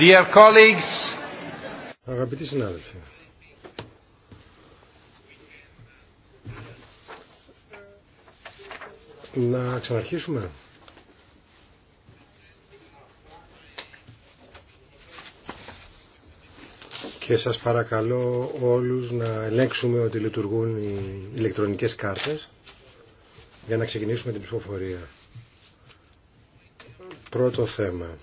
Dear Αγαπητοί συνάδελφοι, να ξαναρχίσουμε. Και σας παρακαλώ όλους να ελέγξουμε ότι λειτουργούν οι ηλεκτρονικές κάρτες για να ξεκινήσουμε την ψηφοφορία. Πρώτο θέμα.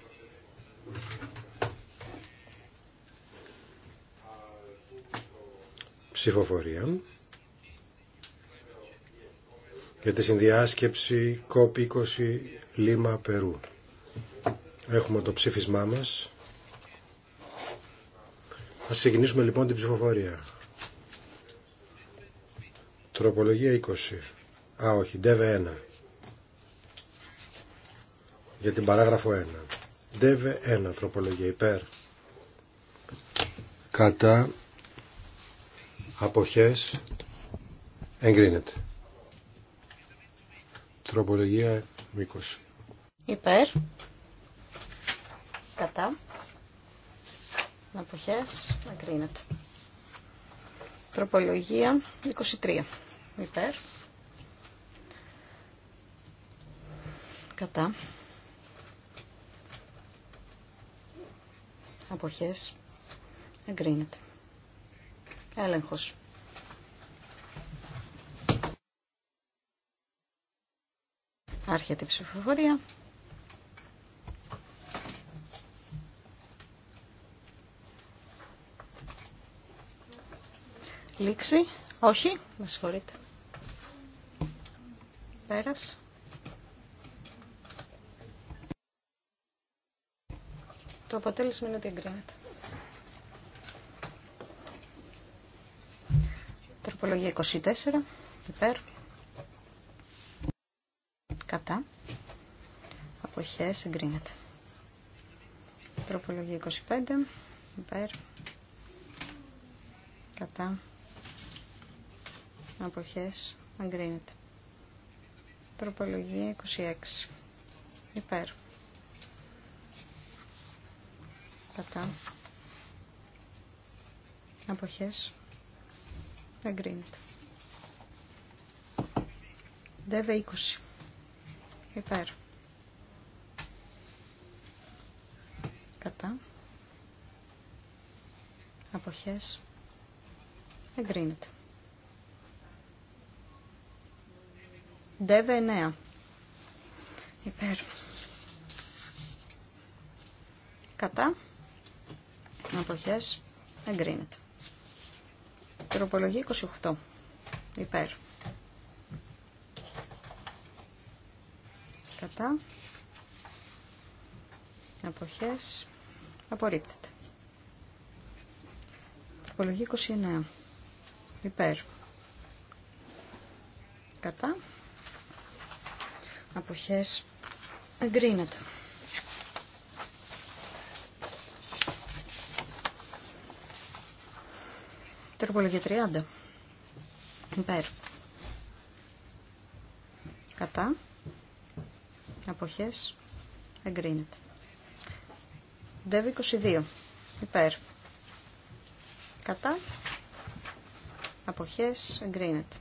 ψηφοφορία για τη συνδιάσκεψη COP20 Λίμα Περού. Έχουμε το ψήφισμά μας. Ας ξεκινήσουμε λοιπόν την ψηφοφορία. Τροπολογία 20. Α, όχι, ΔΕΒΕ 1. Για την παράγραφο 1. ΔΕΒΕ 1, τροπολογία υπέρ. Κατά αποχές εγκρίνεται. Τροπολογία 20. Υπέρ. Κατά. Αποχές εγκρίνεται. Τροπολογία 23. Υπέρ. Κατά. Αποχές εγκρίνεται. Έλεγχος. Άρχεται η ψηφοφορία. Λήξη. Όχι. Με συγχωρείτε. Πέρας. Το αποτέλεσμα είναι ότι εγκρίνεται. Τροπολογία 24. Υπέρ. Κατά. Αποχές εγκρίνεται. Τροπολογία 25. Υπέρ. Κατά. Αποχές εγκρίνεται. Τροπολογία 26. Υπέρ. Κατά. Αποχές Εγκρίνεται. ΔΕΒΕ 20. Υπέρ. Κατά. Αποχές. Εγκρίνεται. ΔΕΒΕ 9. Υπέρ. Κατά. Αποχές. Εγκρίνεται. Τροπολογία 28. Υπέρ. Κατά. Αποχές. Απορρίπτεται. Τροπολογία 29. Υπέρ. Κατά. Αποχές. Εγκρίνεται. Τροπολογία 30. Υπέρ. Κατά. Αποχές. Εγκρίνεται. Δεύει 22. Υπέρ. Κατά. Αποχές. Εγκρίνεται.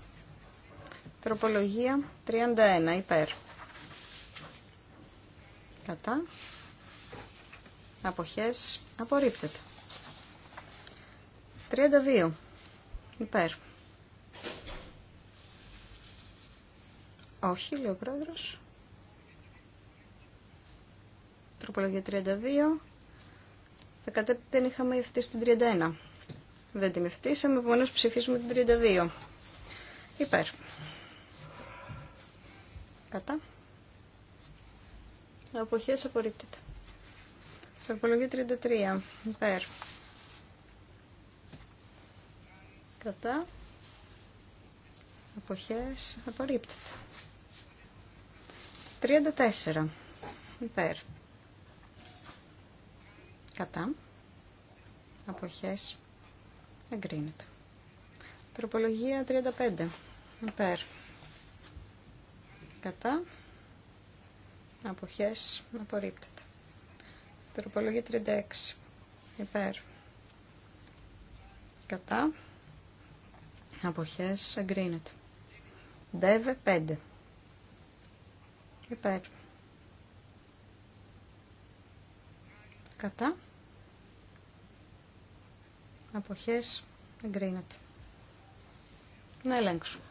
Τροπολογία 31. Υπέρ. Κατά. Αποχές. Απορρίπτεται. 32. Υπέρ. Όχι, λέει ο πρόεδρο. Τροπολογία 32. Δεκατέπτη δεν είχαμε ευθύσει την 31. Δεν την ευθύσαμε, επομένω ψηφίσουμε την 32. Υπέρ. Κατά. Αποχές απορρίπτεται. Τροπολογία 33. Υπέρ. κατά αποχές απορρίπτεται 34 υπέρ κατά αποχές εγκρίνεται τροπολογία 35 υπέρ κατά αποχές απορρίπτεται τροπολογία 36 υπέρ κατά Αποχές εγκρίνεται. Δεύε 5. Υπέρ. Κατά. Αποχές εγκρίνεται. Να ελέγξουμε.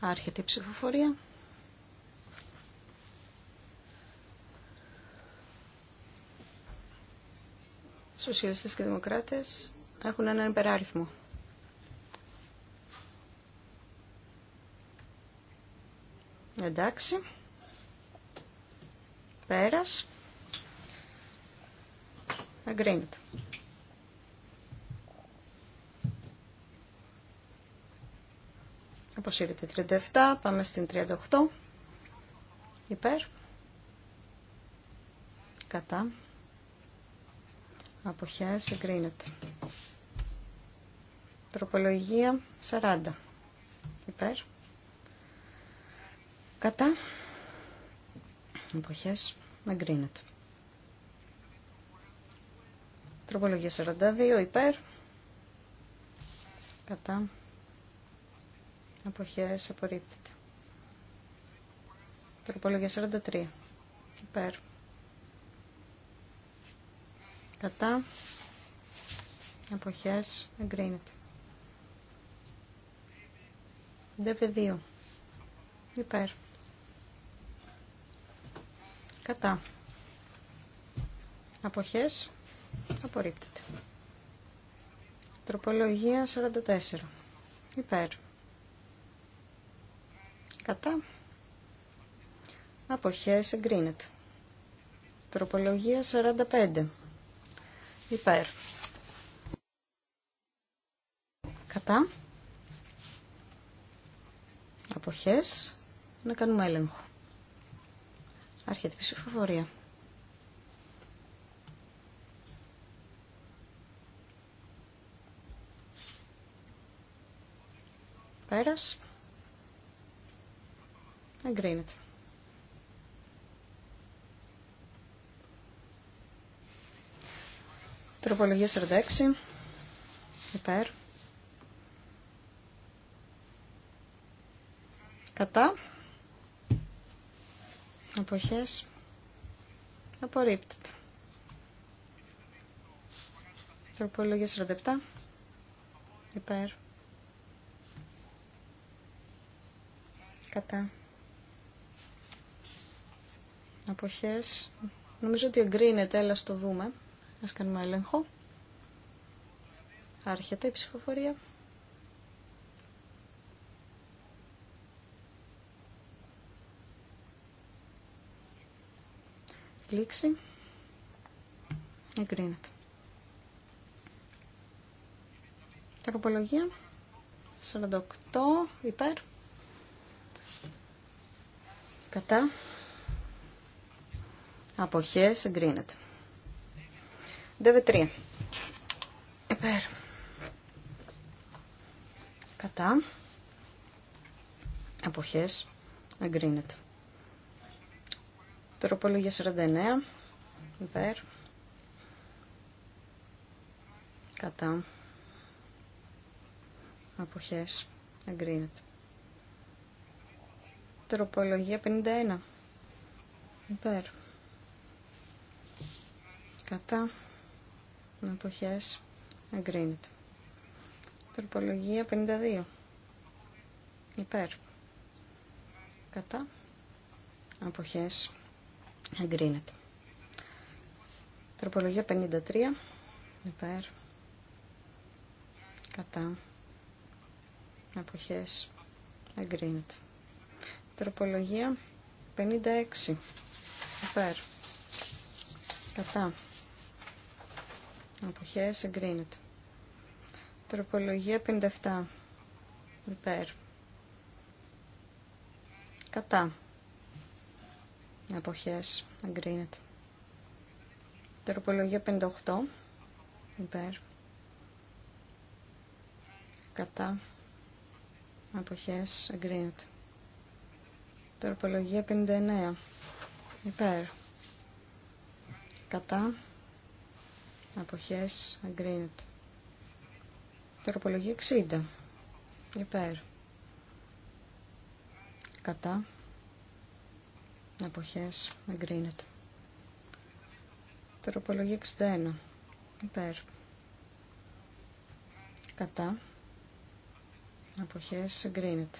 Άρχεται η ψηφοφορία. Σοσιαλιστές και Δημοκράτες έχουν έναν υπεράριθμο. Εντάξει. Πέρας. Όπως Αποσύρεται 37, πάμε στην 38. Υπέρ. Κατά αποχές εγκρίνεται. Τροπολογία 40 υπέρ. Κατά αποχές εγκρίνεται. Τροπολογία 42 υπέρ. Κατά αποχές απορρίπτεται. Τροπολογία 43 υπέρ κατά εποχές ΔΕΒΕΔΙΟ. DV2 υπέρ κατά αποχές απορρίπτεται. Τροπολογία 44 υπέρ κατά αποχές εγκρίνεται. Τροπολογία 45 υπέρ. Κατά. Αποχές. Να κάνουμε έλεγχο. Άρχεται η ψηφοφορία. Πέρας. Εγκρίνεται. Τροπολογία 46. Υπέρ. Κατά. Αποχές. Απορρίπτεται. Τροπολογία 47. Υπέρ. Κατά. Αποχές. Νομίζω ότι εγκρίνεται, έλα στο δούμε. Ας κάνουμε έλεγχο. Άρχεται η ψηφοφορία. Λήξη. Εγκρίνεται. Τροπολογία. 48 υπέρ. Κατά. Αποχές εγκρίνεται. 9-3. Κατά. Αποχές. Εγκρίνεται. Τροπολογία 49. Υπέρ. Κατά. Αποχές. Εγκρίνεται. Τροπολογία 51. Υπέρ. Κατά. Αποχές εγκρίνεται. Τροπολογία 52. Υπέρ. Κατά. Αποχές εγκρίνεται. Τροπολογία 53. Υπέρ. Κατά. Αποχές εγκρίνεται. Τροπολογία 56. Υπέρ. Κατά. Αποχές εγκρίνεται. Τροπολογία 57. Υπέρ. Κατά. Αποχές εγκρίνεται. Τροπολογία 58. Υπέρ. Κατά. Αποχές εγκρίνεται. Τροπολογία 59. Υπέρ. Κατά αποχές εγκρίνεται. Τροπολογία 60. Υπέρ. Κατά. Αποχές εγκρίνεται. Τροπολογία 61. Υπέρ. Κατά. Αποχές εγκρίνεται.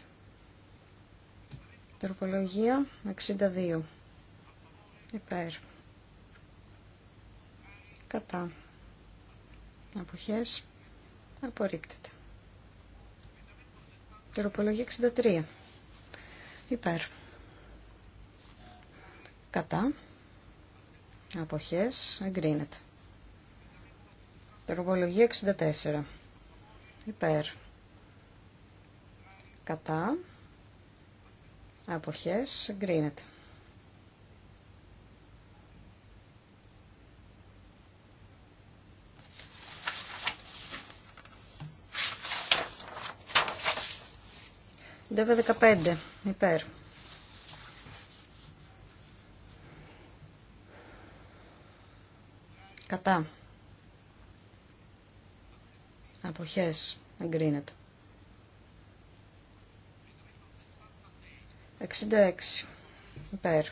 Τροπολογία 62. Υπέρ κατά αποχές απορρίπτεται. Τεροπολογία 63 υπέρ κατά αποχές εγκρίνεται. Τεροπολογία 64 υπέρ κατά αποχές εγκρίνεται. ΔΕΒΕ 15 υπέρ. Κατά. Αποχές. Εγκρίνεται. 66. Υπέρ.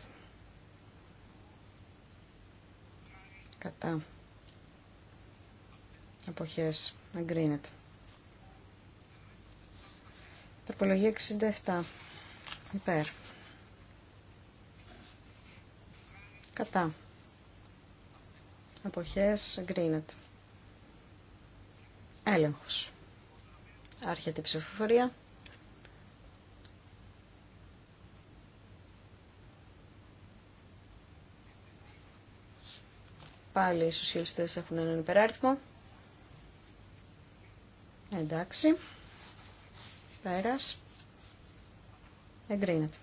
Κατά. Αποχές. Εγκρίνεται. Τροπολογία 67. Υπέρ. Κατά. Αποχές εγκρίνεται. Έλεγχος. Άρχεται η ψηφοφορία. Πάλι οι σοσιαλιστές έχουν έναν υπεράριθμο. Εντάξει. Πέρας. Εγκρίνεται.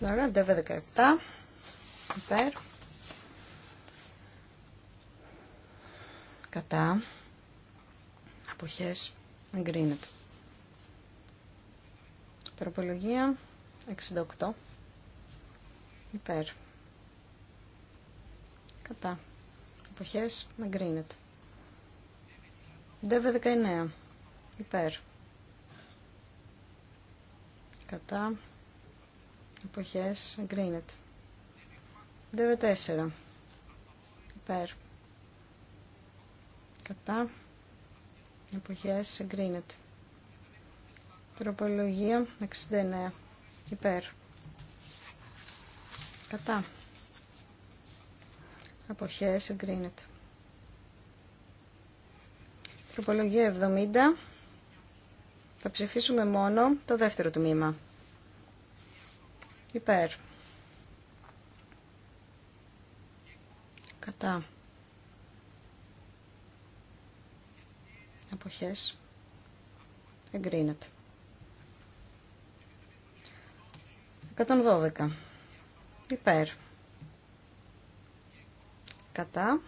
Τώρα, ΔΕΒΕ 17. Υπέρ. Κατά. Αποχές. Εγκρίνεται. Τροπολογία 68. Υπέρ. Κατά να εγκρίνεται. ΔΕΒΕ 19 υπέρ κατά να εγκρίνεται. ΔΕΒΕ 4 υπέρ κατά εποχές εγκρίνεται. Τροπολογία 69 υπέρ. Κατά αποχές εγκρίνεται. Τροπολογία 70. Θα ψηφίσουμε μόνο το δεύτερο τμήμα. Υπέρ. Κατά. Αποχές. Εγκρίνεται. 112. Υπέρ κατά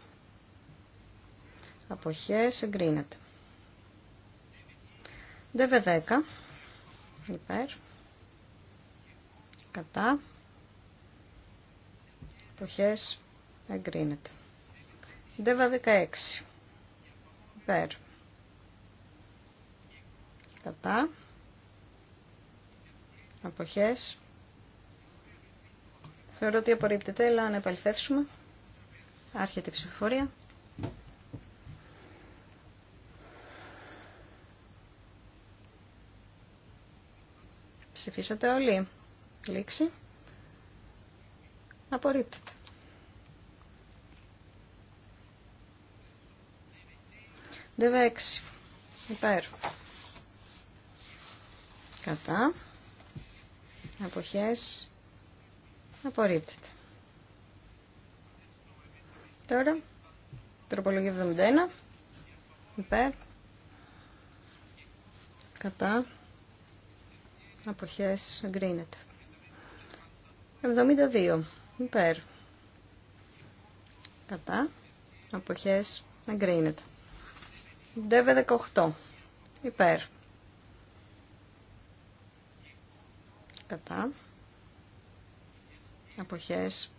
αποχές εγκρίνεται. ΔΒ10 υπέρ κατά αποχές εγκρίνεται. ΔΒ16 υπέρ κατά αποχές Θεωρώ ότι απορρίπτεται, αλλά να επαληθεύσουμε. Άρχεται η ψηφοφορία. Ψηφίσατε όλοι. Λήξη. Απορρίπτεται. Δεύτερη. έξι. Υπέρ. Κατά. Αποχές. Απορρίπτεται. Τώρα, τροπολογία 71. Υπέρ. Κατά. Αποχές εγκρίνεται. 72. Υπέρ. Κατά. Αποχές εγκρίνεται. ΔΕΒΕ 18. Υπέρ. Κατά. Αποχές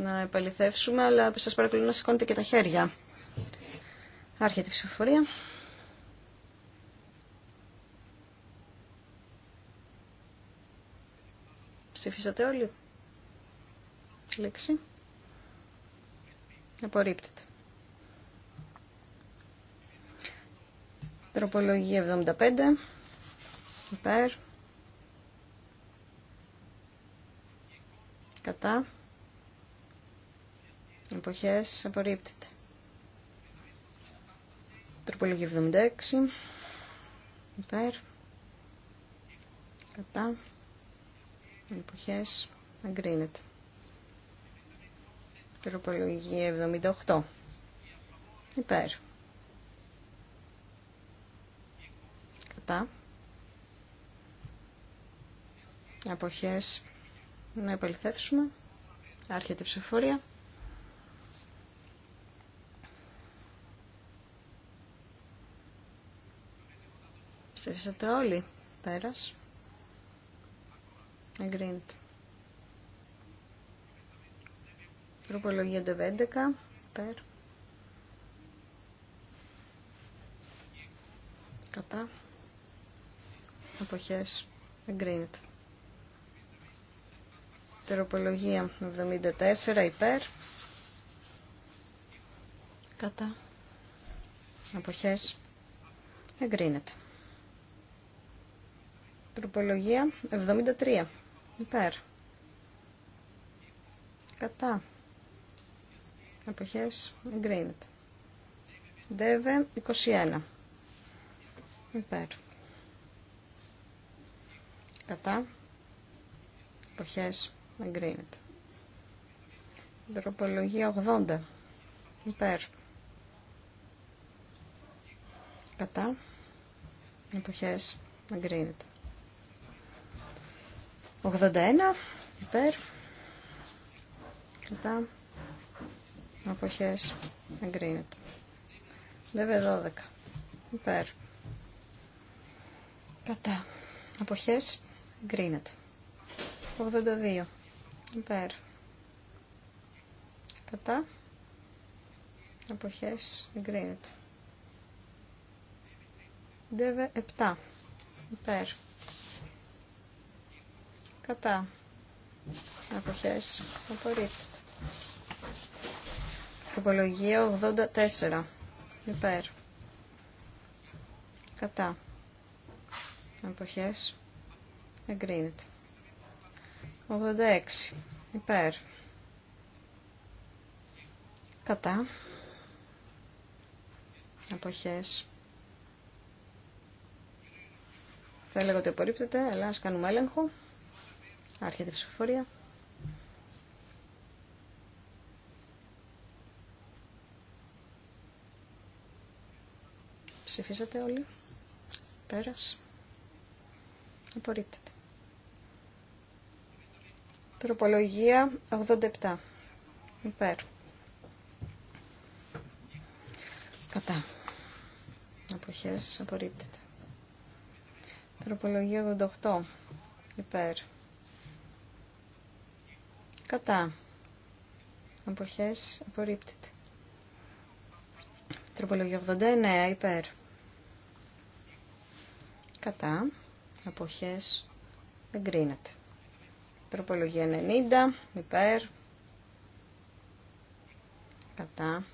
να επαληθεύσουμε, αλλά σας παρακολουθώ να σηκώνετε και τα χέρια. Άρχεται η ψηφοφορία. Ψηφίσατε όλοι. Λέξη. Απορρίπτεται. Τροπολογία 75. Υπέρ. Κατά εποχές απορρίπτεται. Τροπολογία 76 υπέρ κατά εποχές εγκρίνεται. Τροπολογία 78 υπέρ κατά εποχές να επαληθεύσουμε. Άρχεται η ψηφοφορία. Ψήφισατε όλοι. Πέρας. Εγκρίνεται. Τροπολογία 11. Πέρ. Κατά. Αποχές. Εγκρίνεται. Τροπολογία 74. Υπέρ. Κατά. Αποχές. Εγκρίνεται. Τροπολογία 73. Υπέρ. Κατά. Εποχές εγκρίνεται. Δεύε 21. Υπέρ. Κατά. Εποχές εγκρίνεται. Τροπολογία 80. Υπέρ. Κατά. Εποχές εγκρίνεται. 81 υπέρ κατά αποχές εγκρίνεται. ΔΕΒΕ 12 υπέρ κατά αποχές εγκρίνεται. 82 υπέρ κατά αποχές εγκρίνεται. ΔΕΒΕ 7 υπέρ κατά εποχές απορρίπτεται. Τροπολογία 84 υπέρ κατά εποχές εγκρίνεται. 86 υπέρ κατά εποχές. θα έλεγα ότι απορρίπτεται, αλλά ας κάνουμε έλεγχο. Άρχεται η ψηφοφορία. Ψηφίσατε όλοι. Πέρας. Απορρίπτεται. Τροπολογία 87. Υπέρ. Κατά. Αποχές απορρίπτεται. Τροπολογία 88. Υπέρ. Κατά. Αποχές απορρίπτεται. Τροπολογία 89 υπέρ. Κατά. Αποχές εγκρίνεται. Τροπολογία 90 υπέρ. Κατά.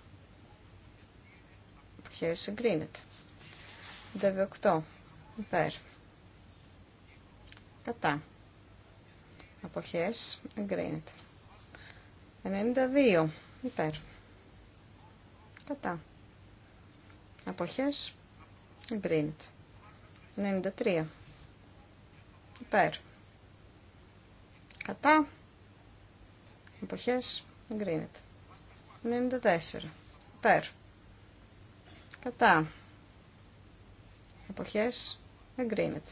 Αποχές εγκρίνεται. 98 υπέρ. Κατά. Αποχές εγκρίνεται. 92 υπέρ. Κατά. Αποχές εγκρίνεται. 93 υπέρ. Κατά. Αποχές εγκρίνεται. 94 υπέρ. Κατά. Αποχές εγκρίνεται.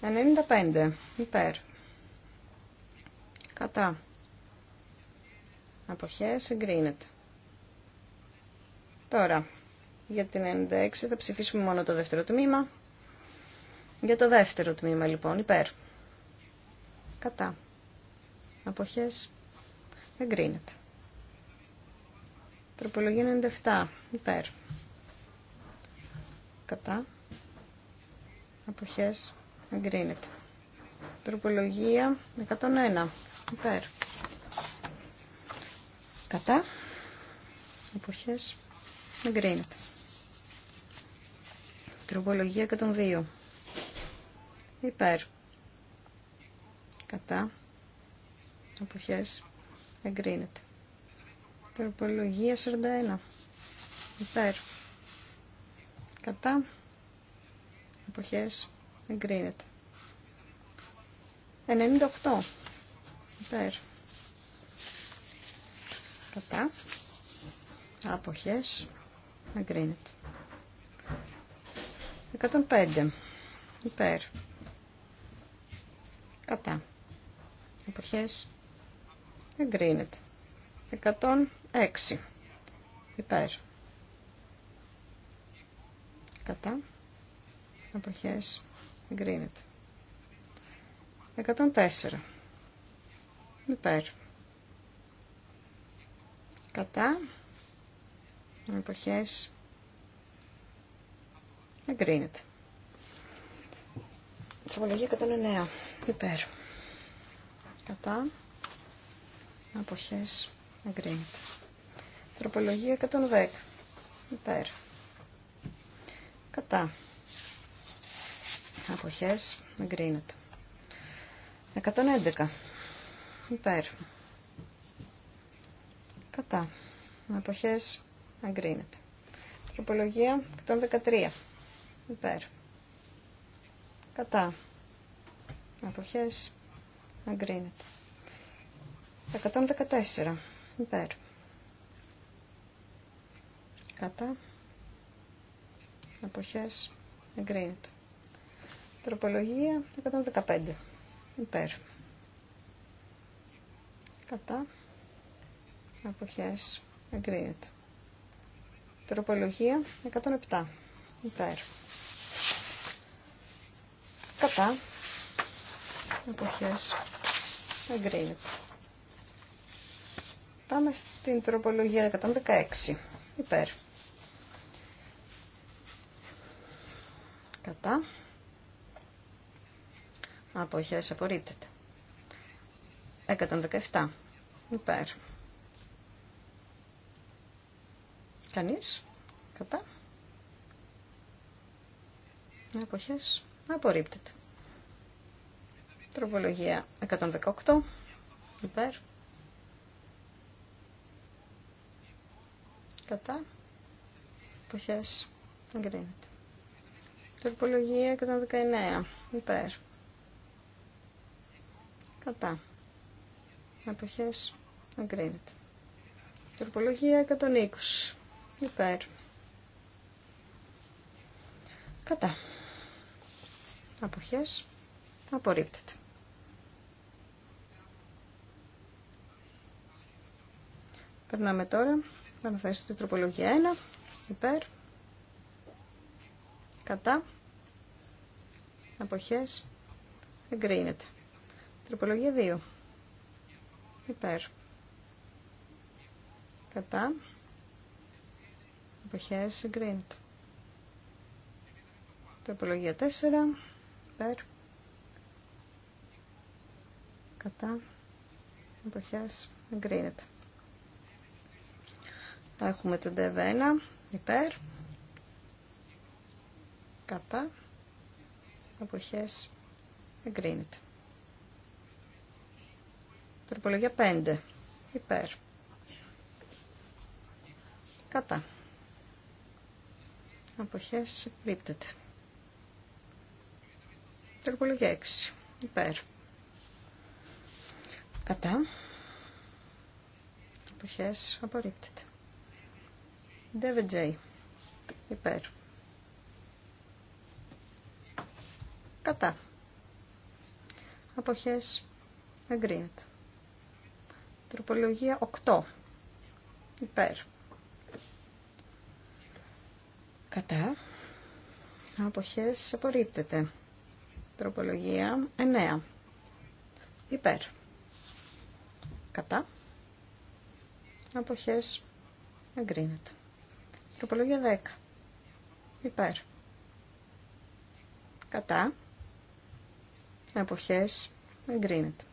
95 υπέρ. Κατά αποχές εγκρίνεται. Τώρα, για την 96 θα ψηφίσουμε μόνο το δεύτερο τμήμα. Για το δεύτερο τμήμα λοιπόν, υπέρ. Κατά. Αποχές εγκρίνεται. Τροπολογία 97, υπέρ. Κατά. Αποχές εγκρίνεται. Τροπολογία 101, υπέρ Κατά. Εποχές. Εγκρίνεται. Τροπολογία 102. Υπέρ. Κατά. Εποχές. Εγκρίνεται. Τροπολογία 41. Υπέρ. Κατά. Εποχές. Εγκρίνεται. 98. Υπέρ κατά αποχές Αγκρίνεται. 105 υπέρ κατά αποχές Αγκρίνεται. 106 υπέρ κατά αποχές Αγκρίνεται. 104 υπέρ κατά εποχές εγκρίνεται. Τροπολογία 109. Υπέρ. Κατά. Αποχές. Εγκρίνεται. Τροπολογία 110. Υπέρ. Κατά. Αποχές. Εγκρίνεται. 111. Υπέρ. Κατά. Αποχές Αγκρίνεται. Τροπολογία 113. Υπέρ. Κατά. Αποχές Αγκρίνεται. 114. Υπέρ. Κατά. Αποχές αγκρίνεται. Τροπολογία 115. Υπέρ. Κατά αποχές εγκρίνεται. Τροπολογία 107 υπέρ. Κατά αποχές εγκρίνεται. Πάμε στην τροπολογία 116 υπέρ. Κατά αποχές απορρίπτεται. 117 υπέρ. Κανείς. Κατά. Εποχές. Απορρίπτεται. Τροπολογία 118. Υπέρ. Κατά. Εποχές. Εγκρίνεται. Τροπολογία 119. Υπέρ. Κατά. Εποχές. Εγκρίνεται. Τροπολογία 120. Υπέρ. Κατά. Αποχές. Απορρίπτεται. Περνάμε τώρα. να την τροπολογία 1. Υπέρ. Κατά. Αποχές. Εγκρίνεται. Τροπολογία 2. Υπέρ. Κατά αποχές εγκρίνεται. Τοπολογία 4, υπέρ, κατά, εποχέ, εγκρίνεται. Έχουμε τον ΤΕΒ1, υπέρ, κατά, εποχές εγκρίνεται. Τροπολογία 5, υπέρ, κατά αποχές κρύπτεται. Τροπολογία 6. Υπέρ. Κατά. Αποχές απορρίπτεται. DVJ. Υπέρ. Κατά. Αποχές εγκρίνεται. Τροπολογία 8. Υπέρ. Κατά. Αποχές απορρίπτεται. Τροπολογία 9. Υπέρ. Κατά. Αποχές εγκρίνεται. Τροπολογία 10. Υπέρ. Κατά. Αποχές εγκρίνεται.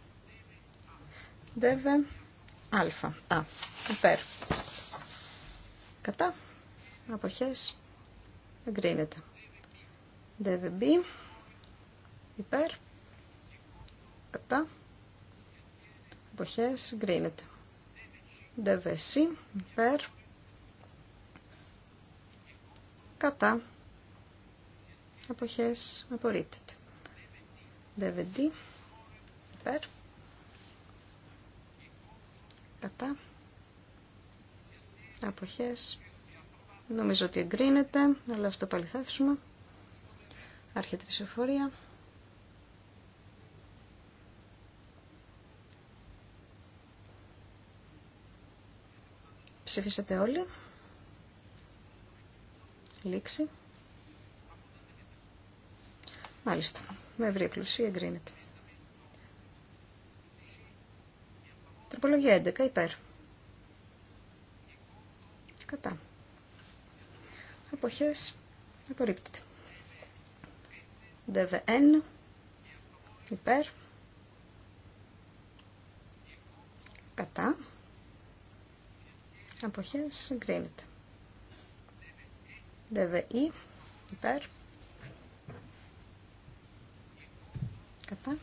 Δεύε α. Α. Υπέρ. Κατά. Αποχές Εγκρίνεται. DVB. Υπέρ. Κατά. Εποχές. Εγκρίνεται. DVC. Υπέρ. Κατά. Εποχές. Απορρίπτεται. DVD. Υπέρ. Κατά. απορρίπτεται. Νομίζω ότι εγκρίνεται, αλλά ας το παληθεύσουμε. Άρχεται η ψηφοφορία. Ψηφίσατε όλοι. Λήξη. Μάλιστα. Με ευρύ εκλουσία εγκρίνεται. Τροπολογία 11. Υπέρ. Κατά αποχές απορρίπτεται. ΔΒΕΝ υπέρ κατά αποχές εγκρίνεται. ΔΒΗ υπέρ κατά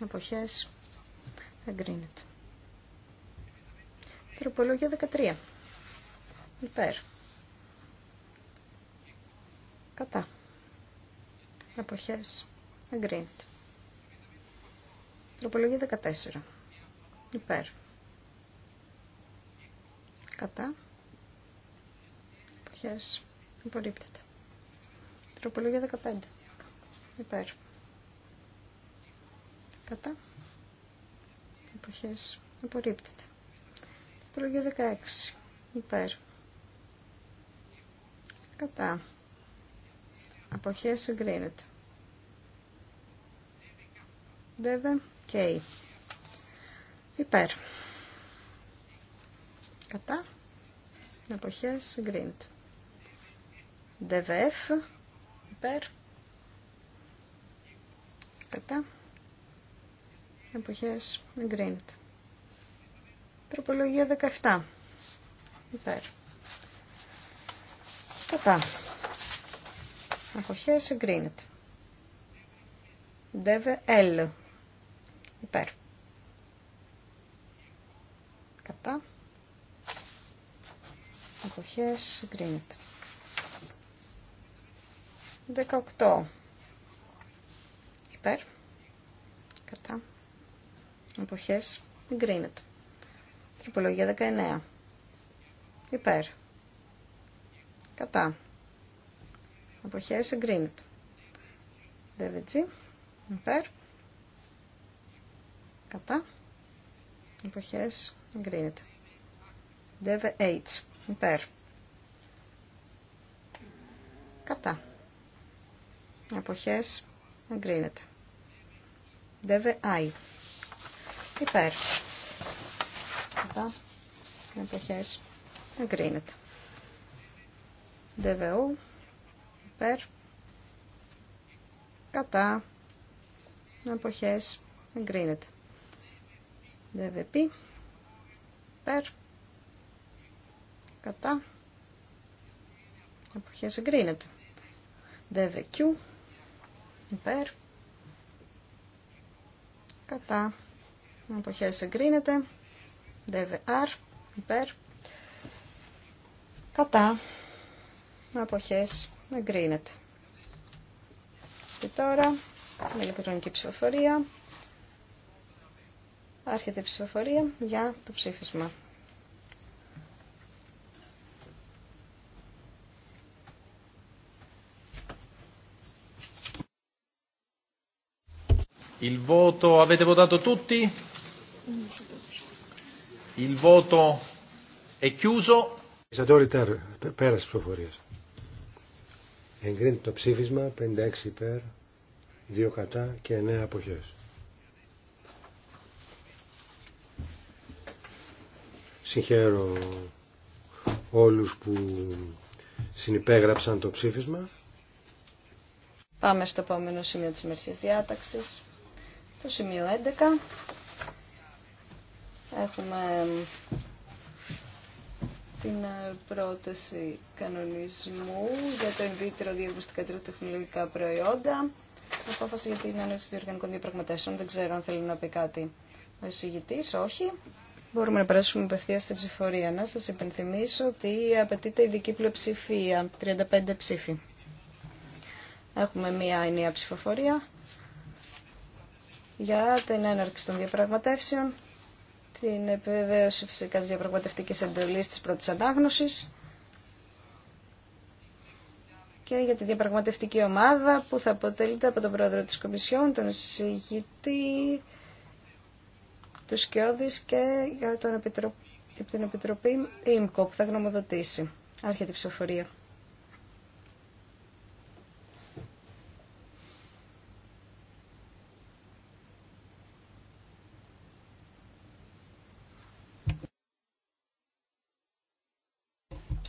αποχές εγκρίνεται. Τροπολόγια 13 υπέρ Κατά. Εποχές. Εγκρίνεται. Τροπολογία 14. Υπέρ. Κατά. Εποχές. υπορρίπτεται. Τροπολογία 15. Υπέρ. Κατά. Εποχές. Απορρίπτεται. Τροπολογία 16. Υπέρ. Κατά. Αποχές εγκρίνεται. Δεύε και Υπέρ. Κατά. Αποχές συγκρίνεται. ΔΕΒΕΦ. Υπέρ. Κατά. Εποχές εγκρίνεται. Τροπολογία 17. Υπέρ. Κατά. Αποχές εγκρίνεται. Δεβε ΔΕΒΕ-ΕΛ. Υπέρ. Κατά. Αποχές εγκρίνεται. 18. Υπέρ. Κατά. Αποχές εγκρίνεται. Τροπολογία 19. Υπέρ. Κατά. Αποχές εγκρίνεται. DVG. Υπέρ. Κατά. Αποχές εγκρίνεται. DVH. Υπέρ. Κατά. Αποχές εγκρίνεται. DVI. Υπέρ. Κατά. Αποχές εγκρίνεται. DVO υπέρ κατά αποχές εγκρίνεται ΔΒΠ υπέρ κατά αποχές εγκρίνεται ΔΒΚ. υπέρ κατά αποχές εγκρίνεται ΔΒΑΡ. υπέρ κατά αποχές να γκρίνεται. Και τώρα, με ηλεκτρονική ψηφοφορία, άρχεται η ψηφοφορία για το ψήφισμα. Il voto, avete votato tutti? Il voto è chiuso. per Πέρασε ψηφοφορίες. Εγκρίνεται το ψήφισμα 56 υπέρ, 2 κατά και 9 αποχές. Συγχαίρω όλους που συνυπέγραψαν το ψήφισμα. Πάμε στο επόμενο σημείο της ημερησίας διάταξης, το σημείο 11. Έχουμε την ε, πρόταση κανονισμού για το in vitro διαγνωστικά τεχνολογικά προϊόντα. Απόφαση για την άνοιξη διοργανικών διαπραγματεύσεων. Δεν ξέρω αν θέλει να πει κάτι ο εισηγητή. Όχι. Μπορούμε να περάσουμε απευθεία στην ψηφορία. Να σα υπενθυμίσω ότι απαιτείται ειδική πλειοψηφία. 35 ψήφοι. Έχουμε μία ενιαία ψηφοφορία για την έναρξη των διαπραγματεύσεων την επιβεβαίωση φυσικά της διαπραγματευτικής εντολής της πρώτης ανάγνωσης και για τη διαπραγματευτική ομάδα που θα αποτελείται από τον πρόεδρο της Κομισιόν, τον συζητητή του Σκιώδης και για τον Επιτροπή, την Επιτροπή ΙΜΚΟ που θα γνωμοδοτήσει. Άρχεται η ψηφοφορία.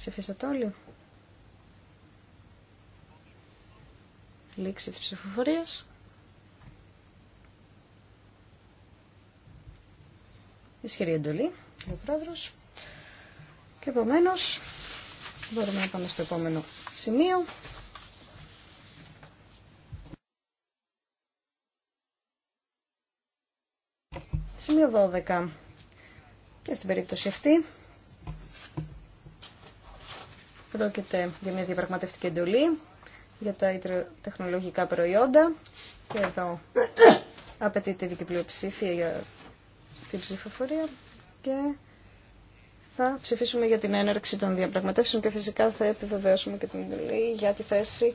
Ψηφίσατε όλοι. Λήξη της ψηφοφορίας. Ισχυρή εντολή, ο πρόεδρος. Και επομένω μπορούμε να πάμε στο επόμενο σημείο. Σημείο 12. Και στην περίπτωση αυτή Πρόκειται για μια διαπραγματευτική εντολή για τα τεχνολογικά προϊόντα και εδώ απαιτείται δική πλειοψήφια για την ψηφοφορία και θα ψηφίσουμε για την έναρξη των διαπραγματεύσεων και φυσικά θα επιβεβαιώσουμε και την εντολή για τη θέση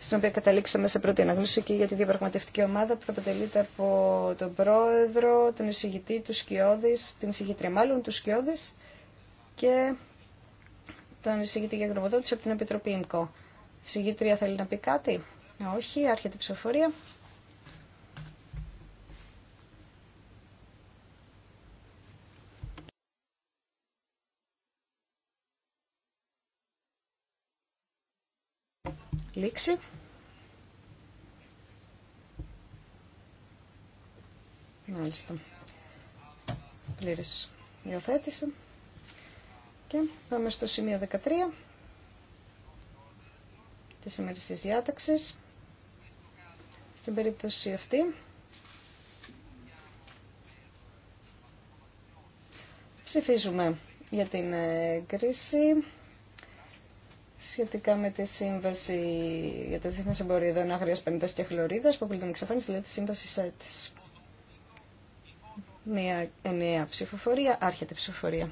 στην οποία καταλήξαμε σε πρώτη αναγνώση και για τη διαπραγματευτική ομάδα που θα αποτελείται από τον πρόεδρο, τον εισηγητή του Σκιώδης, την εισηγητρία μάλλον του Σκιώδης και τον εισηγητή για γνωμοδότηση από την Επιτροπή ΕΜΚΟ. Συγητρία θέλει να πει κάτι. Όχι, άρχεται η ψηφοφορία. Λήξη. Μάλιστα. Πλήρες Υιοθέτηση. Και πάμε στο σημείο 13 της ημερησίας διάταξης. Στην περίπτωση αυτή ψηφίζουμε για την ε, κρίση σχετικά με τη σύμβαση για το διεθνές εμπόριο ειδών άγρια και χλωρίδα που αποκλείται εξαφάνιση, δηλαδή τη σύμβαση ΣΕΤΙΣ. Μια ενιαία ψηφοφορία, άρχεται ψηφοφορία.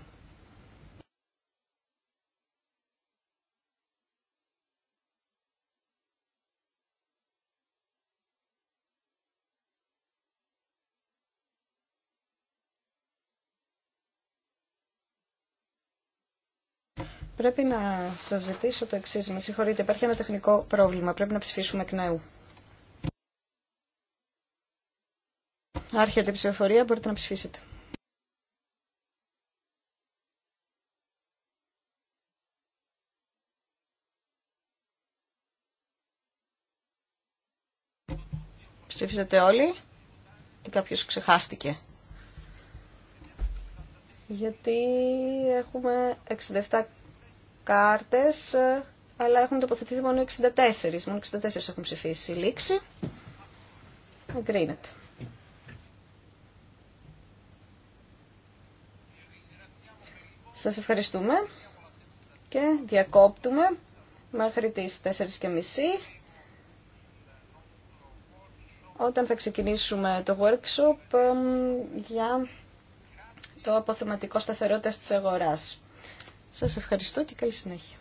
Πρέπει να σας ζητήσω το εξής. Με συγχωρείτε, υπάρχει ένα τεχνικό πρόβλημα. Πρέπει να ψηφίσουμε εκ νέου. Άρχεται η ψηφοφορία, μπορείτε να ψηφίσετε. Ψήφισατε όλοι ή κάποιος ξεχάστηκε. Γιατί έχουμε 67 κάρτες, ε, αλλά έχουν τοποθετηθεί μόνο 64. Μόνο 64 έχουν ψηφίσει. Λήξη. Εγκρίνεται. Σας ευχαριστούμε και διακόπτουμε μέχρι τις μισή. όταν θα ξεκινήσουμε το workshop για το αποθεματικό σταθερότητα της αγοράς. Σας ευχαριστώ και καλή συνέχεια.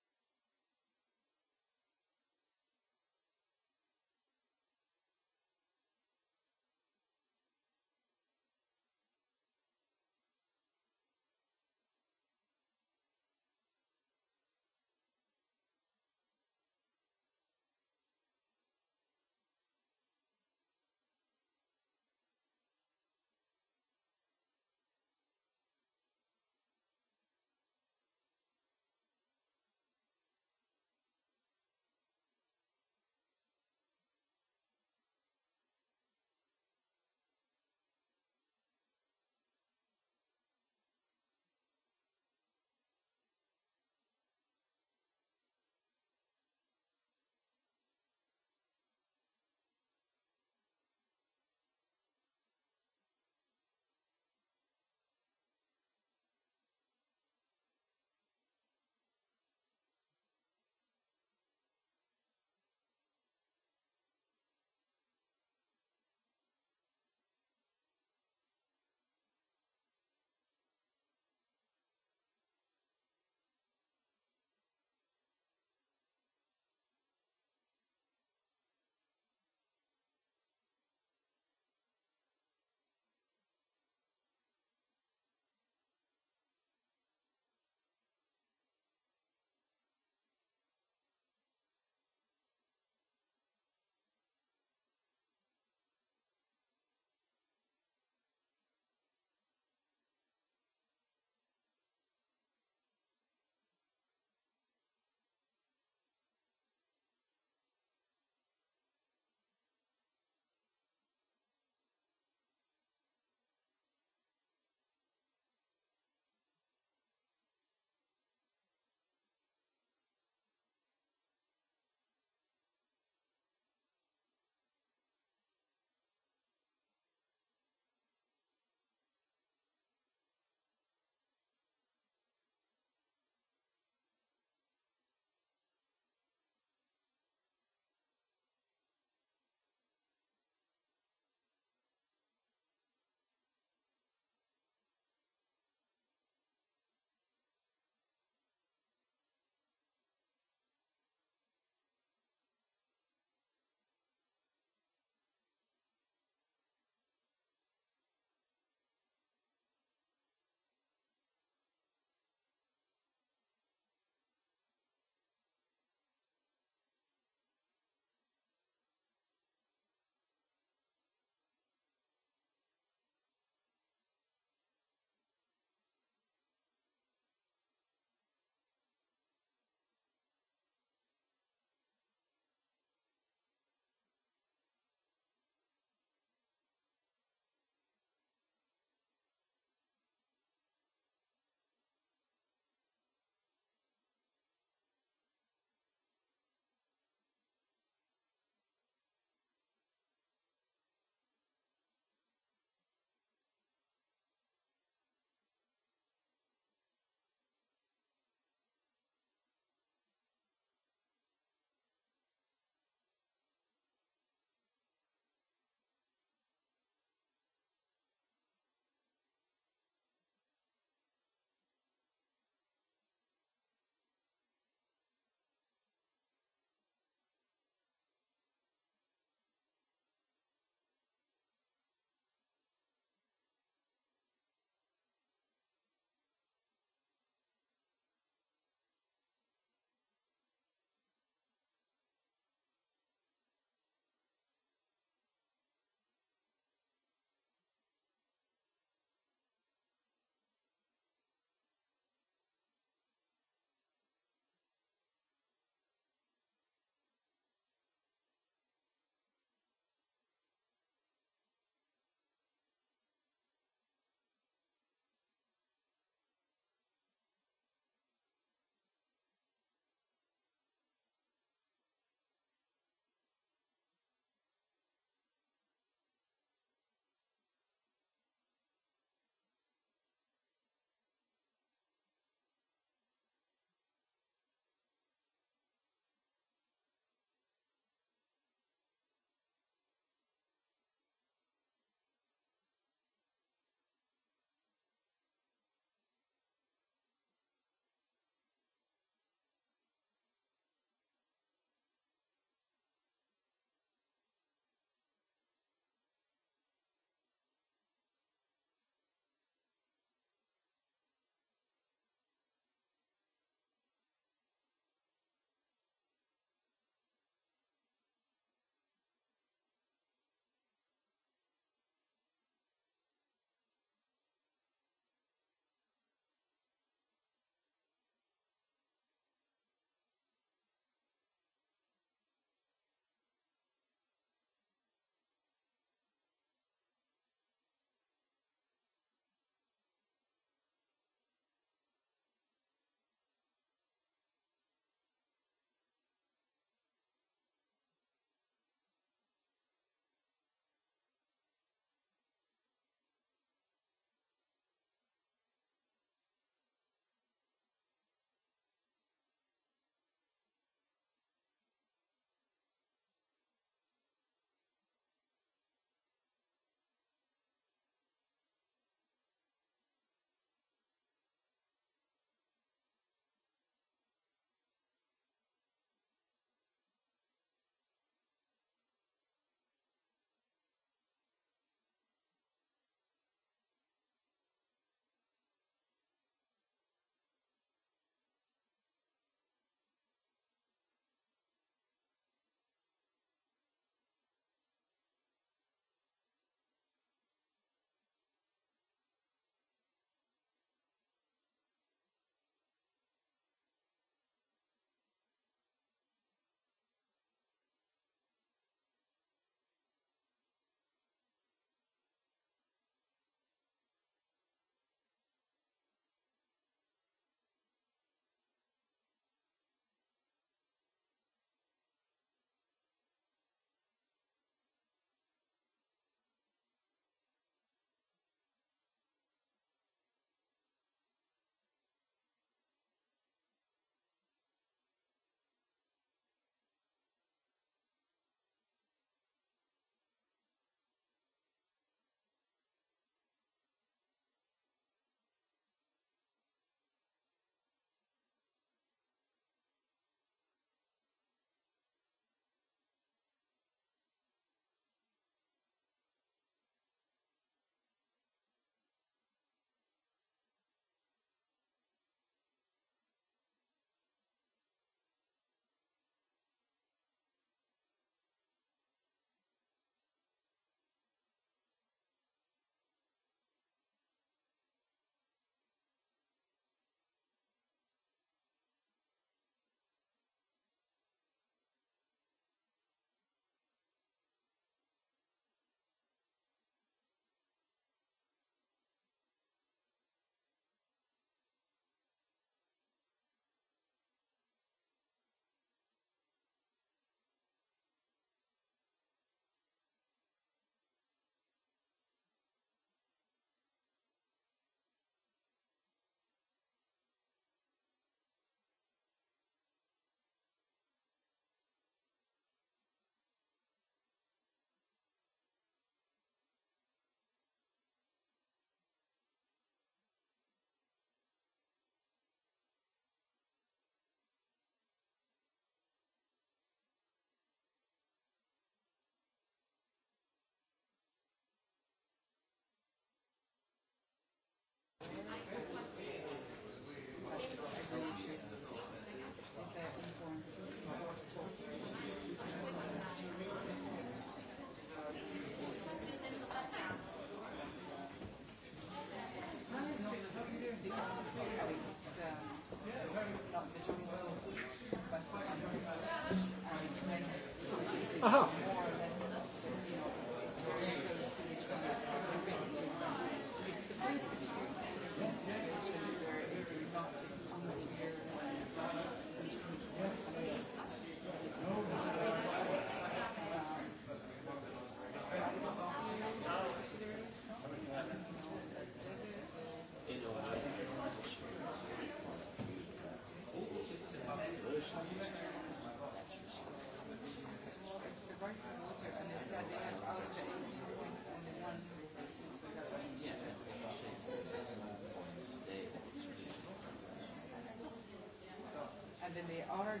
and the they are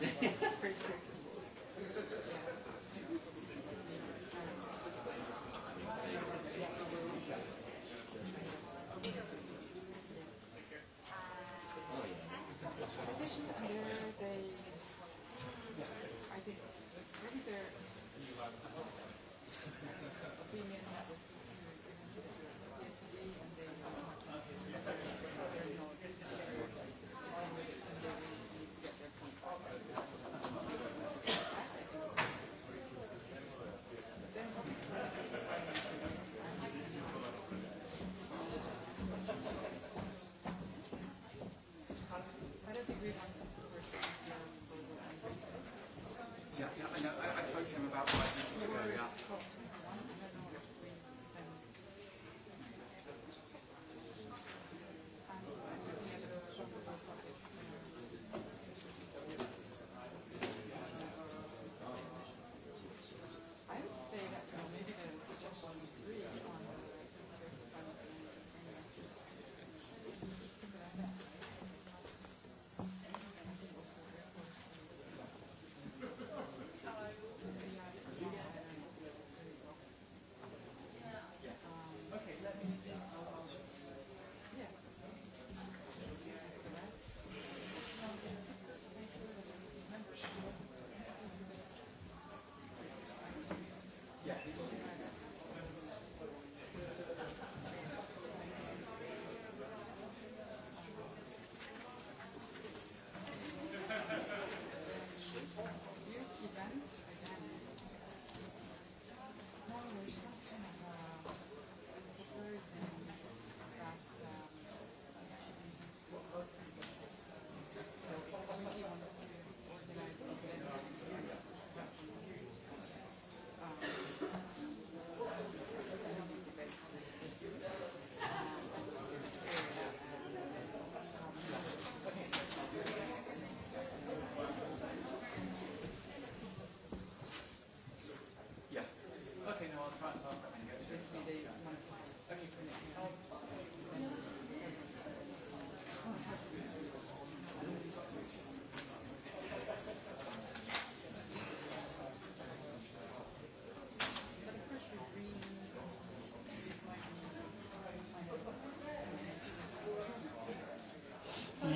Thank you.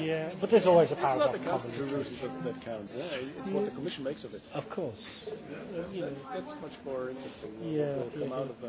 Yeah, but there's always a paragraph. It's not the council rules that count. Yeah, it's yeah. what the commission makes of it. Of course. Yeah, That's that's, that's much more interesting. Yeah, yeah, come out of uh,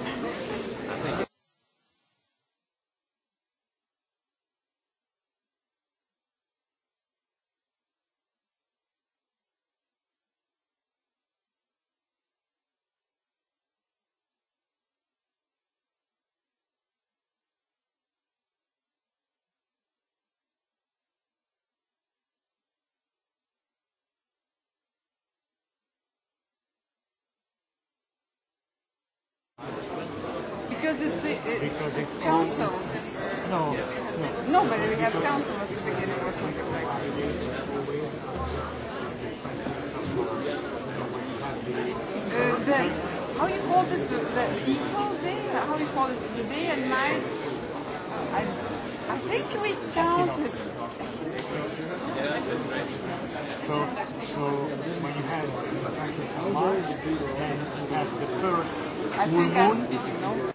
because it's, because it's, council. No, no. No, but we have council at the beginning or something like that. Uh the, how you call this? The, the equal day? How you call it? The day and night? I, I think we it. So, so when you have the then you have the first I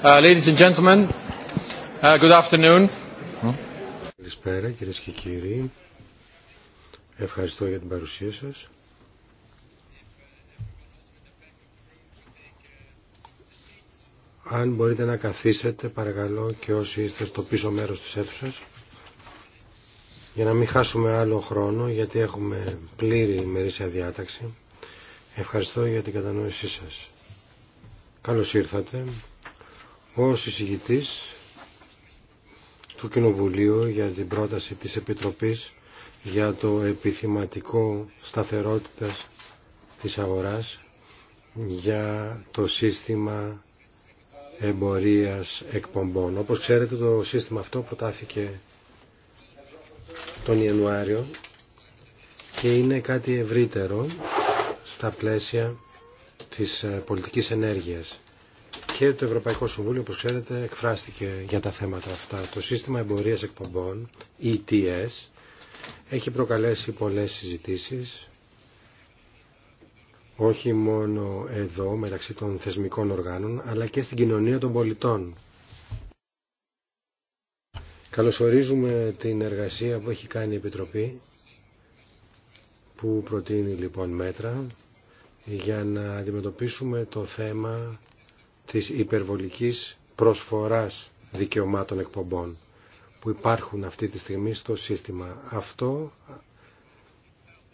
Uh, ladies and gentlemen, uh, good afternoon. Καλησπέρα κυρίε και κύριοι. Ευχαριστώ για την παρουσία σας. Αν μπορείτε να καθίσετε παρακαλώ και όσοι είστε στο πίσω μέρος της αίθουσα, για να μην χάσουμε άλλο χρόνο γιατί έχουμε πλήρη ημερήσια διάταξη. Ευχαριστώ για την κατανόησή σας. Καλώς ήρθατε ως εισηγητής του Κοινοβουλίου για την πρόταση της Επιτροπής για το επιθυματικό σταθερότητας της αγοράς για το σύστημα εμπορίας εκπομπών. Όπως ξέρετε το σύστημα αυτό προτάθηκε τον Ιανουάριο και είναι κάτι ευρύτερο στα πλαίσια της ε, πολιτικής ενέργειας. Χέρι το Ευρωπαϊκό Συμβούλιο, όπως ξέρετε, εκφράστηκε για τα θέματα αυτά. Το σύστημα εμπορίας εκπομπών, ETS, έχει προκαλέσει πολλές συζητήσεις, όχι μόνο εδώ μεταξύ των θεσμικών οργάνων, αλλά και στην κοινωνία των πολιτών. Καλωσορίζουμε την εργασία που έχει κάνει η Επιτροπή, που προτείνει λοιπόν μέτρα για να αντιμετωπίσουμε το θέμα της υπερβολικής προσφοράς δικαιωμάτων εκπομπών που υπάρχουν αυτή τη στιγμή στο σύστημα. Αυτό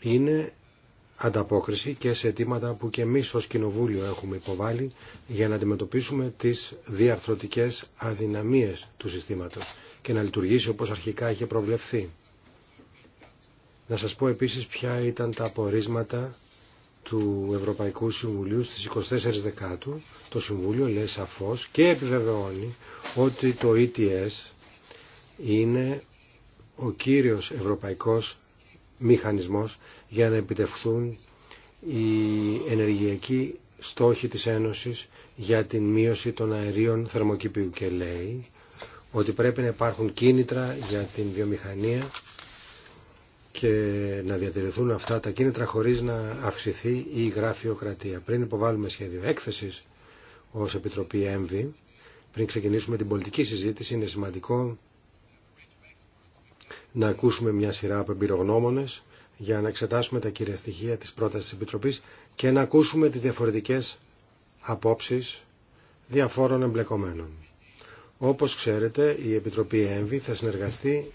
είναι ανταπόκριση και σε αιτήματα που και εμείς ως Κοινοβούλιο έχουμε υποβάλει για να αντιμετωπίσουμε τις διαρθρωτικές αδυναμίες του συστήματος και να λειτουργήσει όπως αρχικά είχε προβλεφθεί. Να σας πω επίσης ποια ήταν τα απορίσματα του Ευρωπαϊκού Συμβουλίου στις 24 Δεκάτου το Συμβούλιο λέει σαφώς και επιβεβαιώνει ότι το ETS είναι ο κύριος ευρωπαϊκός μηχανισμός για να επιτευχθούν οι ενεργειακοί στόχοι της Ένωσης για την μείωση των αερίων θερμοκηπίου και λέει ότι πρέπει να υπάρχουν κίνητρα για την βιομηχανία και να διατηρηθούν αυτά τα κίνητρα χωρίς να αυξηθεί η γραφειοκρατία. Πριν υποβάλουμε σχέδιο έκθεσης ως Επιτροπή ΕΜΒΗ, πριν ξεκινήσουμε την πολιτική συζήτηση, είναι σημαντικό να ακούσουμε μια σειρά από εμπειρογνώμονες για να εξετάσουμε τα κύρια στοιχεία της πρότασης της Επιτροπής και να ακούσουμε τις διαφορετικές απόψεις διαφόρων εμπλεκομένων. Όπως ξέρετε, η Επιτροπή ΕΜΒΗ θα συνεργαστεί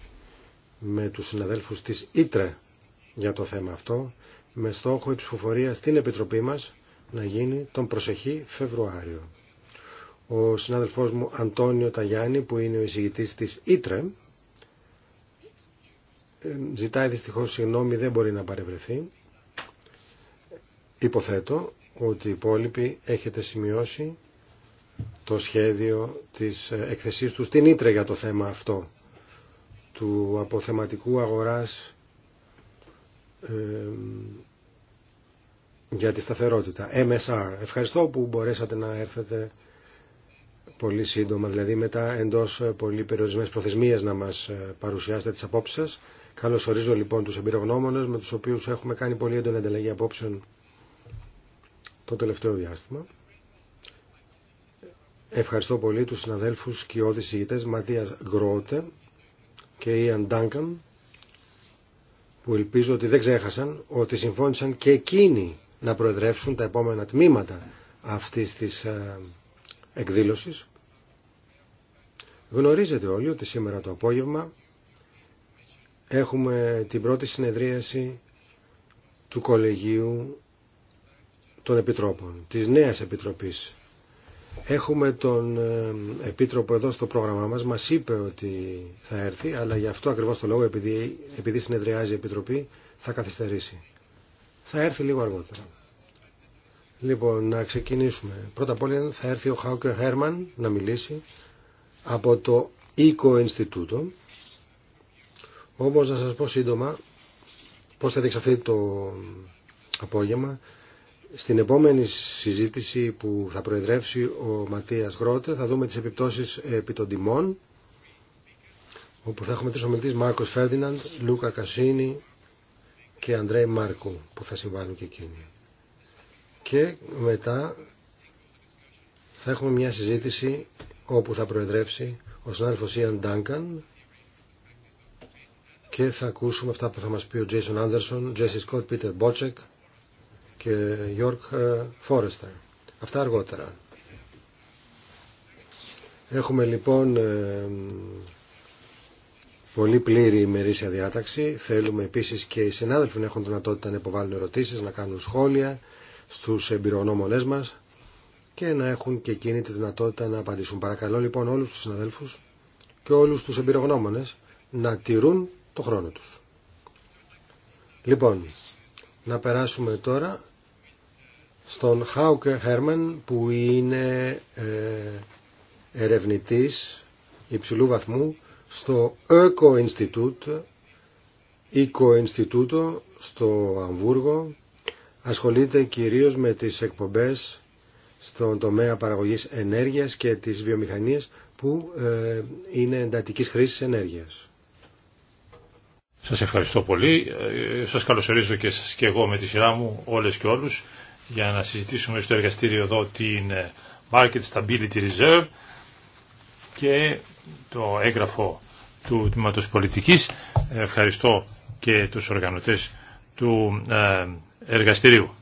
με τους συναδέλφους της Ήτρε για το θέμα αυτό με στόχο η ψηφοφορία στην Επιτροπή μας να γίνει τον προσεχή Φεβρουάριο. Ο συνάδελφός μου Αντώνιο Ταγιάννη που είναι ο εισηγητής της Ήτρε ε, ζητάει δυστυχώς συγγνώμη δεν μπορεί να παρευρεθεί. Υποθέτω ότι οι υπόλοιποι έχετε σημειώσει το σχέδιο της ε, εκθεσής του στην Ήτρε για το θέμα αυτό του αποθεματικού αγοράς ε, για τη σταθερότητα, MSR. Ευχαριστώ που μπορέσατε να έρθετε πολύ σύντομα, δηλαδή μετά εντός ε, πολύ περιορισμένες προθεσμίες να μας ε, παρουσιάσετε τις απόψεις σας. Καλώς ορίζω λοιπόν τους εμπειρογνώμονες με τους οποίους έχουμε κάνει πολύ έντονη ανταλλαγή απόψεων το τελευταίο διάστημα. Ευχαριστώ πολύ τους συναδέλφους και όδης Ματίας Γκρότε, και Ιαν Ντάγκαμ, που ελπίζω ότι δεν ξέχασαν ότι συμφώνησαν και εκείνοι να προεδρεύσουν τα επόμενα τμήματα αυτής της ε, εκδήλωσης. Γνωρίζετε όλοι ότι σήμερα το απόγευμα έχουμε την πρώτη συνεδρίαση του Κολεγίου των Επιτρόπων, της νέας Επιτροπής Έχουμε τον ε, Επίτροπο εδώ στο πρόγραμμά μας, μας είπε ότι θα έρθει, αλλά γι' αυτό ακριβώς το λόγο, επειδή, επειδή συνεδριάζει η Επιτροπή, θα καθυστερήσει. Θα έρθει λίγο αργότερα. Λοιπόν, να ξεκινήσουμε. Πρώτα απ' όλα θα έρθει ο Χάουκε Χέρμαν να μιλήσει από το Eco Institute. Όμως να σας πω σύντομα πώς θα δείξει το απόγευμα. Στην επόμενη συζήτηση που θα προεδρεύσει ο Ματίας Γρότε θα δούμε τις επιπτώσεις ε, επί των τιμών όπου θα έχουμε τρεις ομιλητές Μάρκος Φέρντιναντ, Λούκα Κασίνη και Αντρέι Μάρκου που θα συμβάλλουν και εκείνοι. Και μετά θα έχουμε μια συζήτηση όπου θα προεδρεύσει ο συνάδελφος Ιαν Ντάγκαν και θα ακούσουμε αυτά που θα μας πει ο Τζέισον Άντερσον, Τζέσι Σκοτ, Πίτερ Μπότσεκ και Γιώργ ε, Φόρεστα. Αυτά αργότερα. Έχουμε λοιπόν ε, πολύ πλήρη ημερήσια διάταξη. Θέλουμε επίσης και οι συνάδελφοι να έχουν δυνατότητα να υποβάλουν ερωτήσεις, να κάνουν σχόλια στους εμπειρογνώμονές μας και να έχουν και εκείνη τη δυνατότητα να απαντήσουν. Παρακαλώ λοιπόν όλους τους συναδέλφους και όλους τους εμπειρογνώμονες να τηρούν το χρόνο τους. Λοιπόν, να περάσουμε τώρα στον Χάουκε Χέρμαν που είναι ε, ερευνητής υψηλού βαθμού στο Eco Institute, στο Αμβούργο. Ασχολείται κυρίως με τις εκπομπές στον τομέα παραγωγής ενέργειας και της βιομηχανίες που ε, είναι εντατικής χρήσης ενέργειας. Σας ευχαριστώ πολύ. Ε, σας καλωσορίζω και σας και εγώ με τη σειρά μου όλες και όλους για να συζητήσουμε στο εργαστήριο εδώ την ε, Market Stability Reserve και το έγγραφο του Τμήματος Πολιτικής. Ευχαριστώ και τους οργανωτές του ε, εργαστηρίου.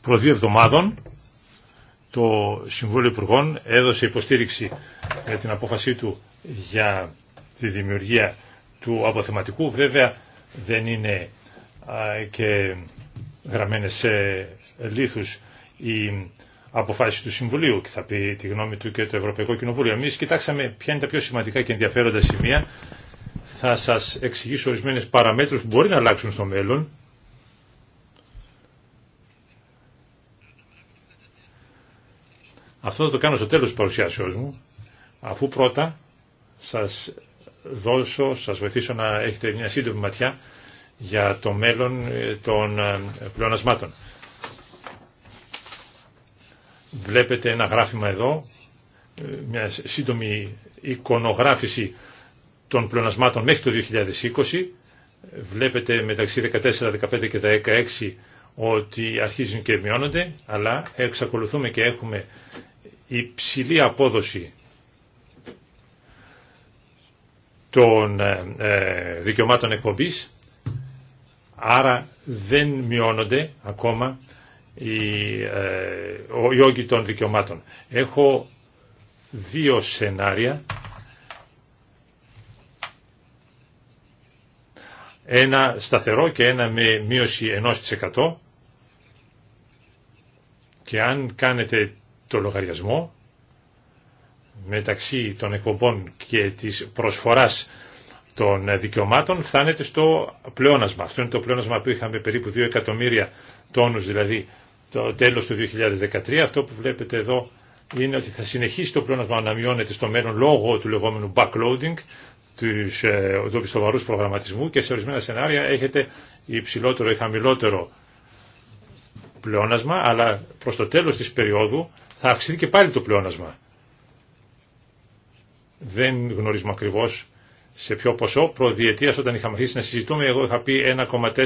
Προ δύο εβδομάδων το Συμβούλιο Υπουργών έδωσε υποστήριξη για την απόφασή του για τη δημιουργία του αποθεματικού. Βέβαια δεν είναι και γραμμένες σε λίθους οι αποφάσεις του Συμβουλίου και θα πει τη γνώμη του και το Ευρωπαϊκό Κοινοβούλιο. Εμείς κοιτάξαμε ποια είναι τα πιο σημαντικά και ενδιαφέροντα σημεία. Θα σας εξηγήσω ορισμένες παραμέτρους που μπορεί να αλλάξουν στο μέλλον. Αυτό θα το κάνω στο τέλος της παρουσιάσεώς μου, αφού πρώτα σας δώσω, σας βοηθήσω να έχετε μια σύντομη ματιά για το μέλλον ε, των ε, πλεονασμάτων. Βλέπετε ένα γράφημα εδώ, ε, μια σύντομη εικονογράφηση των πλεονασμάτων μέχρι το 2020. Βλέπετε μεταξύ 14, 15 και 16 ότι αρχίζουν και μειώνονται, αλλά εξακολουθούμε και έχουμε υψηλή απόδοση των ε, ε, δικαιωμάτων εκπομπής, άρα δεν μειώνονται ακόμα οι, ε, οι όγκοι των δικαιωμάτων. Έχω δύο σενάρια. Ένα σταθερό και ένα με μείωση 1% και αν κάνετε το λογαριασμό μεταξύ των εκπομπών και της προσφοράς των δικαιωμάτων φτάνεται στο πλεόνασμα. Αυτό είναι το πλεόνασμα που είχαμε περίπου 2 εκατομμύρια τόνους δηλαδή το τέλος του 2013. Αυτό που βλέπετε εδώ είναι ότι θα συνεχίσει το πλεόνασμα να μειώνεται στο μέλλον λόγω του λεγόμενου backloading, ε, του σοβαρού προγραμματισμού και σε ορισμένα σενάρια έχετε υψηλότερο ή χαμηλότερο πλεόνασμα, αλλά προς το τέλος της περίοδου θα αυξηθεί και πάλι το πλεόνασμα δεν γνωρίζουμε ακριβώς σε ποιο ποσό. Προδιετία όταν είχαμε αρχίσει να συζητούμε, εγώ είχα πει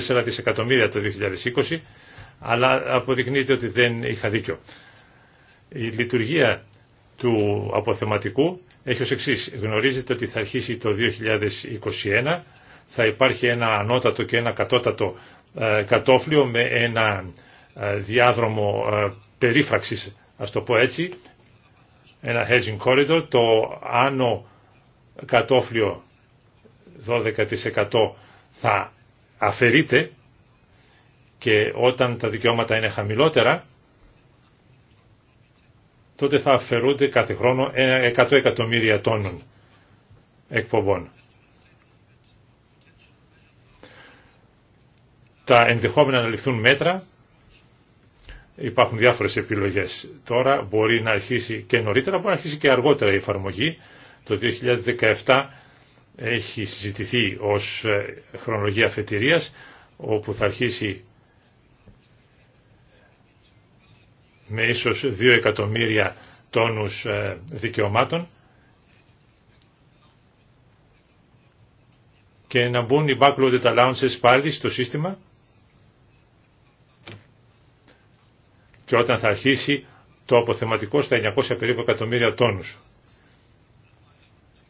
1,4 δισεκατομμύρια το 2020, αλλά αποδεικνύεται ότι δεν είχα δίκιο. Η λειτουργία του αποθεματικού έχει ως εξή. Γνωρίζετε ότι θα αρχίσει το 2021, θα υπάρχει ένα ανώτατο και ένα κατώτατο ε, κατόφλιο με ένα ε, διάδρομο ε, περίφραξης, ας το πω έτσι, ένα hedging corridor, το άνω κατόφλιο 12% θα αφαιρείται και όταν τα δικαιώματα είναι χαμηλότερα, τότε θα αφαιρούνται κάθε χρόνο 100 εκατομμύρια τόνων εκπομπών. Τα ενδεχόμενα να ληφθούν μέτρα Υπάρχουν διάφορες επιλογές. Τώρα μπορεί να αρχίσει και νωρίτερα, μπορεί να αρχίσει και αργότερα η εφαρμογή. Το 2017 έχει συζητηθεί ως ε, χρονολογία αφετηρίας, όπου θα αρχίσει με ίσως 2 εκατομμύρια τόνους ε, δικαιωμάτων και να μπουν οι backloaded allowances πάλι στο σύστημα και όταν θα αρχίσει το αποθεματικό στα 900 περίπου εκατομμύρια τόνους.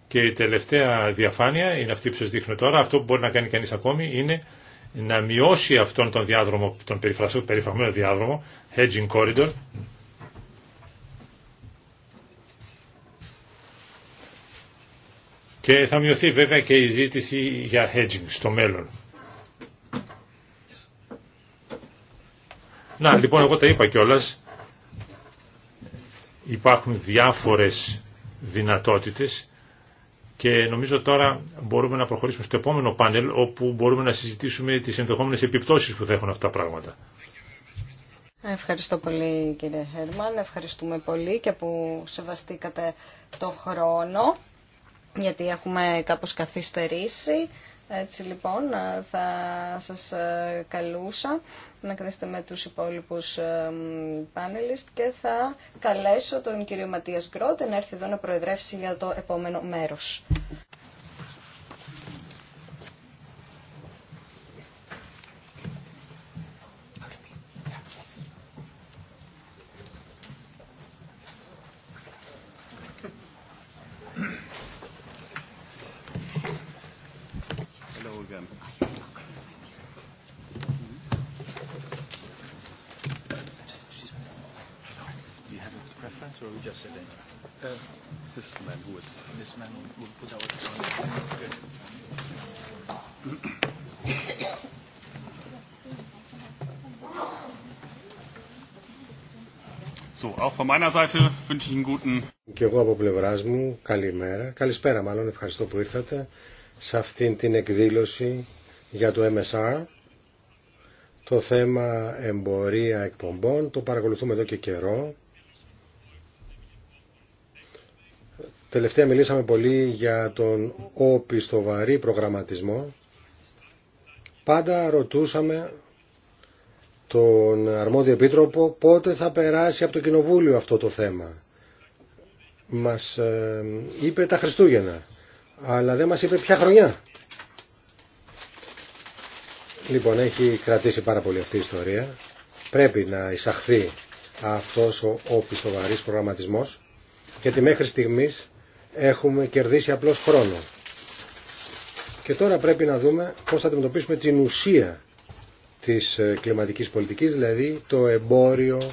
Και η τελευταία διαφάνεια είναι αυτή που σας δείχνω τώρα. Αυτό που μπορεί να κάνει κανείς ακόμη είναι να μειώσει αυτόν τον διάδρομο, τον περιφραγμένο διάδρομο, hedging corridor, και θα μειωθεί βέβαια και η ζήτηση για hedging στο μέλλον. Να, λοιπόν, εγώ τα είπα κιόλα. Υπάρχουν διάφορες δυνατότητες και νομίζω τώρα μπορούμε να προχωρήσουμε στο επόμενο πάνελ όπου μπορούμε να συζητήσουμε τις ενδεχόμενες επιπτώσεις που θα έχουν αυτά τα πράγματα. Ευχαριστώ πολύ κύριε Χέρμαν, ευχαριστούμε πολύ και που σεβαστήκατε το χρόνο γιατί έχουμε κάπως καθυστερήσει. Έτσι λοιπόν ε, θα σας ε, καλούσα να κρατήσετε με τους υπόλοιπους ε, πάνελιστ και θα καλέσω τον κύριο Ματίας Γκρότε να έρθει εδώ να προεδρεύσει για το επόμενο μέρος. von Και εγώ από πλευρά μου καλημέρα, καλησπέρα μάλλον, ευχαριστώ που ήρθατε σε αυτήν την εκδήλωση για το MSR. Το θέμα εμπορία εκπομπών το παρακολουθούμε εδώ και καιρό. Τελευταία μιλήσαμε πολύ για τον όπιστο βαρύ προγραμματισμό. Πάντα ρωτούσαμε τον αρμόδιο επίτροπο πότε θα περάσει από το κοινοβούλιο αυτό το θέμα. Μας ε, είπε τα Χριστούγεννα, αλλά δεν μας είπε ποια χρονιά. Λοιπόν, έχει κρατήσει πάρα πολύ αυτή η ιστορία. Πρέπει να εισαχθεί αυτός ο πιστοβαρής προγραμματισμός, γιατί μέχρι στιγμής έχουμε κερδίσει απλώς χρόνο. Και τώρα πρέπει να δούμε πώς θα αντιμετωπίσουμε την ουσία της ε, κλιματικής πολιτικής, δηλαδή το εμπόριο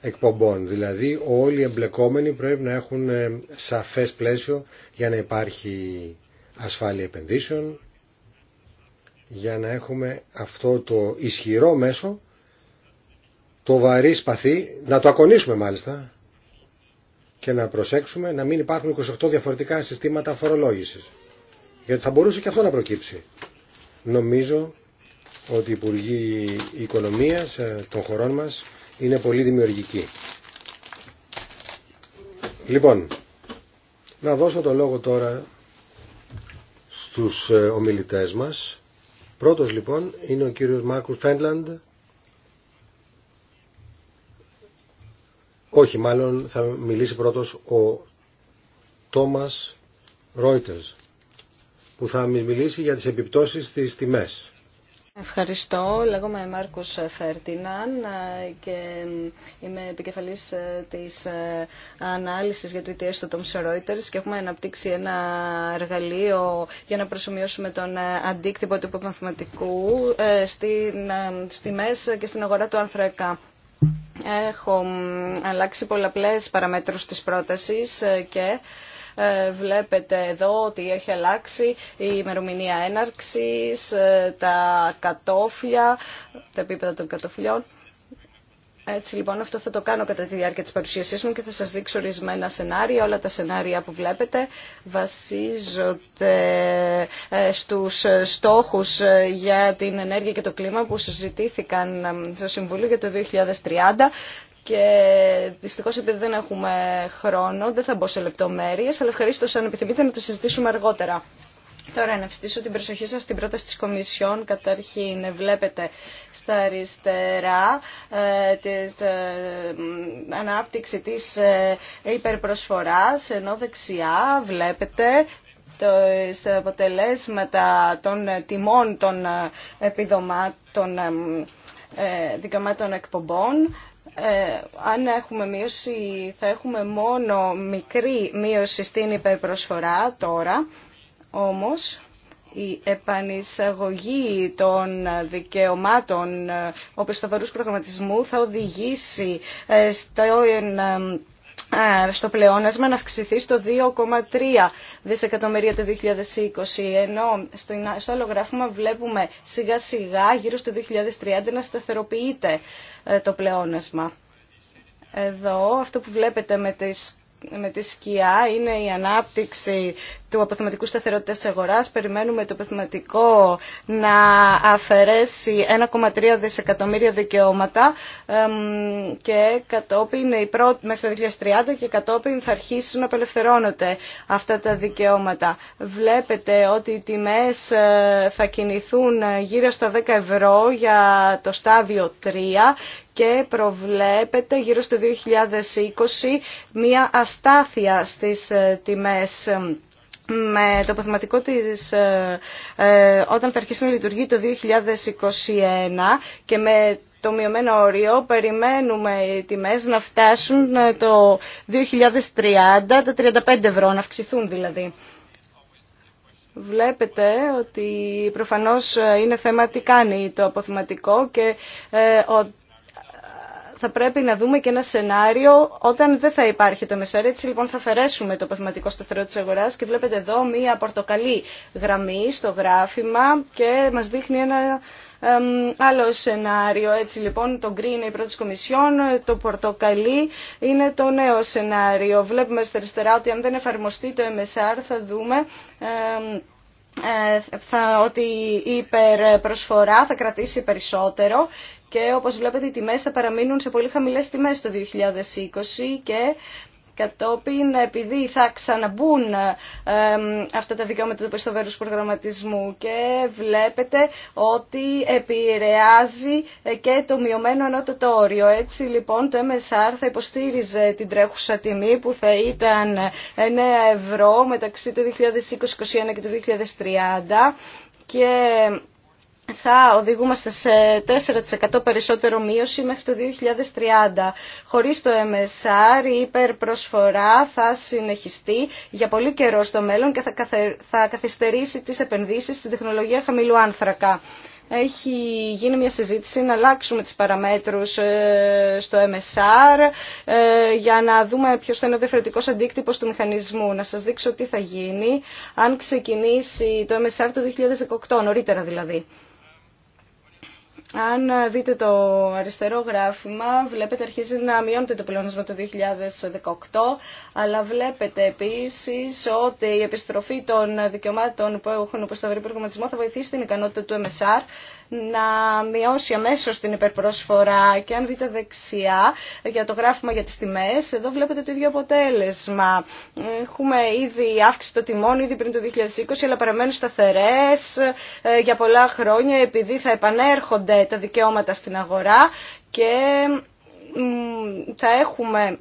εκπομπών. Δηλαδή όλοι οι εμπλεκόμενοι πρέπει να έχουν ε, σαφές πλαίσιο για να υπάρχει ασφάλεια επενδύσεων, για να έχουμε αυτό το ισχυρό μέσο, το βαρύ σπαθί, να το ακονίσουμε μάλιστα και να προσέξουμε να μην υπάρχουν 28 διαφορετικά συστήματα φορολόγησης. Γιατί θα μπορούσε και αυτό να προκύψει. Νομίζω ότι οι Υπουργοί Οικονομίας ε, των χωρών μας είναι πολύ δημιουργικοί. Λοιπόν, να δώσω το λόγο τώρα στους ε, ομιλητές μας. Πρώτος λοιπόν είναι ο κύριος Μάρκους Φέντλαντ. Όχι, μάλλον θα μιλήσει πρώτος ο Τόμας Ρόιτερς που θα μιλήσει για τις επιπτώσεις στις τιμές. Ευχαριστώ. Λέγομαι Μάρκος Φέρτιναν ε, και είμαι επικεφαλής ε, της ε, ανάλυσης για το ETS στο Thomson Reuters και έχουμε αναπτύξει ένα εργαλείο για να προσωμιώσουμε τον αντίκτυπο του υπομαθηματικού στη στη μέση και στην αγορά του Ανθρακά. Έχω αλλάξει πολλαπλές παραμέτρους της πρότασης και ε, βλέπετε εδώ ότι έχει αλλάξει η ημερομηνία έναρξης, ε, τα κατόφλια, τα επίπεδα των κατοφλιών. Έτσι λοιπόν αυτό θα το κάνω κατά τη διάρκεια της παρουσίασής μου και θα σας δείξω ορισμένα σενάρια. Όλα τα σενάρια που βλέπετε βασίζονται ε, στους στόχους για την ενέργεια και το κλίμα που συζητήθηκαν στο Συμβούλιο για το 2030 και δυστυχώ επειδή δεν έχουμε χρόνο, δεν θα μπω σε λεπτομέρειε, αλλά ευχαρίστω αν επιθυμείτε να το συζητήσουμε αργότερα. Τώρα, να ευχαριστήσω την προσοχή σας στην πρόταση της Κομισιόν. Καταρχήν, βλέπετε στα αριστερά ε, ε, ανάπτυξη της ε, υπερπροσφοράς, ενώ δεξιά βλέπετε τα αποτελέσματα των τιμών των ε, επιδομάτων ε, ε, δικαιωμάτων εκπομπών ε, αν έχουμε μείωση θα έχουμε μόνο μικρή μείωση στην υπερπροσφορά τώρα, όμως η επανεισαγωγή των δικαιωμάτων ε, όπως προγραμματισμού θα οδηγήσει ε, στο ε, ε, στο πλεόνασμα να αυξηθεί στο 2,3 δισεκατομμύρια το 2020, ενώ στο άλλο γράφημα βλέπουμε σιγά σιγά γύρω στο 2030 να σταθεροποιείται ε, το πλεόνασμα. Εδώ αυτό που βλέπετε με τις με τη σκιά είναι η ανάπτυξη του αποθεματικού σταθερότητας της αγοράς. Περιμένουμε το αποθεματικό να αφαιρέσει 1,3 δισεκατομμύρια δικαιώματα και κατόπιν η πρώτη, μέχρι το 2030 και κατόπιν θα αρχίσουν να απελευθερώνονται αυτά τα δικαιώματα. Βλέπετε ότι οι τιμές ε, θα κινηθούν γύρω στα 10 ευρώ για το στάδιο 3 και προβλέπεται γύρω στο 2020 μια αστάθεια στις ε, τιμές με το παθηματικό της ε, ε, όταν θα αρχίσει να λειτουργεί το 2021 και με το μειωμένο όριο περιμένουμε οι τιμές να φτάσουν το 2030 τα 35 ευρώ, να αυξηθούν δηλαδή. Βλέπετε ότι προφανώς είναι θέμα τι κάνει το αποθηματικό και θα πρέπει να δούμε και ένα σενάριο όταν δεν θα υπάρχει το MSR. Έτσι λοιπόν θα αφαιρέσουμε το πνευματικό σταθερό της αγοράς και βλέπετε εδώ μία πορτοκαλί γραμμή στο γράφημα και μας δείχνει ένα άλλο σενάριο. Έτσι λοιπόν το green είναι η πρώτη κομισιόν, το πορτοκαλί είναι το νέο σενάριο. Βλέπουμε στα αριστερά ότι αν δεν εφαρμοστεί το MSR θα δούμε ε, θα, ότι η υπερπροσφορά θα κρατήσει περισσότερο και όπως βλέπετε οι τιμές θα παραμείνουν σε πολύ χαμηλές τιμές το 2020 και κατόπιν επειδή θα ξαναμπούν αυτά τα δικαιώματα του πιστοβέρους προγραμματισμού και βλέπετε ότι επηρεάζει ε, και το μειωμένο ανώτατο όριο. Έτσι λοιπόν το MSR θα υποστήριζε την τρέχουσα τιμή που θα ήταν 9 ευρώ μεταξύ του 2020-2021 και του 2030 και θα οδηγούμαστε σε 4% περισσότερο μείωση μέχρι το 2030. Χωρίς το MSR η υπερπροσφορά θα συνεχιστεί για πολύ καιρό στο μέλλον και θα καθυστερήσει τις επενδύσεις στην τεχνολογία χαμηλού άνθρακα. Έχει γίνει μια συζήτηση να αλλάξουμε τις παραμέτρους ε, στο MSR ε, για να δούμε ποιος θα είναι ο διαφορετικός αντίκτυπος του μηχανισμού. Να σας δείξω τι θα γίνει αν ξεκινήσει το MSR το 2018, νωρίτερα δηλαδή. Αν δείτε το αριστερό γράφημα, βλέπετε αρχίζει να μειώνεται το πλεόνασμα το 2018, αλλά βλέπετε επίσης ότι η επιστροφή των δικαιωμάτων που έχουν προσταβερή προγραμματισμό θα βοηθήσει την ικανότητα του MSR να μειώσει αμέσω την υπερπρόσφορα και αν δείτε δεξιά για το γράφημα για τις τιμές, εδώ βλέπετε το ίδιο αποτέλεσμα. Έχουμε ήδη αύξηση των τιμών ήδη πριν το 2020, αλλά παραμένουν σταθερές ε, για πολλά χρόνια επειδή θα επανέρχονται τα δικαιώματα στην αγορά και θα έχουμε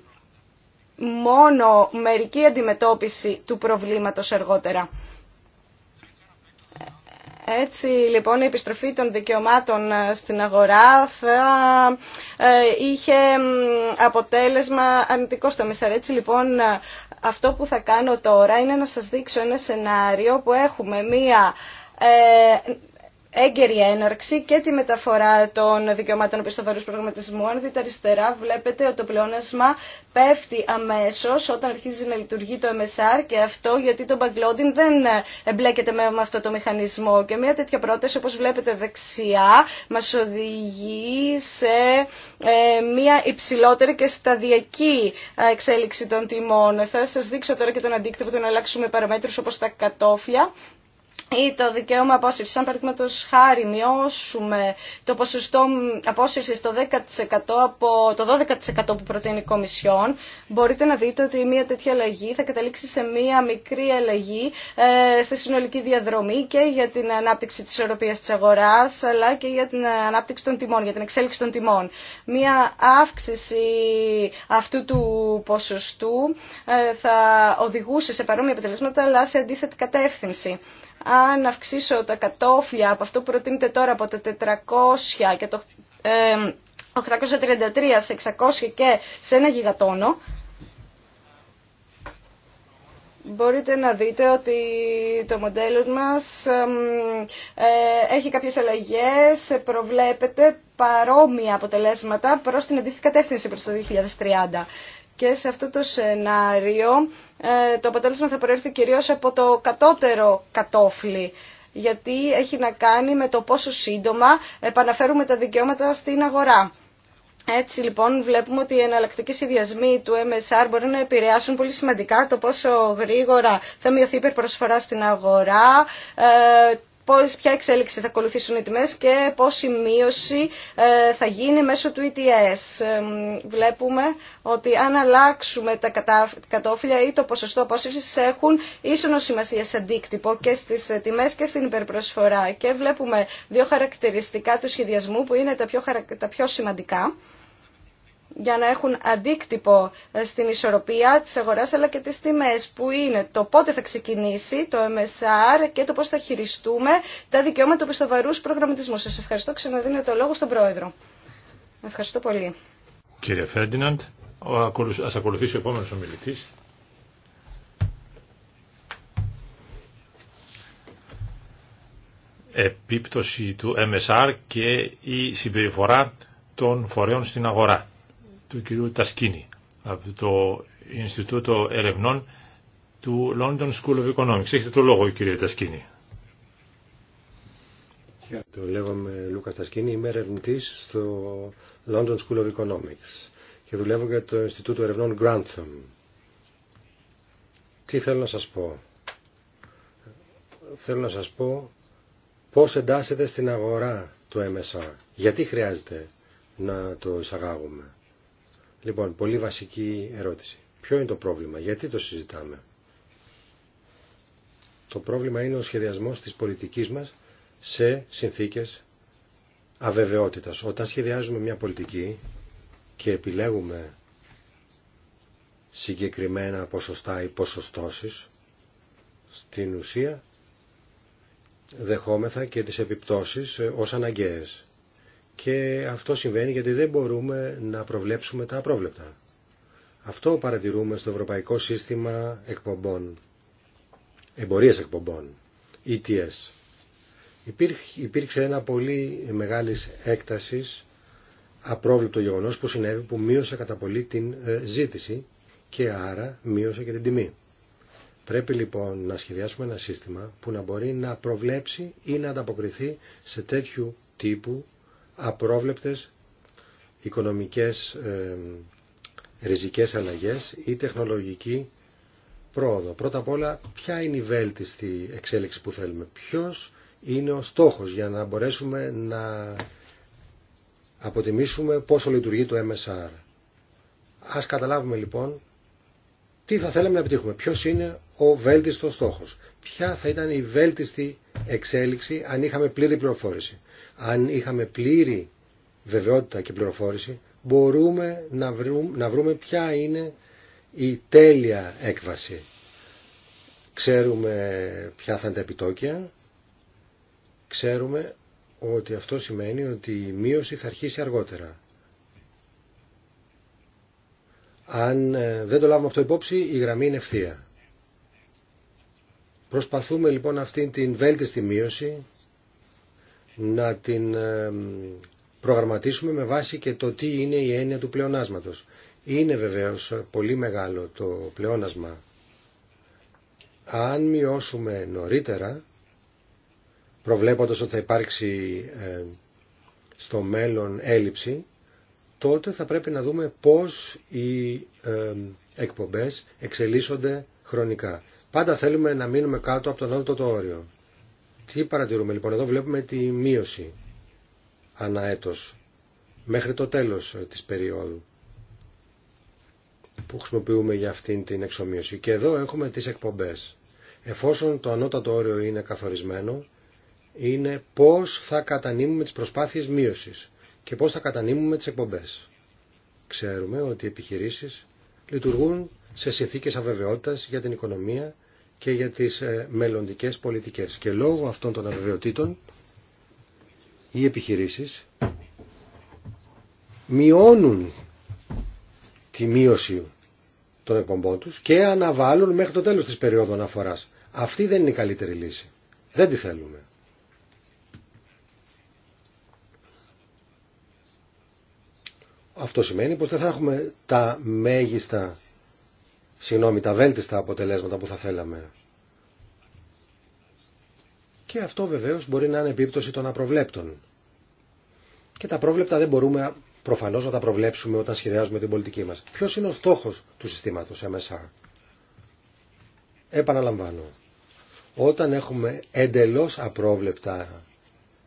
μόνο μερική αντιμετώπιση του προβλήματος αργότερα. Έτσι λοιπόν η επιστροφή των δικαιωμάτων ε, στην αγορά θα ε, είχε αποτέλεσμα αρνητικό στο μισαρ. Έτσι λοιπόν ε, αυτό που θα κάνω τώρα είναι να σας δείξω ένα σενάριο που έχουμε μία έγκαιρη έναρξη και τη μεταφορά των δικαιωμάτων επιστοβαρούς προγραμματισμού. Αν δείτε αριστερά βλέπετε ότι το πλεόνασμα πέφτει αμέσως όταν αρχίζει να λειτουργεί το MSR και αυτό γιατί το backloading δεν εμπλέκεται με αυτό το μηχανισμό. Και μια τέτοια πρόταση όπως βλέπετε δεξιά μας οδηγεί σε ε, μια υψηλότερη και σταδιακή εξέλιξη των τιμών. Θα σας δείξω τώρα και τον αντίκτυπο του να αλλάξουμε παραμέτρους όπως τα κατόφια ή το δικαίωμα απόσυρση. Αν παραδείγματο χάρη μειώσουμε το ποσοστό απόσυρση στο 10% από το 12% που προτείνει η Κομισιόν, μπορείτε να δείτε ότι μια τέτοια αλλαγή θα καταλήξει σε μια μικρή αλλαγή ε, στη συνολική διαδρομή και για την ανάπτυξη της οροπία τη αγορά, αλλά και για την ανάπτυξη των τιμών, για την εξέλιξη των τιμών. Μια αύξηση αυτού του ποσοστού ε, θα οδηγούσε σε παρόμοια αποτελέσματα, αλλά σε αντίθετη κατεύθυνση αν αυξήσω τα κατόφλια από αυτό που προτείνεται τώρα από τα 400 και το 833 σε 600 και σε ένα γιγατόνο, μπορείτε να δείτε ότι το μοντέλο μας ε, έχει κάποιες αλλαγές, προβλέπεται παρόμοια αποτελέσματα προς την αντίθετη κατεύθυνση προς το 2030 και σε αυτό το σενάριο ε, το αποτέλεσμα θα προέρθει κυρίως από το κατώτερο κατόφλι γιατί έχει να κάνει με το πόσο σύντομα επαναφέρουμε τα δικαιώματα στην αγορά. Έτσι λοιπόν βλέπουμε ότι οι εναλλακτικοί συνδυασμοί του MSR μπορεί να επηρεάσουν πολύ σημαντικά το πόσο γρήγορα θα μειωθεί η υπερπροσφορά στην αγορά, ε, πώς, ποια εξέλιξη θα ακολουθήσουν οι τιμές και πόση μείωση ε, θα γίνει μέσω του ETS. Ε, βλέπουμε ότι αν αλλάξουμε τα κατόφυλλα ή το ποσοστό απόσυρσης έχουν ίσονο σημασία σε αντίκτυπο και στις ε, τιμές και στην υπερπροσφορά. Και βλέπουμε δύο χαρακτηριστικά του σχεδιασμού που είναι τα πιο, τα πιο σημαντικά για να έχουν αντίκτυπο ε, στην ισορροπία της αγοράς αλλά και τις τιμές που είναι το πότε θα ξεκινήσει το MSR και το πώς θα χειριστούμε τα δικαιώματα πιστοβαρούς προγραμματισμού. Σας ευχαριστώ. Ξαναδίνω το λόγο στον Πρόεδρο. Ευχαριστώ πολύ. Κύριε Φέρντιναντ, ας ακολουθήσει ο επόμενος ομιλητής. Επίπτωση του MSR και η συμπεριφορά των φορέων στην αγορά του κυρίου Τασκίνη από το Ινστιτούτο Ερευνών του London School of Economics. Έχετε το λόγο κύριε Τασκίνη. Το λέγομαι Λούκα Τασκίνη, είμαι ερευνητή στο London School of Economics και δουλεύω για το Ινστιτούτο Ερευνών Grantham. Τι θέλω να σας πω. Θέλω να σας πω πώς εντάσσεται στην αγορά του MSR. Γιατί χρειάζεται να το εισαγάγουμε. Λοιπόν, πολύ βασική ερώτηση. Ποιο είναι το πρόβλημα, γιατί το συζητάμε. Το πρόβλημα είναι ο σχεδιασμός της πολιτικής μας σε συνθήκες αβεβαιότητας. Όταν σχεδιάζουμε μια πολιτική και επιλέγουμε συγκεκριμένα ποσοστά ή ποσοστώσεις, στην ουσία δεχόμεθα και τις επιπτώσεις ως αναγκαίες. Και αυτό συμβαίνει γιατί δεν μπορούμε να προβλέψουμε τα απρόβλεπτα. Αυτό παρατηρούμε στο Ευρωπαϊκό Σύστημα Εκπομπών, Εμπορίες Εκπομπών, ETS. Υπήρξε ένα πολύ μεγάλης έκτασης απρόβλεπτο γεγονός που συνέβη που μείωσε κατά πολύ την ε, ζήτηση και άρα μείωσε και την τιμή. Πρέπει λοιπόν να σχεδιάσουμε ένα σύστημα που να μπορεί να προβλέψει ή να ανταποκριθεί σε τέτοιου τύπου απρόβλεπτες οικονομικές ε, ριζικές αλλαγές ή τεχνολογική πρόοδο. Πρώτα απ' όλα, ποια είναι η βέλτιστη εξέλιξη που θέλουμε. Ποιος είναι ο στόχος για να μπορέσουμε να αποτιμήσουμε πόσο λειτουργεί το MSR. Ας καταλάβουμε λοιπόν τι θα θέλαμε να επιτύχουμε. Ποιος είναι ο βέλτιστος στόχος. Ποια θα ήταν η βέλτιστη εξέλιξη αν είχαμε πλήρη πληροφόρηση. Αν είχαμε πλήρη βεβαιότητα και πληροφόρηση, μπορούμε να βρούμε, να βρούμε ποια είναι η τέλεια έκβαση. Ξέρουμε ποια θα είναι τα επιτόκια, ξέρουμε ότι αυτό σημαίνει ότι η μείωση θα αρχίσει αργότερα. Αν ε, δεν το λάβουμε αυτό υπόψη, η γραμμή είναι ευθεία. Προσπαθούμε λοιπόν αυτήν την βέλτιστη μείωση να την προγραμματίσουμε με βάση και το τι είναι η έννοια του πλεονάσματος. Είναι βεβαίως πολύ μεγάλο το πλεόνασμα. Αν μειώσουμε νωρίτερα, προβλέποντας ότι θα υπάρξει στο μέλλον έλλειψη, τότε θα πρέπει να δούμε πώς οι εκπομπές εξελίσσονται χρονικά. Πάντα θέλουμε να μείνουμε κάτω από τον άλλο το όριο. Τι παρατηρούμε λοιπόν, εδώ βλέπουμε τη μείωση ανά έτος, μέχρι το τέλος ε, της περίοδου που χρησιμοποιούμε για αυτήν την εξομοίωση. Και εδώ έχουμε τις εκπομπές. Εφόσον το ανώτατο όριο είναι καθορισμένο, είναι πώς θα κατανείμουμε τις προσπάθειες μείωσης και πώς θα κατανείμουμε τις εκπομπές. Ξέρουμε ότι οι επιχειρήσεις λειτουργούν σε συνθήκες αβεβαιότητας για την οικονομία και για τις ε, μελλοντικές πολιτικές. Και λόγω αυτών των αβεβαιοτήτων οι επιχειρήσεις μειώνουν τη μείωση των εκπομπών τους και αναβάλουν μέχρι το τέλος της περίοδου αναφοράς. Αυτή δεν είναι η καλύτερη λύση. Δεν τη θέλουμε. Αυτό σημαίνει πως δεν θα έχουμε τα μέγιστα συγγνώμη, τα βέλτιστα αποτελέσματα που θα θέλαμε. Και αυτό βεβαίως μπορεί να είναι επίπτωση των απροβλέπτων. Και τα πρόβλεπτα δεν μπορούμε προφανώς να τα προβλέψουμε όταν σχεδιάζουμε την πολιτική μας. Ποιος είναι ο στόχος του συστήματος MSR. Επαναλαμβάνω. Όταν έχουμε εντελώς απρόβλεπτα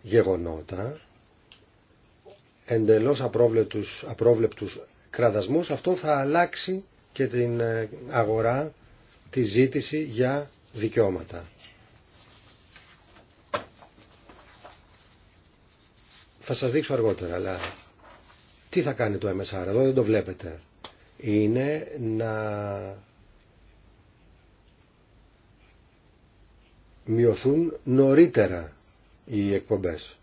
γεγονότα, εντελώς απρόβλεπτους, απρόβλεπτους κραδασμούς, αυτό θα αλλάξει και την ε, αγορά τη ζήτηση για δικαιώματα. Θα σας δείξω αργότερα, αλλά τι θα κάνει το MSR, εδώ δεν το βλέπετε. Είναι να μειωθούν νωρίτερα οι εκπομπές.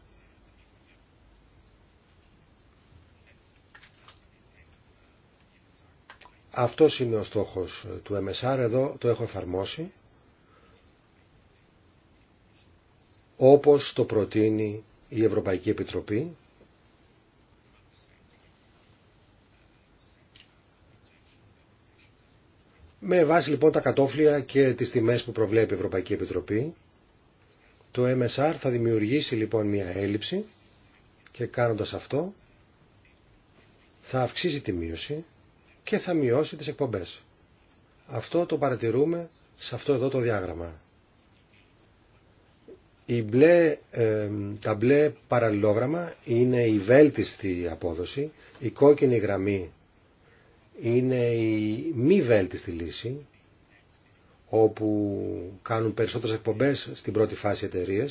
Αυτό είναι ο στόχος του MSR, εδώ το έχω εφαρμόσει, όπως το προτείνει η Ευρωπαϊκή Επιτροπή, με βάση λοιπόν τα κατόφλια και τις τιμές που προβλέπει η Ευρωπαϊκή Επιτροπή, το MSR θα δημιουργήσει λοιπόν μια έλλειψη και κάνοντας αυτό θα αυξήσει τη μείωση και θα μειώσει τις εκπομπές. Αυτό το παρατηρούμε σε αυτό εδώ το διάγραμμα. Η μπλε, ε, τα μπλε παραλληλόγραμμα είναι η βέλτιστη απόδοση, η κόκκινη γραμμή είναι η μη βέλτιστη λύση, όπου κάνουν περισσότερες εκπομπές στην πρώτη φάση εταιρείε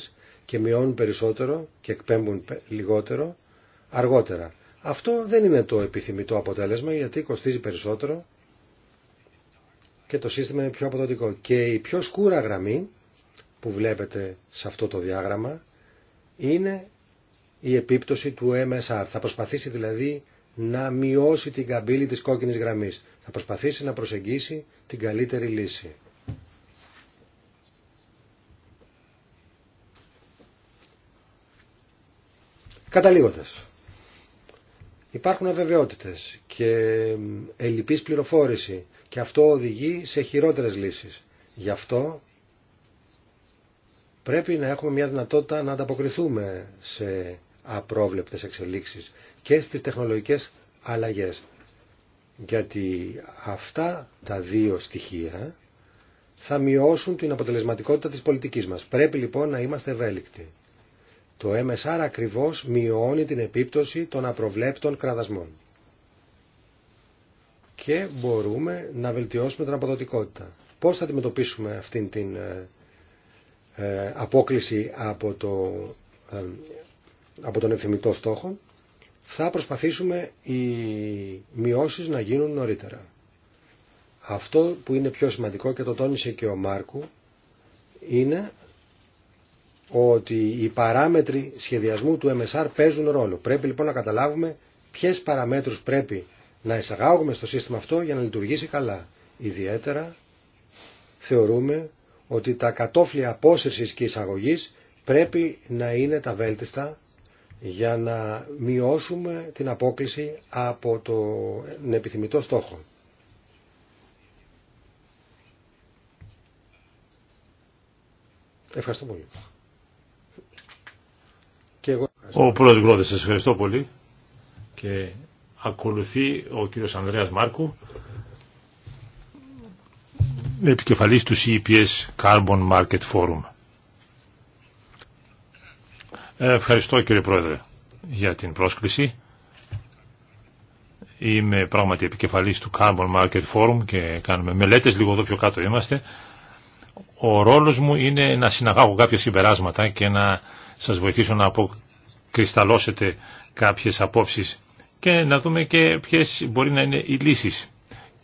και μειώνουν περισσότερο και εκπέμπουν λιγότερο αργότερα. Αυτό δεν είναι το επιθυμητό αποτέλεσμα γιατί κοστίζει περισσότερο και το σύστημα είναι πιο αποδοτικό. Και η πιο σκούρα γραμμή που βλέπετε σε αυτό το διάγραμμα είναι η επίπτωση του MSR. Θα προσπαθήσει δηλαδή να μειώσει την καμπύλη της κόκκινης γραμμής. Θα προσπαθήσει να προσεγγίσει την καλύτερη λύση. Καταλήγοντας. Υπάρχουν αβεβαιότητες και ελλειπής πληροφόρηση και αυτό οδηγεί σε χειρότερες λύσεις. Γι' αυτό πρέπει να έχουμε μια δυνατότητα να ανταποκριθούμε σε απρόβλεπτες εξελίξεις και στις τεχνολογικές αλλαγές. Γιατί αυτά τα δύο στοιχεία θα μειώσουν την αποτελεσματικότητα της πολιτικής μας. Πρέπει λοιπόν να είμαστε ευέλικτοι. Το MSR ακριβώς μειώνει την επίπτωση των απροβλέπτων κραδασμών. Και μπορούμε να βελτιώσουμε την αποδοτικότητα. Πώς θα αντιμετωπίσουμε αυτήν την ε, ε απόκληση από, ε, από τον επιθυμητό στόχο. Θα προσπαθήσουμε οι μειώσεις να γίνουν νωρίτερα. Αυτό που είναι πιο σημαντικό και το τόνισε και ο Μάρκου είναι ότι οι παράμετροι σχεδιασμού του MSR παίζουν ρόλο. Πρέπει λοιπόν να καταλάβουμε ποιες παραμέτρους πρέπει να εισαγάγουμε στο σύστημα αυτό για να λειτουργήσει καλά. Ιδιαίτερα θεωρούμε ότι τα κατόφλια απόσυρση και εισαγωγής πρέπει να είναι τα βέλτιστα για να μειώσουμε την απόκληση από τον επιθυμητό στόχο. Ευχαριστώ πολύ. Ο πρόεδρος Γρόντες, σας ευχαριστώ πολύ. Και ακολουθεί ο κύριος Ανδρέας Μάρκου, επικεφαλής του CEPS Carbon Market Forum. Ε, ευχαριστώ κύριε Πρόεδρε για την πρόσκληση. Είμαι πράγματι επικεφαλής του Carbon Market Forum και κάνουμε μελέτες, λίγο εδώ πιο κάτω είμαστε. Ο ρόλος μου είναι να συναγάγω κάποια συμπεράσματα και να σας βοηθήσω να κρυσταλώσετε κάποιες απόψεις και να δούμε και ποιες μπορεί να είναι οι λύσεις.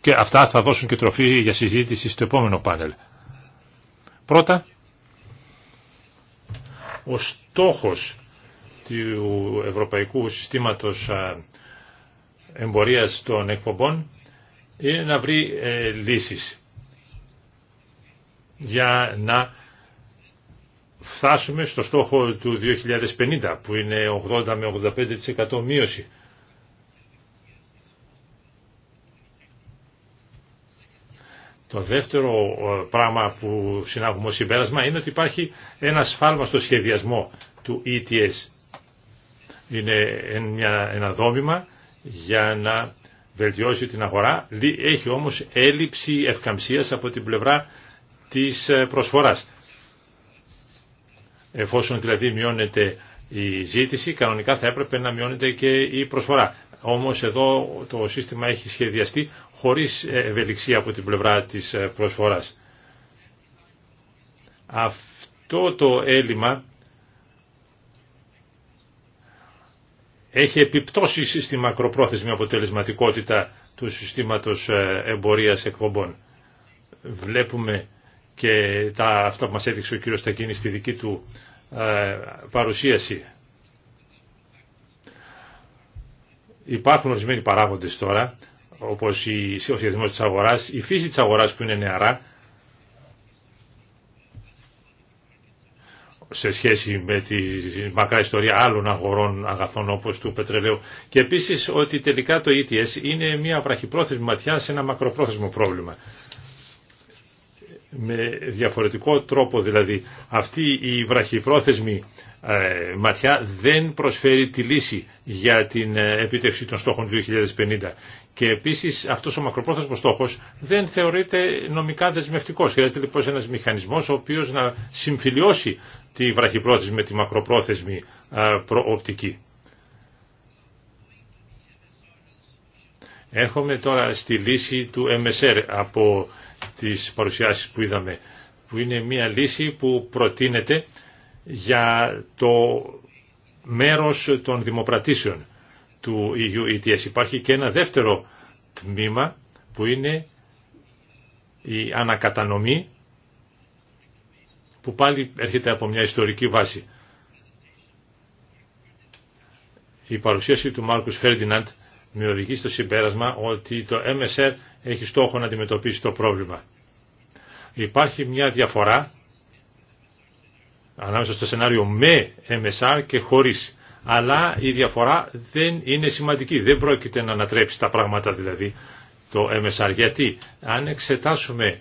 Και αυτά θα δώσουν και τροφή για συζήτηση στο επόμενο πάνελ. Πρώτα, ο στόχος του Ευρωπαϊκού Συστήματος Εμπορίας των Εκπομπών είναι να βρει ε, λύσεις για να φτάσουμε στο στόχο του 2050 που είναι 80 με 85% μείωση. Το δεύτερο ε, πράγμα που συνάγουμε ως συμπέρασμα είναι ότι υπάρχει ένα σφάλμα στο σχεδιασμό του ETS. Είναι ένα δόμημα για να βελτιώσει την αγορά, έχει όμως έλλειψη ευκαμψίας από την πλευρά της ε, προσφοράς. Εφόσον δηλαδή μειώνεται η ζήτηση, κανονικά θα έπρεπε να μειώνεται και η προσφορά. Όμως εδώ το σύστημα έχει σχεδιαστεί χωρίς ευελιξία από την πλευρά της προσφοράς. Αυτό το έλλειμμα έχει επιπτώσει στη μακροπρόθεσμη αποτελεσματικότητα του συστήματος ε, εμπορίας εκπομπών. Βλέπουμε και τα, αυτά που μας έδειξε ο κύριο Στακίνης στη δική του ε, παρουσίαση. Υπάρχουν ορισμένοι παράγοντες τώρα, όπως η, ο σχεδιασμός της αγοράς, η φύση της αγοράς που είναι νεαρά, σε σχέση με τη μακρά ιστορία άλλων αγορών αγαθών όπως του πετρελαίου και επίσης ότι τελικά το ETS είναι μια βραχυπρόθεσμη ματιά σε ένα μακροπρόθεσμο πρόβλημα με διαφορετικό τρόπο δηλαδή αυτή η βραχυπρόθεσμη ε, ματιά δεν προσφέρει τη λύση για την ε, επίτευξη των στόχων 2050 και επίσης αυτός ο μακροπρόθεσμος στόχος δεν θεωρείται νομικά δεσμευτικός χρειάζεται λοιπόν ένας μηχανισμός ο οποίος να συμφιλιώσει τη βραχυπρόθεσμη με τη μακροπρόθεσμη ε, προοπτική Έρχομαι τώρα στη λύση του MSR από τις παρουσιάσεις που είδαμε, που είναι μια λύση που προτείνεται για το μέρος των δημοπρατήσεων του EU ETS. Υπάρχει και ένα δεύτερο τμήμα που είναι η ανακατανομή που πάλι έρχεται από μια ιστορική βάση. Η παρουσίαση του Μάρκους Φέρντιναντ με οδηγεί στο συμπέρασμα ότι το MSR έχει στόχο να αντιμετωπίσει το πρόβλημα. Υπάρχει μια διαφορά ανάμεσα στο σενάριο με MSR και χωρίς. Αλλά η διαφορά δεν είναι σημαντική. Δεν πρόκειται να ανατρέψει τα πράγματα δηλαδή το MSR. Γιατί αν εξετάσουμε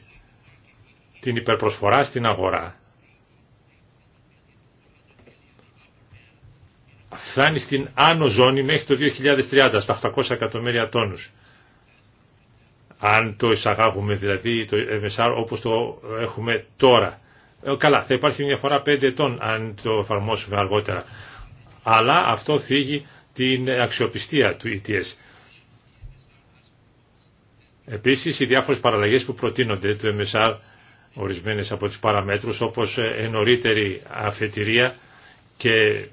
την υπερπροσφορά στην αγορά φτάνει στην άνω ζώνη μέχρι το 2030 στα 800 εκατομμύρια τόνους αν το εισαγάγουμε δηλαδή το MSR όπως το έχουμε τώρα. Ε, καλά, θα υπάρχει μια φορά πέντε ετών αν το εφαρμόσουμε αργότερα. Αλλά αυτό θίγει την αξιοπιστία του ETS. Επίσης οι διάφορες παραλλαγές που προτείνονται του MSR, ορισμένες από τις παραμέτρους όπως ενωρίτερη ε, αφετηρία και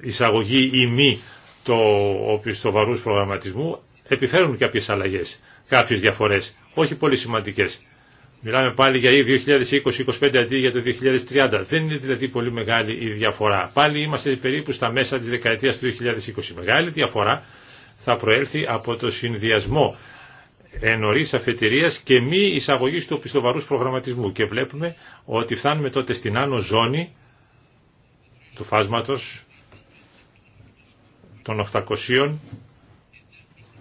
εισαγωγή ή μη το, το βαρούς προγραμματισμού, επιφέρουν κάποιες αλλαγές κάποιες διαφορές, όχι πολύ σημαντικές. Μιλάμε πάλι για 2020 2025 αντί για το 2030. Δεν είναι δηλαδή πολύ μεγάλη η διαφορά. Πάλι είμαστε περίπου στα μέσα της δεκαετίας του 2020. Μεγάλη διαφορά θα προέλθει από το συνδυασμό ενωρής αφετηρίας και μη εισαγωγής του πιστοβαρούς προγραμματισμού. Και βλέπουμε ότι φτάνουμε τότε στην άνω ζώνη του φάσματος των 800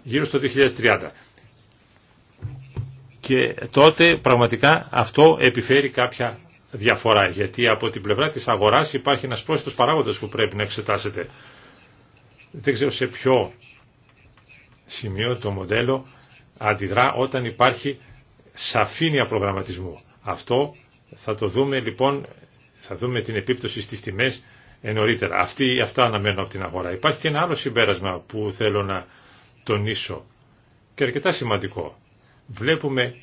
γύρω στο 2030 και τότε πραγματικά αυτό επιφέρει κάποια διαφορά γιατί από την πλευρά της αγοράς υπάρχει ένας πρόσθετος παράγοντας που πρέπει να εξετάσετε. Δεν ξέρω σε ποιο σημείο το μοντέλο αντιδρά όταν υπάρχει σαφήνεια προγραμματισμού. Αυτό θα το δούμε λοιπόν, θα δούμε την επίπτωση στις τιμές νωρίτερα. Αυτή, αυτά αναμένω από την αγορά. Υπάρχει και ένα άλλο συμπέρασμα που θέλω να τονίσω και αρκετά σημαντικό βλέπουμε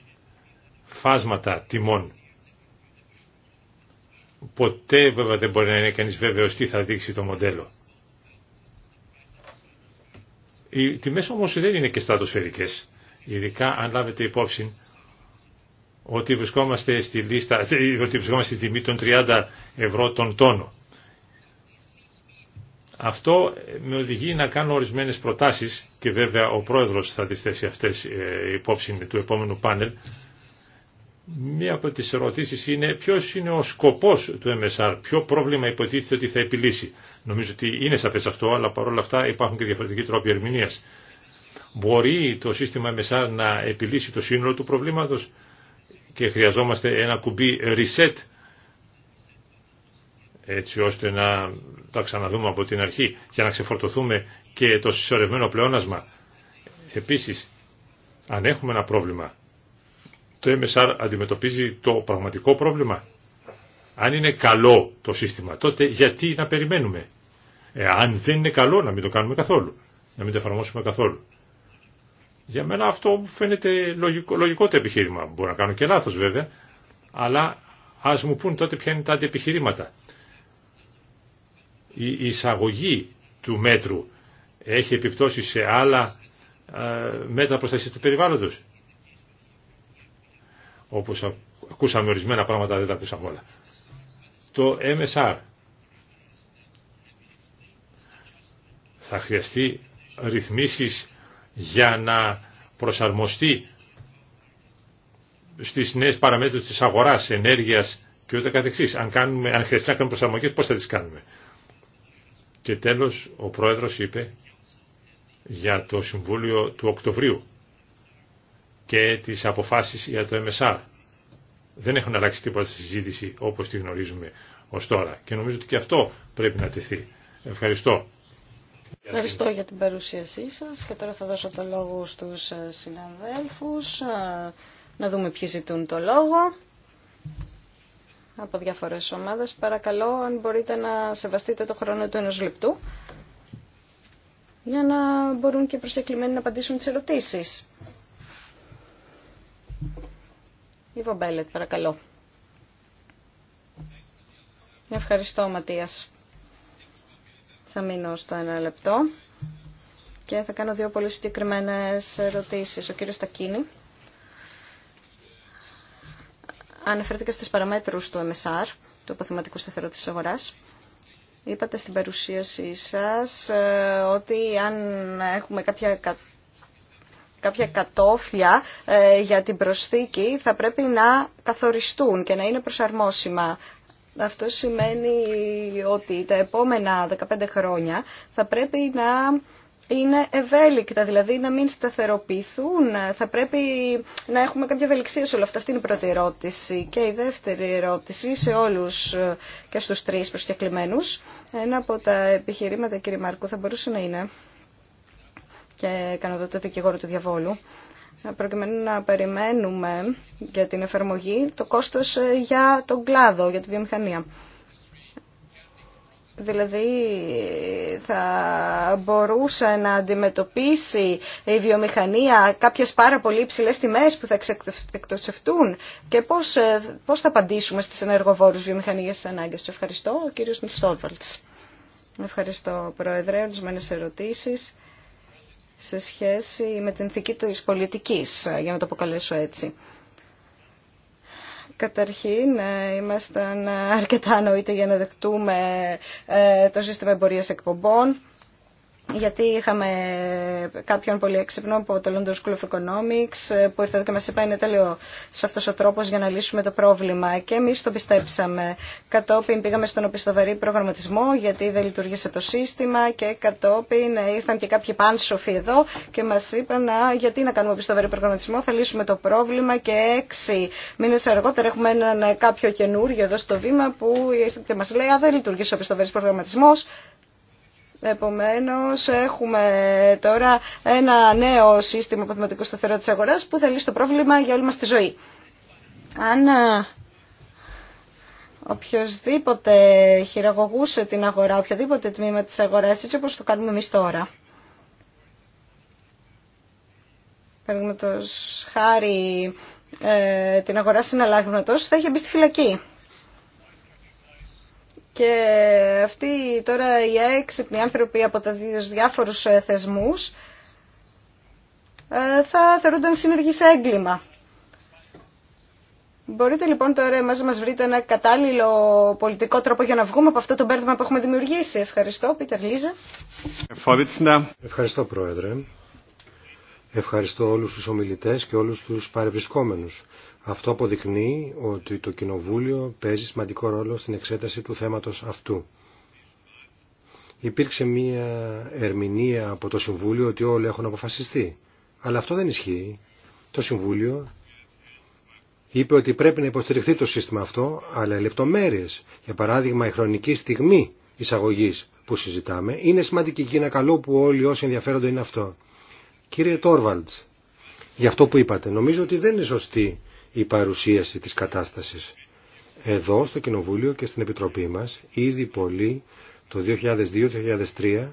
φάσματα τιμών. Ποτέ βέβαια δεν μπορεί να είναι κανείς βέβαιος τι θα δείξει το μοντέλο. Οι τιμές όμως δεν είναι και στρατοσφαιρικές, ειδικά αν λάβετε υπόψη ότι βρισκόμαστε στη λίστα, ότι βρισκόμαστε στη τιμή των 30 ευρώ τον τόνο. Αυτό με οδηγεί να κάνω ορισμένες προτάσεις και βέβαια ο πρόεδρος θα τις θέσει αυτές ε, υπόψη του επόμενου πάνελ. Μία από τις ερωτήσεις είναι ποιος είναι ο σκοπός του MSR, ποιο πρόβλημα υποτίθεται ότι θα επιλύσει. Νομίζω ότι είναι σαφές αυτό, αλλά παρόλα αυτά υπάρχουν και διαφορετικοί τρόποι ερμηνείας. Μπορεί το σύστημα MSR να επιλύσει το σύνολο του προβλήματος και χρειαζόμαστε ένα κουμπί reset έτσι ώστε να τα ξαναδούμε από την αρχή για να ξεφορτωθούμε και το συσσωρευμένο πλεόνασμα. Επίσης, αν έχουμε ένα πρόβλημα, το MSR αντιμετωπίζει το πραγματικό πρόβλημα. Αν είναι καλό το σύστημα, τότε γιατί να περιμένουμε. Ε, αν δεν είναι καλό, να μην το κάνουμε καθόλου. Να μην το εφαρμόσουμε καθόλου. Για μένα αυτό φαίνεται λογικό, λογικό το επιχείρημα. Μπορώ να κάνω και λάθος βέβαια, αλλά ας μου πούν τότε ποια είναι τα αντιεπιχειρήματα η εισαγωγή του μέτρου έχει επιπτώσει σε άλλα ε, μέτρα προστασία του περιβάλλοντος. Όπως ακούσαμε ορισμένα πράγματα δεν τα ακούσαμε όλα. Το MSR θα χρειαστεί ρυθμίσεις για να προσαρμοστεί στις νέες παραμέτρους της αγοράς, ενέργειας και ούτε καθεξής. Αν, κάνουμε, αν χρειαστεί να κάνουμε προσαρμογές, πώς θα τις κάνουμε. Και τέλος ο πρόεδρος είπε για το Συμβούλιο του Οκτωβρίου και τις αποφάσεις για το MSR. Δεν έχουν αλλάξει τίποτα στη συζήτηση όπως τη γνωρίζουμε ως τώρα. Και νομίζω ότι και αυτό πρέπει να τεθεί. Ευχαριστώ. Ευχαριστώ για την παρουσίασή σας και τώρα θα δώσω το λόγο στους ε, συναδέλφους ε, να δούμε ποιοι ζητούν το λόγο από διάφορες ομάδες. Παρακαλώ αν μπορείτε να σεβαστείτε το χρόνο του ενός λεπτού για να μπορούν και οι προσκεκλημένοι να απαντήσουν τις ερωτήσεις. Ιβο Μπέλετ, παρακαλώ. Ευχαριστώ, Ματίας. Θα μείνω στο ένα λεπτό και θα κάνω δύο πολύ συγκεκριμένες ερωτήσεις. Ο κύριος Τακίνη Αναφέρθηκα στις παραμέτρους του MSR, του αποθεματικού Σταθερότητας της αγοράς. Είπατε στην παρουσίασή σας ε, ότι αν έχουμε κάποια κάποια κατόφλια ε, για την προσθήκη θα πρέπει να καθοριστούν και να είναι προσαρμόσιμα. Αυτό σημαίνει ότι τα επόμενα 15 χρόνια θα πρέπει να είναι ευέλικτα, δηλαδή να μην σταθεροποιηθούν. Θα πρέπει να έχουμε κάποια ευελιξία σε όλα αυτά. Αυτή είναι η πρώτη ερώτηση. Και η δεύτερη ερώτηση σε όλους ε, και στους τρεις προσκεκλημένους. Ένα από τα επιχειρήματα, κύριε Μάρκου, θα μπορούσε να είναι, και κάνω εδώ το δικηγόρο του διαβόλου, προκειμένου να περιμένουμε για την εφαρμογή το κόστος ε, για τον κλάδο, για τη βιομηχανία. Δηλαδή θα μπορούσε να αντιμετωπίσει η βιομηχανία κάποιες πάρα πολύ υψηλές τιμές που θα εκτοξευτούν και πώς, ε, πώς θα απαντήσουμε στις ενεργοβόρους βιομηχανίες της ανάγκες. Σας ευχαριστώ, ο κύριος Μιλστόλβαλτς. Ευχαριστώ, Πρόεδρε. Ορισμένες ερωτήσεις σε σχέση με την θική της πολιτικής, ε, για να το αποκαλέσω έτσι. Καταρχήν, ε, ήμασταν αρκετά νοήτε για να δεχτούμε ε, το σύστημα εμπορίας εκπομπών γιατί είχαμε κάποιον πολύ έξυπνο από το London School of Economics ε, που ήρθε εδώ και μας είπε είναι τέλειο σε αυτός ο τρόπος για να λύσουμε το πρόβλημα και εμείς το πιστέψαμε. Κατόπιν πήγαμε στον οπισθοβαρή προγραμματισμό γιατί δεν λειτουργήσε το σύστημα και κατόπιν ε, ήρθαν και κάποιοι πάνσοφοι εδώ και μας είπαν να, γιατί να κάνουμε οπισθοβαρή προγραμματισμό θα λύσουμε το πρόβλημα και έξι μήνες αργότερα έχουμε έναν ε, κάποιο καινούργιο εδώ στο βήμα που ήρθε και μας λέει δεν λειτουργήσε ο οπισθοβαρής προγραμματισμός Επομένως έχουμε τώρα ένα νέο σύστημα παθηματικού σταθερό της αγοράς που θα λύσει το πρόβλημα για όλη μας τη ζωή. Αν ε, οποιοδήποτε χειραγωγούσε την αγορά, οποιοδήποτε τμήμα της αγοράς, έτσι όπως το κάνουμε εμείς τώρα. Παραδείγματος χάρη ε, την αγορά συναλλάγματος θα είχε μπει στη φυλακή. Και αυτοί τώρα οι έξυπνοι άνθρωποι από τα διάφορους ε, θεσμούς ε, θα θεωρούνταν συνεργή σε έγκλημα. Μπορείτε λοιπόν τώρα εμάς να μας βρείτε ένα κατάλληλο πολιτικό τρόπο για να βγούμε από αυτό το μπέρδεμα που έχουμε δημιουργήσει. Ευχαριστώ, Πίτερ Λίζα. Ευχαριστώ, Πρόεδρε. Ευχαριστώ όλους τους ομιλητές και όλους τους παρευρισκόμενους. Αυτό αποδεικνύει ότι το Κοινοβούλιο παίζει σημαντικό ρόλο στην εξέταση του θέματος αυτού. Υπήρξε μία ερμηνεία από το Συμβούλιο ότι όλοι έχουν αποφασιστεί. Αλλά αυτό δεν ισχύει. Το Συμβούλιο είπε ότι πρέπει να υποστηριχθεί το σύστημα αυτό, αλλά οι λεπτομέρειες, για παράδειγμα η χρονική στιγμή εισαγωγής που συζητάμε, είναι σημαντική και είναι καλό που όλοι όσοι ενδιαφέρονται είναι αυτό. Κύριε Τόρβαλτς, για αυτό που είπατε, νομίζω ότι δεν είναι σωστή η παρουσίαση της κατάστασης. Εδώ στο Κοινοβούλιο και στην Επιτροπή μας ήδη πολλοί το 2002-2003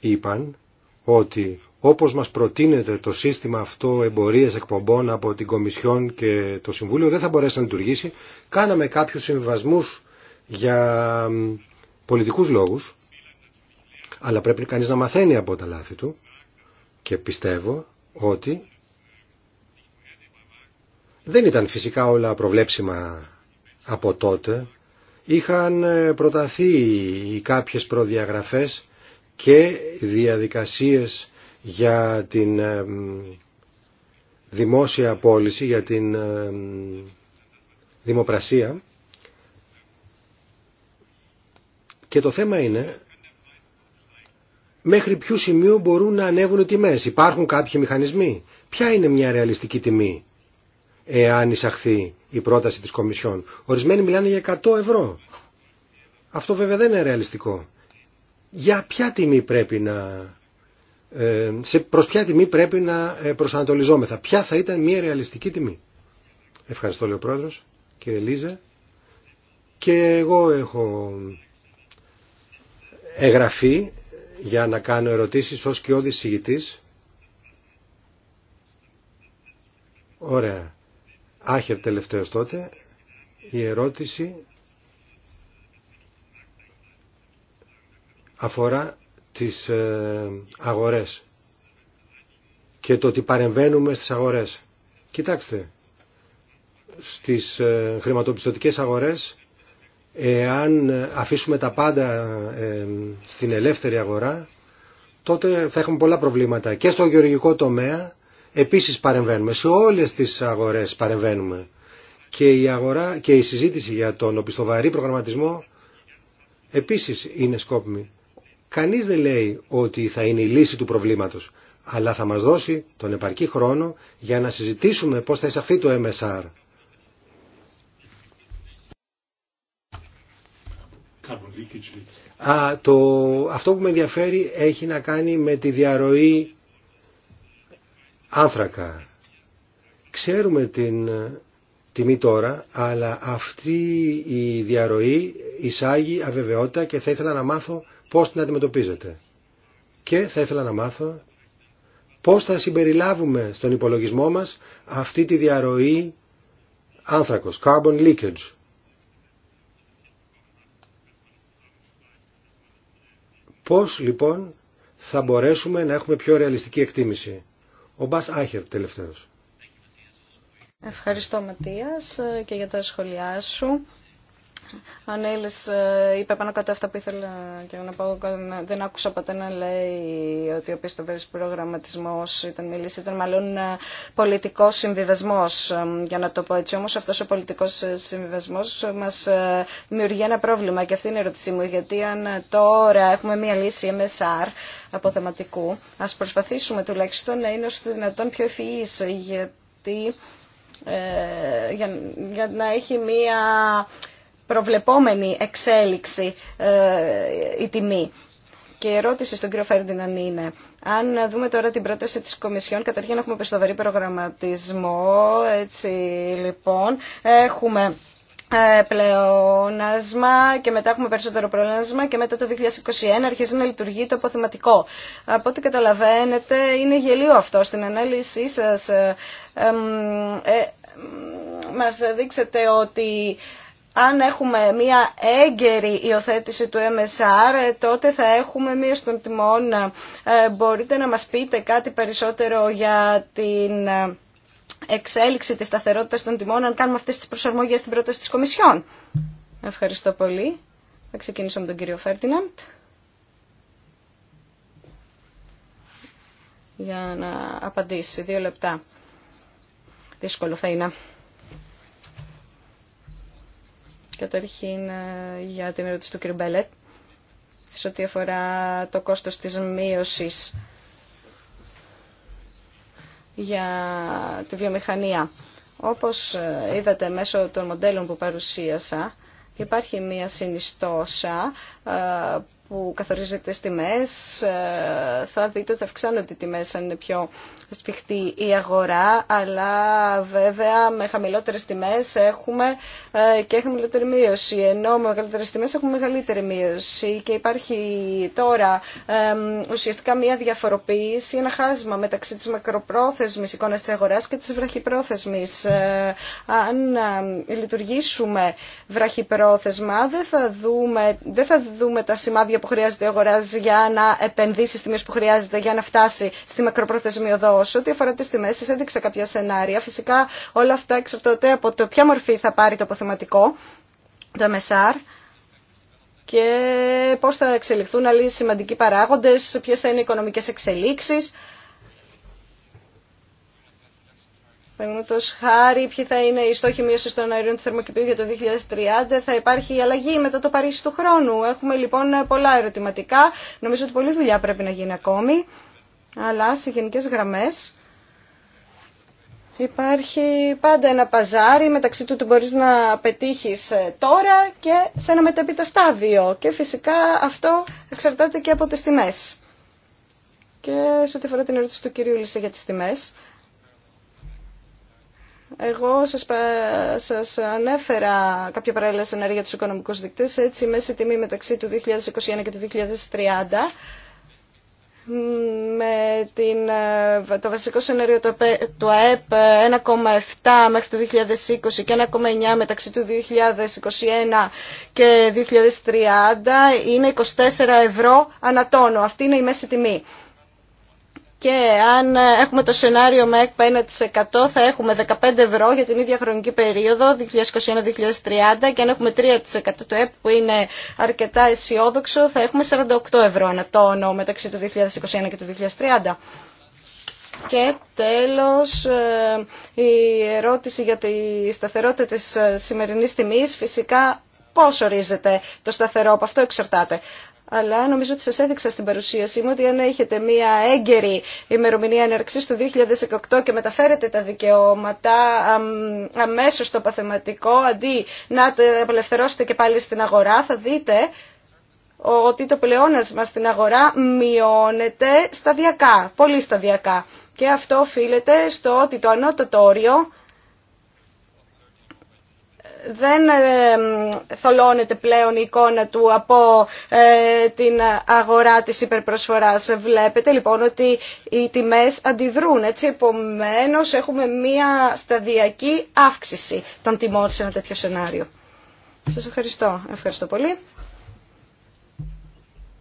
είπαν ότι όπως μας προτείνεται το σύστημα αυτό εμπορίες εκπομπών από την Κομισιόν και το Συμβούλιο δεν θα μπορέσει να λειτουργήσει. Κάναμε κάποιους συμβασμούς για πολιτικούς λόγους αλλά πρέπει κανείς να μαθαίνει από τα λάθη του και πιστεύω ότι δεν ήταν φυσικά όλα προβλέψιμα από τότε. Είχαν ε, προταθεί κάποιες προδιαγραφές και διαδικασίες για την ε, δημόσια πώληση, για την ε, δημοπρασία. Και το θέμα είναι μέχρι ποιο σημείο μπορούν να ανέβουν οι τιμές. Υπάρχουν κάποιοι μηχανισμοί. Ποια είναι μια ρεαλιστική τιμή εάν εισαχθεί η πρόταση της Κομισιόν. Ορισμένοι μιλάνε για 100 ευρώ. Αυτό βέβαια δεν είναι ρεαλιστικό. Για ποια τιμή πρέπει να... Ε, σε προς ποια τιμή πρέπει να ε, προσανατολιζόμεθα. Ποια θα ήταν μια ρεαλιστική τιμή. Ευχαριστώ λέει ο Πρόεδρος, κύριε Λίζε. Και εγώ έχω εγγραφή για να κάνω ερωτήσεις ως και συγητής. Ωραία. Άχερ τελευταίος τότε, η ερώτηση αφορά τις ε, αγορές και το ότι παρεμβαίνουμε στις αγορές. Κοιτάξτε, στις ε, χρηματοπιστωτικές αγορές, εάν αφήσουμε τα πάντα ε, στην ελεύθερη αγορά, τότε θα έχουμε πολλά προβλήματα και στο γεωργικό τομέα Επίσης παρεμβαίνουμε. Σε όλες τις αγορές παρεμβαίνουμε. Και η, αγορά, και η συζήτηση για τον οπισθοβαρή προγραμματισμό επίσης είναι σκόπιμη. Κανείς δεν λέει ότι θα είναι η λύση του προβλήματος, αλλά θα μας δώσει τον επαρκή χρόνο για να συζητήσουμε πώς θα εισαχθεί το MSR. Α, το, αυτό που με ενδιαφέρει έχει να κάνει με τη διαρροή άνθρακα. Ξέρουμε την τιμή τώρα, αλλά αυτή η διαρροή εισάγει αβεβαιότητα και θα ήθελα να μάθω πώς την αντιμετωπίζετε. Και θα ήθελα να μάθω πώς θα συμπεριλάβουμε στον υπολογισμό μας αυτή τη διαρροή άνθρακος, carbon leakage. Πώς λοιπόν θα μπορέσουμε να έχουμε πιο ρεαλιστική εκτίμηση. Ο Μπάς Άχερ τελευταίος. Ευχαριστώ Ματίας και για τα σχόλιά σου. Αν Έιλες ε, είπε πάνω κάτω αυτά που ήθελα και να πω, δεν άκουσα ποτέ να λέει ότι ο πίστοβερης προγραμματισμός ήταν μια λύση, ήταν μάλλον ε, πολιτικός συμβιβασμός, ε, για να το πω έτσι. Όμως αυτός ο πολιτικός συμβιβασμός μας δημιουργεί ένα πρόβλημα και αυτή είναι η ερώτησή μου, γιατί αν τώρα έχουμε μια λύση MSR, αποθεματικού, ας προσπαθήσουμε τουλάχιστον να είναι όσο δυνατόν πιο ευφυής, γιατί για να έχει μία προβλεπόμενη εξέλιξη ε, η τιμή. Και η ερώτηση στον κύριο Φέρντιναν είναι, αν δούμε τώρα την πρόταση της Κομισιόν, καταρχήν έχουμε πιστοβερή προγραμματισμό, έτσι λοιπόν, έχουμε ε, πλεονάσμα και μετά έχουμε περισσότερο πλεονάσμα και μετά το 2021 αρχίζει να λειτουργεί το αποθεματικό. Από ό,τι καταλαβαίνετε είναι γελίο αυτό στην ανάλυση σας. Ε, ε μας δείξετε ότι αν έχουμε μία έγκαιρη υιοθέτηση του MSR, τότε θα έχουμε μία των τιμών. Ε, μπορείτε να μας πείτε κάτι περισσότερο για την ε, εξέλιξη της σταθερότητας των τιμών, αν κάνουμε αυτές τις προσαρμογές στην πρόταση της Κομισιόν. Ευχαριστώ πολύ. Θα ξεκινήσω με τον κύριο Φέρτιναντ. Για να απαντήσει. Δύο λεπτά. Δύσκολο θα είναι. Καταρχήν ε, για την ερώτηση του κ. Μπέλετ σε ό,τι αφορά το κόστος της μείωσης για τη βιομηχανία. Όπως ε, είδατε μέσω των μοντέλων που παρουσίασα, υπάρχει μία συνιστόσα ε, που καθορίζεται στις τιμές, ε, θα δείτε ότι θα αυξάνονται οι τιμές αν είναι πιο σφιχτή η αγορά, αλλά βέβαια με χαμηλότερες τιμές έχουμε ε, και χαμηλότερη μείωση, ενώ με μεγαλύτερες τιμές έχουμε μεγαλύτερη μείωση και υπάρχει τώρα ουσιαστικά μια διαφοροποίηση, ένα χάσμα μεταξύ της μακροπρόθεσμης εικόνας της αγοράς και της βραχυπρόθεσμης. Ε, αν λειτουργήσουμε βραχυπρόθεσμα θα δούμε, δεν θα δούμε τα σημάδια που χρειάζεται ο αγορά για να επενδύσει στι τιμέ που χρειάζεται για να φτάσει στη μακροπρόθεσμη Ό,τι αφορά τι τιμέ, σα έδειξα κάποια σενάρια. Φυσικά όλα αυτά εξαρτώνται από το ποια μορφή θα πάρει το αποθεματικό, το MSR και πώς θα εξελιχθούν άλλοι σημαντικοί παράγοντες, ποιες θα είναι οι οικονομικές εξελίξεις. Παραδείγματο χάρη, ποιοι θα είναι οι στόχοι μείωση των αερίων του θερμοκηπίου για το 2030, θα υπάρχει η αλλαγή μετά το Παρίσι του χρόνου. Έχουμε λοιπόν πολλά ερωτηματικά. Νομίζω ότι πολλή δουλειά πρέπει να γίνει ακόμη. Αλλά σε γενικέ γραμμέ υπάρχει πάντα ένα παζάρι μεταξύ του που μπορεί να πετύχει ε, τώρα και σε ένα μετέπειτα στάδιο. Και φυσικά αυτό εξαρτάται και από τι τιμέ. Και σε ό,τι αφορά την ερώτηση του κυρίου Λίσσα για τι τιμέ, εγώ σας, σας ανέφερα κάποια παράλληλα σενάρια για τους οικονομικούς δείκτες, έτσι η μέση τιμή μεταξύ του 2021 και του 2030 με την, ε, το βασικό σενάριο του ΑΕΠ 1,7 ε, μέχρι το 2020 και 1,9 μεταξύ του 2021 και 2030 είναι 24 ευρώ ανατόνο. Αυτή είναι η μέση τιμή και αν ε, έχουμε το σενάριο με ΕΚΠΑ 1% θα έχουμε 15 ευρώ για την ίδια χρονική περίοδο 2021-2030 και αν έχουμε 3% του ΕΠ που είναι αρκετά αισιόδοξο θα έχουμε 48 ευρώ ένα τόνο μεταξύ του 2021 και του 2030. Και τέλος ε, η ερώτηση για τη σταθερότητα της ε, σημερινής τιμής φυσικά πώς ορίζεται το σταθερό, από αυτό εξαρτάται αλλά νομίζω ότι σας έδειξα στην παρουσίασή μου ότι αν έχετε μία έγκαιρη ημερομηνία έναρξης του 2018 και μεταφέρετε τα δικαιώματα αμέσως στο παθεματικό, αντί να τα απελευθερώσετε και πάλι στην αγορά, θα δείτε ότι το πλεόνασμα στην αγορά μειώνεται σταδιακά, πολύ σταδιακά. Και αυτό οφείλεται στο ότι το ανώτατο όριο δεν ε, θολώνεται πλέον η εικόνα του από ε, την αγορά της υπερπροσφοράς. Βλέπετε λοιπόν ότι οι τιμές αντιδρούν. Έτσι, επομένως, έχουμε μία σταδιακή αύξηση των τιμών σε ένα τέτοιο σενάριο. Σας ευχαριστώ. Ευχαριστώ πολύ.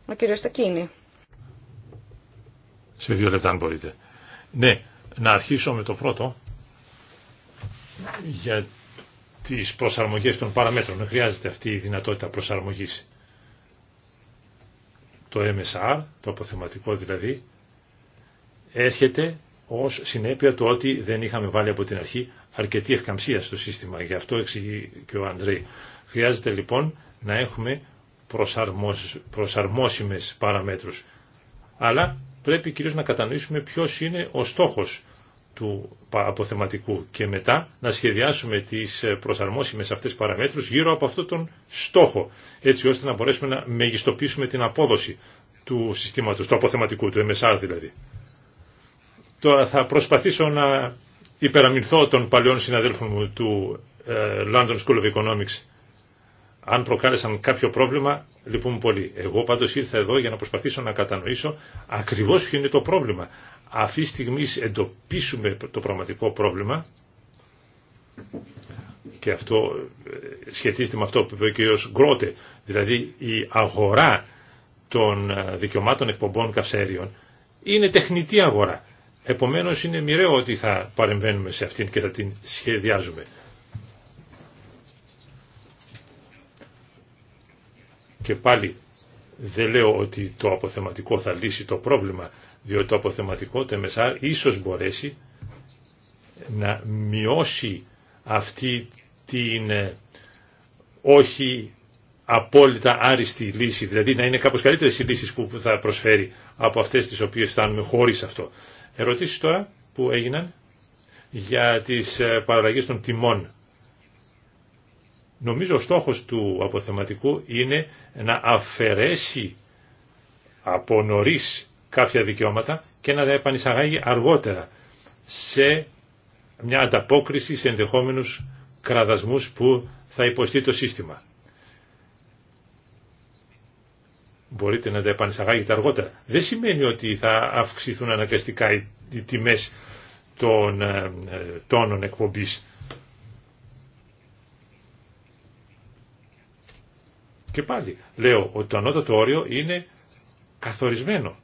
Ο κύριος Στακίνη. Σε δύο λεπτά αν μπορείτε. Ναι, να αρχίσω με το πρώτο τις προσαρμογές των παραμέτρων. Χρειάζεται αυτή η δυνατότητα προσαρμογής. Το MSR, το αποθεματικό δηλαδή, έρχεται ως συνέπεια του ότι δεν είχαμε βάλει από την αρχή αρκετή ευκαμψία στο σύστημα. Γι' αυτό εξηγεί και ο Αντρέη. Χρειάζεται λοιπόν να έχουμε προσαρμόσιμες παραμέτρους. Αλλά πρέπει κυρίως να κατανοήσουμε ποιος είναι ο στόχος του αποθεματικού και μετά να σχεδιάσουμε τις ε, προσαρμόσιμες αυτές παραμέτρους γύρω από αυτόν τον στόχο, έτσι ώστε να μπορέσουμε να μεγιστοποιήσουμε την απόδοση του συστήματος, του αποθεματικού, του MSR δηλαδή. Τώρα θα προσπαθήσω να υπεραμεινθώ των παλιών συναδέλφων μου του ε, London School of Economics αν προκάλεσαν κάποιο πρόβλημα, λυπούμε πολύ. Εγώ πάντως ήρθα εδώ για να προσπαθήσω να κατανοήσω ακριβώς ποιο είναι το πρόβλημα. Αυτή τη στιγμή εντοπίσουμε το πραγματικό πρόβλημα και αυτό ε, σχετίζεται με αυτό που είπε ο κ. Γκρότε, δηλαδή η αγορά των ε, δικαιωμάτων εκπομπών καυσαέριων είναι τεχνητή αγορά. Επομένως είναι μοιραίο ότι θα παρεμβαίνουμε σε αυτήν και θα την σχεδιάζουμε. Και πάλι δεν λέω ότι το αποθεματικό θα λύσει το πρόβλημα, διότι το αποθεματικό το MSR ίσως μπορέσει να μειώσει αυτή την ε, όχι απόλυτα άριστη λύση, δηλαδή να είναι κάπως καλύτερες οι λύσεις που θα προσφέρει από αυτές τις οποίες φτάνουμε χωρίς αυτό. Ερωτήσεις τώρα που έγιναν για τις ε, παραλλαγές των τιμών. Νομίζω ο στόχος του αποθεματικού είναι να αφαιρέσει από νωρί κάποια δικαιώματα και να τα επανεισαγάγει αργότερα σε μια ανταπόκριση σε ενδεχόμενους κραδασμούς που θα υποστεί το σύστημα. Μπορείτε να τα επανεισαγάγετε αργότερα. Δεν σημαίνει ότι θα αυξηθούν αναγκαστικά οι τιμές των ε, τόνων εκπομπής. Και πάλι λέω ότι το ανώτατο όριο είναι καθορισμένο.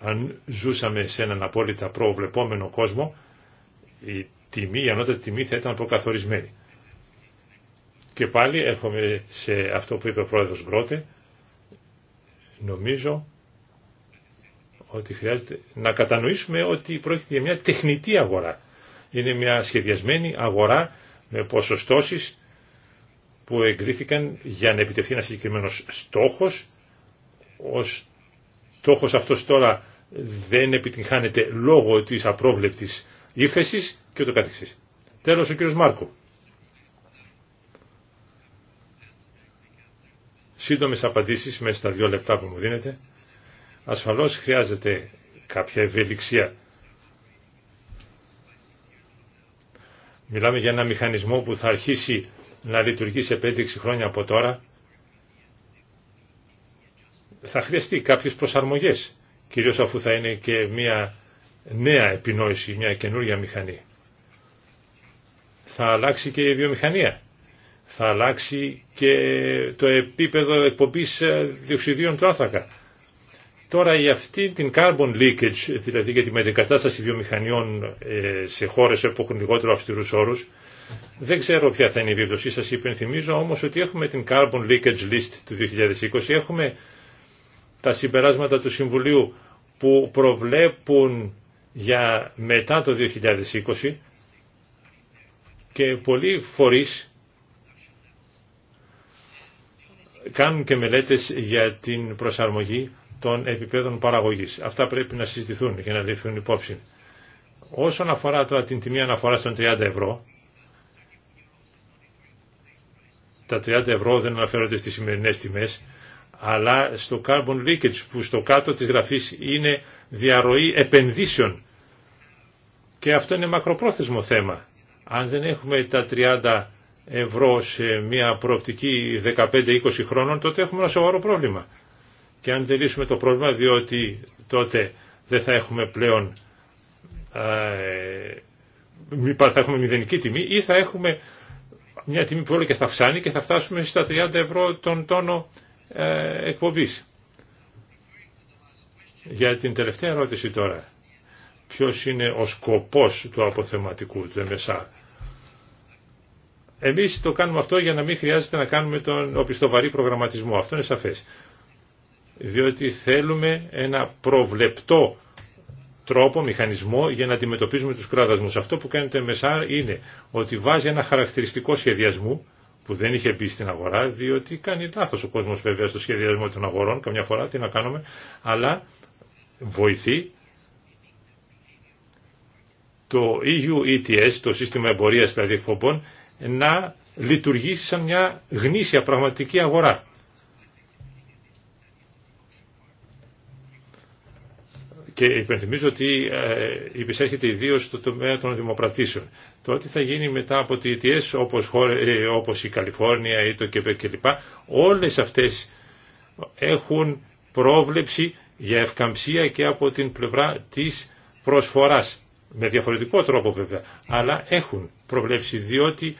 Αν ζούσαμε σε έναν απόλυτα προβλεπόμενο κόσμο, η τιμή, η ανώτατη τιμή θα ήταν προκαθορισμένη. Και πάλι έρχομαι σε αυτό που είπε ο πρόεδρος Γκρότε. Νομίζω ότι χρειάζεται να κατανοήσουμε ότι πρόκειται για μια τεχνητή αγορά. Είναι μια σχεδιασμένη αγορά με ποσοστώσεις που εγκρίθηκαν για να επιτευχθεί ένα συγκεκριμένο στόχος. Ο στόχος αυτό τώρα δεν επιτυγχάνεται λόγω της απρόβλεπτης ύφεση και ούτω καθεξή. Τέλος ο κύριος Μάρκο. Σύντομε απαντήσει μέσα στα δύο λεπτά που μου δίνετε. Ασφαλώς χρειάζεται κάποια ευελιξία Μιλάμε για ένα μηχανισμό που θα αρχίσει να λειτουργεί σε 5-6 χρόνια από τώρα. Θα χρειαστεί κάποιες προσαρμογές, κυρίως αφού θα είναι και μια νέα επινόηση, μια καινούργια μηχανή. Θα αλλάξει και η βιομηχανία. Θα αλλάξει και το επίπεδο εκπομπής ε, διοξιδίων του άνθρακα. Τώρα για αυτή την carbon leakage, δηλαδή για τη μετεγκατάσταση βιομηχανιών ε, σε χώρες που έχουν λιγότερο αυστηρούς όρους, δεν ξέρω ποια θα είναι η επίπτωσή σας, υπενθυμίζω όμως ότι έχουμε την carbon leakage list του 2020, έχουμε τα συμπεράσματα του Συμβουλίου που προβλέπουν για μετά το 2020 και πολλοί φορείς κάνουν και μελέτες για την προσαρμογή των επιπέδων παραγωγής. Αυτά πρέπει να συζητηθούν για να ληφθούν υπόψη. Όσον αφορά τώρα την τιμή αναφορά των 30 ευρώ, τα 30 ευρώ δεν αναφέρονται στις σημερινές τιμές, αλλά στο carbon leakage που στο κάτω της γραφής είναι διαρροή επενδύσεων. Και αυτό είναι μακροπρόθεσμο θέμα. Αν δεν έχουμε τα 30 ευρώ σε μια προοπτική 15-20 χρόνων, τότε έχουμε ένα σοβαρό πρόβλημα και αν δεν λύσουμε το πρόβλημα διότι τότε δεν θα έχουμε πλέον ε, θα έχουμε μηδενική τιμή ή θα έχουμε μια τιμή που όλο και θα φτάνει και θα φτάσουμε στα 30 ευρώ τον τόνο ε, εκπομπής. Για την τελευταία ερώτηση τώρα. Ποιος είναι ο σκοπός του αποθεματικού του MSR. Εμείς το κάνουμε αυτό για να μην χρειάζεται να κάνουμε τον οπισθοβαρή προγραμματισμό. Αυτό είναι σαφές διότι θέλουμε ένα προβλεπτό τρόπο, μηχανισμό για να αντιμετωπίζουμε τους κράδασμους. Αυτό που κάνει το MSR είναι ότι βάζει ένα χαρακτηριστικό σχεδιασμού που δεν είχε μπει στην αγορά, διότι κάνει λάθος ο κόσμος βέβαια στο σχεδιασμό των αγορών, καμιά φορά τι να κάνουμε, αλλά βοηθεί το EU ETS, το σύστημα εμπορίας δηλαδή εκπομπών, να λειτουργήσει σαν μια γνήσια πραγματική αγορά. Και υπενθυμίζω ότι ε, υπησέρχεται ιδίω στο τομέα των δημοπρατήσεων. Το ότι θα γίνει μετά από το ETS ε, όπως, η Καλιφόρνια ή το Κεβέκ κλπ. Όλες αυτές έχουν πρόβλεψη για ευκαμψία και από την πλευρά της προσφοράς. Με διαφορετικό τρόπο βέβαια. Αλλά έχουν προβλέψει διότι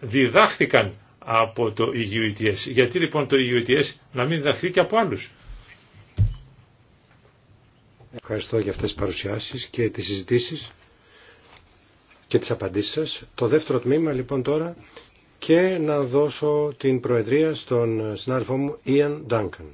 διδάχθηκαν από το ETS. Γιατί λοιπόν το EUTS να μην διδαχθεί και από άλλους. Ευχαριστώ για αυτές τις παρουσιάσεις και τις συζητήσεις και τις απαντήσεις σας. Το δεύτερο τμήμα λοιπόν τώρα και να δώσω την προεδρία στον συνάδελφό μου Ιαν Ντάνκαν.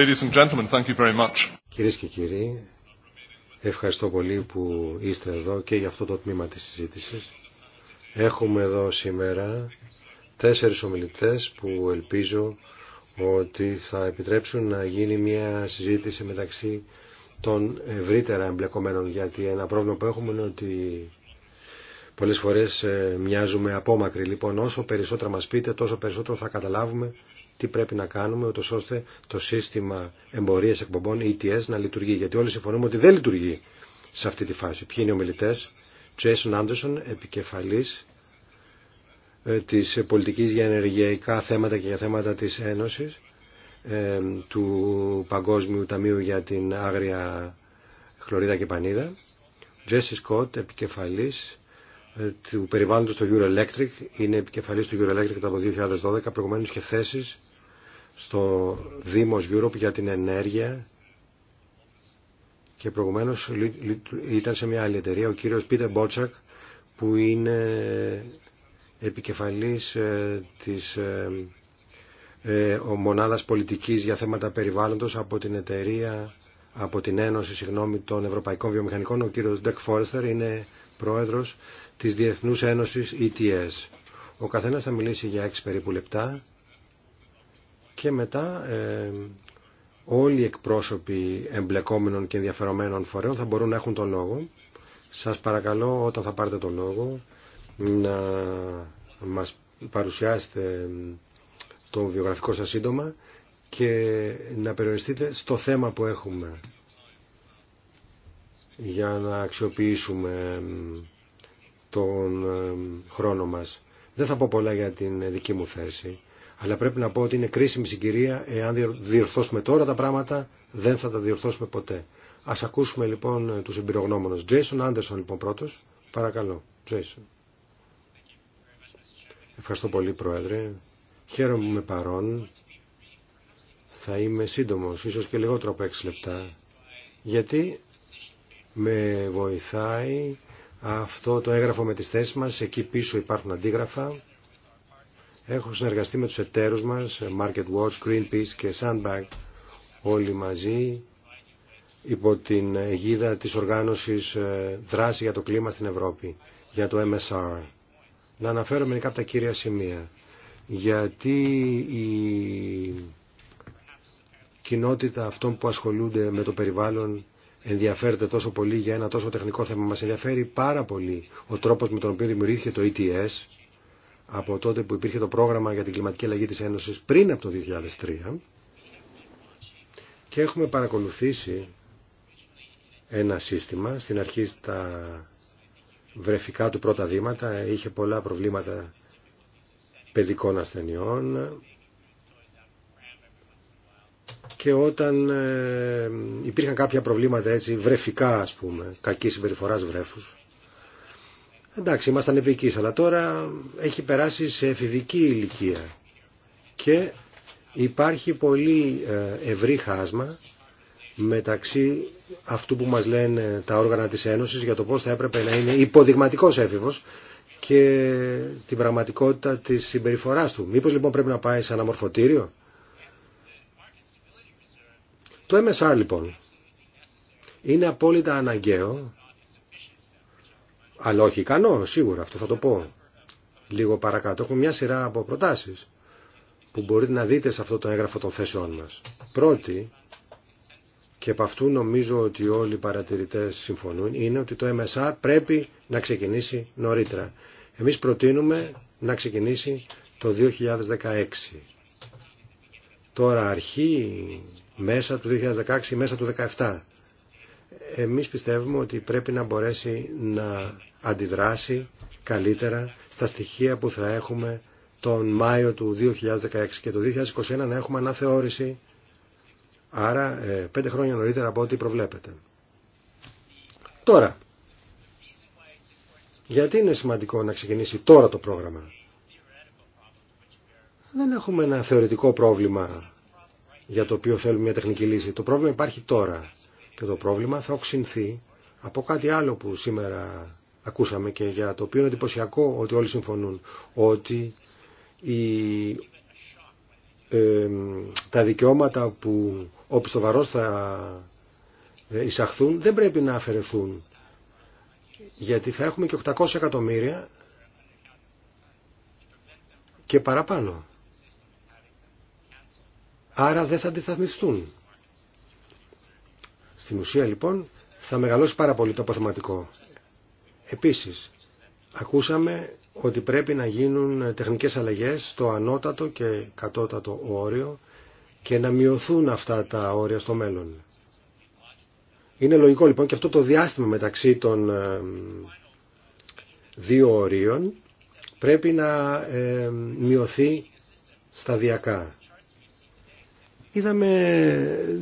Ladies gentlemen, thank you very much. Κυρίες και κύριοι, ευχαριστώ πολύ που είστε εδώ και για αυτό το τμήμα της συζήτησης. Έχουμε εδώ σήμερα τέσσερις ομιλητές που ελπίζω ότι θα επιτρέψουν να γίνει μια συζήτηση μεταξύ των ευρύτερα εμπλεκομένων γιατί ένα πρόβλημα που έχουμε είναι ότι πολλές φορές ε, μοιάζουμε απόμακροι. Λοιπόν, όσο περισσότερα μας πείτε, τόσο περισσότερο θα καταλάβουμε τι πρέπει να κάνουμε ούτως ώστε το σύστημα εμπορίας εκπομπών ETS να λειτουργεί. Γιατί όλοι συμφωνούμε ότι δεν λειτουργεί σε αυτή τη φάση. Ποιοι είναι οι ομιλητές. Jason Anderson, επικεφαλής ε, της πολιτικής για ενεργειακά θέματα και για θέματα της Ένωσης ε, του Παγκόσμιου Ταμείου για την Άγρια Χλωρίδα και Πανίδα. Jesse Scott, επικεφαλής ε, του περιβάλλοντος του Euroelectric, είναι επικεφαλής του Euroelectric από το 2012, προηγουμένως και θέσεις στο Δήμος Europe για την ενέργεια και προηγουμένως ήταν σε μια άλλη εταιρεία ο κύριος Πίτερ Μπότσακ που είναι επικεφαλής ε, της ε, ε, ο μονάδας πολιτικής για θέματα περιβάλλοντος από την εταιρεία, από την Ένωση συγγνώμη, των Ευρωπαϊκών Βιομηχανικών. Ο κύριος Ντεκ Φόρεστερ είναι πρόεδρος της Διεθνούς Ένωσης ETS. Ο καθένας θα μιλήσει για έξι περίπου λεπτά και μετά ε, όλοι οι εκπρόσωποι εμπλεκόμενων και ενδιαφερομένων φορέων θα μπορούν να έχουν τον λόγο. Σας παρακαλώ όταν θα πάρετε τον λόγο να μας παρουσιάσετε το βιογραφικό σας σύντομα και να περιοριστείτε στο θέμα που έχουμε για να αξιοποιήσουμε τον ε, χρόνο μας. Δεν θα πω πολλά για την δική μου θέση. Αλλά πρέπει να πω ότι είναι κρίσιμη συγκυρία. Εάν διορθώσουμε τώρα τα πράγματα, δεν θα τα διορθώσουμε ποτέ. Α ακούσουμε λοιπόν του εμπειρογνώμονε. Jason Anderson λοιπόν πρώτο. Παρακαλώ. Jason. Ευχαριστώ πολύ Πρόεδρε. Χαίρομαι που είμαι παρόν. Θα είμαι σύντομο, ίσω και λιγότερο από 6 λεπτά. Γιατί με βοηθάει αυτό το έγγραφο με τις θέσεις μας, εκεί πίσω υπάρχουν αντίγραφα Έχω συνεργαστεί με τους εταίρους μας, Market Watch, Greenpeace και Sandbank, όλοι μαζί υπό την αιγίδα της οργάνωσης ε, δράση για το κλίμα στην Ευρώπη, για το MSR. Να αναφέρω μερικά από τα κύρια σημεία. Γιατί η κοινότητα αυτών που ασχολούνται με το περιβάλλον ενδιαφέρεται τόσο πολύ για ένα τόσο τεχνικό θέμα. Μας ενδιαφέρει πάρα πολύ ο τρόπος με τον οποίο δημιουργήθηκε το ETS από τότε που υπήρχε το πρόγραμμα για την κλιματική αλλαγή της Ένωσης πριν από το 2003 και έχουμε παρακολουθήσει ένα σύστημα. Στην αρχή στα βρεφικά του πρώτα βήματα είχε πολλά προβλήματα παιδικών ασθενειών και όταν ε, υπήρχαν κάποια προβλήματα έτσι βρεφικά ας πούμε, κακή συμπεριφοράς βρέφους Εντάξει, ήμασταν επικείς, αλλά τώρα έχει περάσει σε εφηβική ηλικία και υπάρχει πολύ ε, ευρύ χάσμα μεταξύ αυτού που μας λένε τα όργανα της Ένωσης για το πώς θα έπρεπε να είναι υποδειγματικός έφηβος και την πραγματικότητα της συμπεριφοράς του. Μήπως λοιπόν πρέπει να πάει σε αναμορφωτήριο. Το MSR λοιπόν είναι απόλυτα αναγκαίο αλλά όχι ικανό, σίγουρα, αυτό θα το πω. Λίγο παρακάτω. Έχουμε μια σειρά από προτάσεις που μπορείτε να δείτε σε αυτό το έγγραφο των θέσεών μας. Πρώτη, και από αυτού νομίζω ότι όλοι οι παρατηρητές συμφωνούν, είναι ότι το MSR πρέπει να ξεκινήσει νωρίτερα. Εμείς προτείνουμε να ξεκινήσει το 2016. Τώρα αρχή μέσα του 2016, μέσα του 2017. Εμείς πιστεύουμε ότι πρέπει να μπορέσει να αντιδράσει καλύτερα στα στοιχεία που θα έχουμε τον Μάιο του 2016 και το 2021 να έχουμε αναθεώρηση, άρα ε, πέντε χρόνια νωρίτερα από ό,τι προβλέπετε. Τώρα, γιατί είναι σημαντικό να ξεκινήσει τώρα το πρόγραμμα. Δεν έχουμε ένα θεωρητικό πρόβλημα για το οποίο θέλουμε μια τεχνική λύση. Το πρόβλημα υπάρχει τώρα και το πρόβλημα θα οξυνθεί από κάτι άλλο που σήμερα ακούσαμε και για το οποίο είναι εντυπωσιακό ότι όλοι συμφωνούν ότι η, ε, τα δικαιώματα που βαρός θα εισαχθούν δεν πρέπει να αφαιρεθούν γιατί θα έχουμε και 800 εκατομμύρια και παραπάνω. Άρα δεν θα αντισταθμιστούν. Στην ουσία λοιπόν θα μεγαλώσει πάρα πολύ το αποθεματικό. Επίσης, ακούσαμε ότι πρέπει να γίνουν τεχνικές αλλαγές στο ανώτατο και κατώτατο όριο και να μειωθούν αυτά τα όρια στο μέλλον. Είναι λογικό λοιπόν και αυτό το διάστημα μεταξύ των ε, δύο ορίων πρέπει να ε, μειωθεί σταδιακά. Είδαμε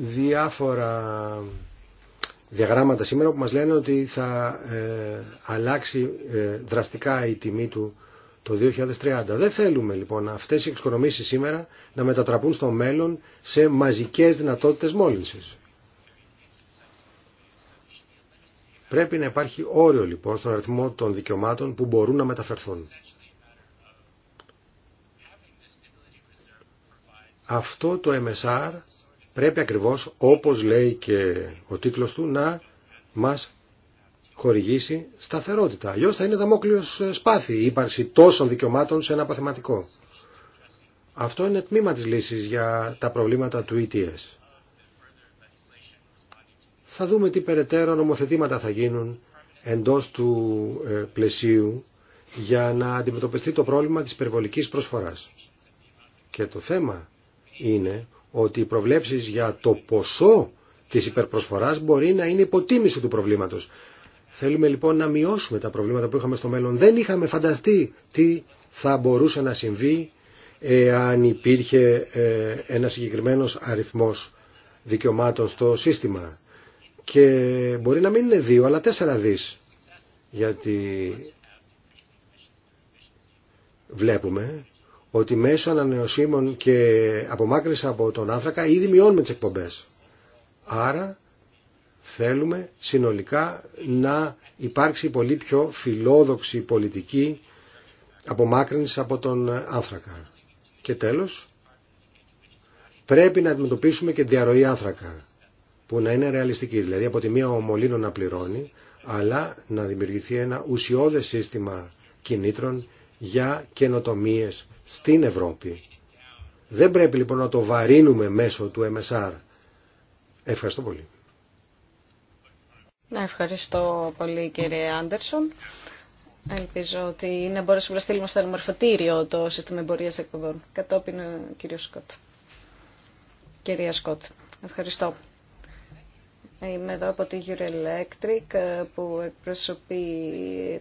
διάφορα διαγράμματα σήμερα που μας λένε ότι θα ε, αλλάξει ε, δραστικά η τιμή του το 2030. Δεν θέλουμε λοιπόν αυτές οι εξοικονομήσεις σήμερα να μετατραπούν στο μέλλον σε μαζικές δυνατότητες μόλυνσης. Πρέπει να υπάρχει όριο λοιπόν στον αριθμό των δικαιωμάτων που μπορούν να μεταφερθούν. Αυτό το MSR πρέπει ακριβώς όπως λέει και ο τίτλος του να μας χορηγήσει σταθερότητα. Αλλιώ θα είναι δαμόκλειος σπάθη η ύπαρξη τόσων δικαιωμάτων σε ένα παθηματικό. Αυτό είναι τμήμα της λύσης για τα προβλήματα του ETS. Θα δούμε τι περαιτέρω νομοθετήματα θα γίνουν εντός του ε, πλαισίου για να αντιμετωπιστεί το πρόβλημα της υπερβολικής προσφοράς. Και το θέμα είναι ότι οι προβλέψεις για το ποσό της υπερπροσφοράς μπορεί να είναι υποτίμηση του προβλήματος. Θέλουμε λοιπόν να μειώσουμε τα προβλήματα που είχαμε στο μέλλον. Δεν είχαμε φανταστεί τι θα μπορούσε να συμβεί αν υπήρχε ε, ένα συγκεκριμένος αριθμός δικαιωμάτων στο σύστημα. Και μπορεί να μην είναι δύο, αλλά τέσσερα δις. Γιατί βλέπουμε ότι μέσω ανανεωσίμων και απομάκρυνση από τον άνθρακα ήδη μειώνουμε τις εκπομπές. Άρα θέλουμε συνολικά να υπάρξει πολύ πιο φιλόδοξη πολιτική απομάκρυνση από τον άνθρακα. Και τέλος, πρέπει να αντιμετωπίσουμε και διαρροή άνθρακα, που να είναι ρεαλιστική. Δηλαδή από τη μία ο να πληρώνει, αλλά να δημιουργηθεί ένα ουσιώδες σύστημα κινήτρων για καινοτομίες στην Ευρώπη. Δεν πρέπει λοιπόν να το βαρύνουμε μέσω του MSR. Ευχαριστώ πολύ. Να ευχαριστώ πολύ κύριε Άντερσον. Ελπίζω ότι είναι μπορέσουμε να στείλουμε στο αναμορφωτήριο το σύστημα εμπορία εκπομπών. Κατόπιν ε, κύριο Σκοτ. Κυρία Σκοτ, ευχαριστώ. Είμαι εδώ από τη Euroelectric ε, που εκπροσωπεί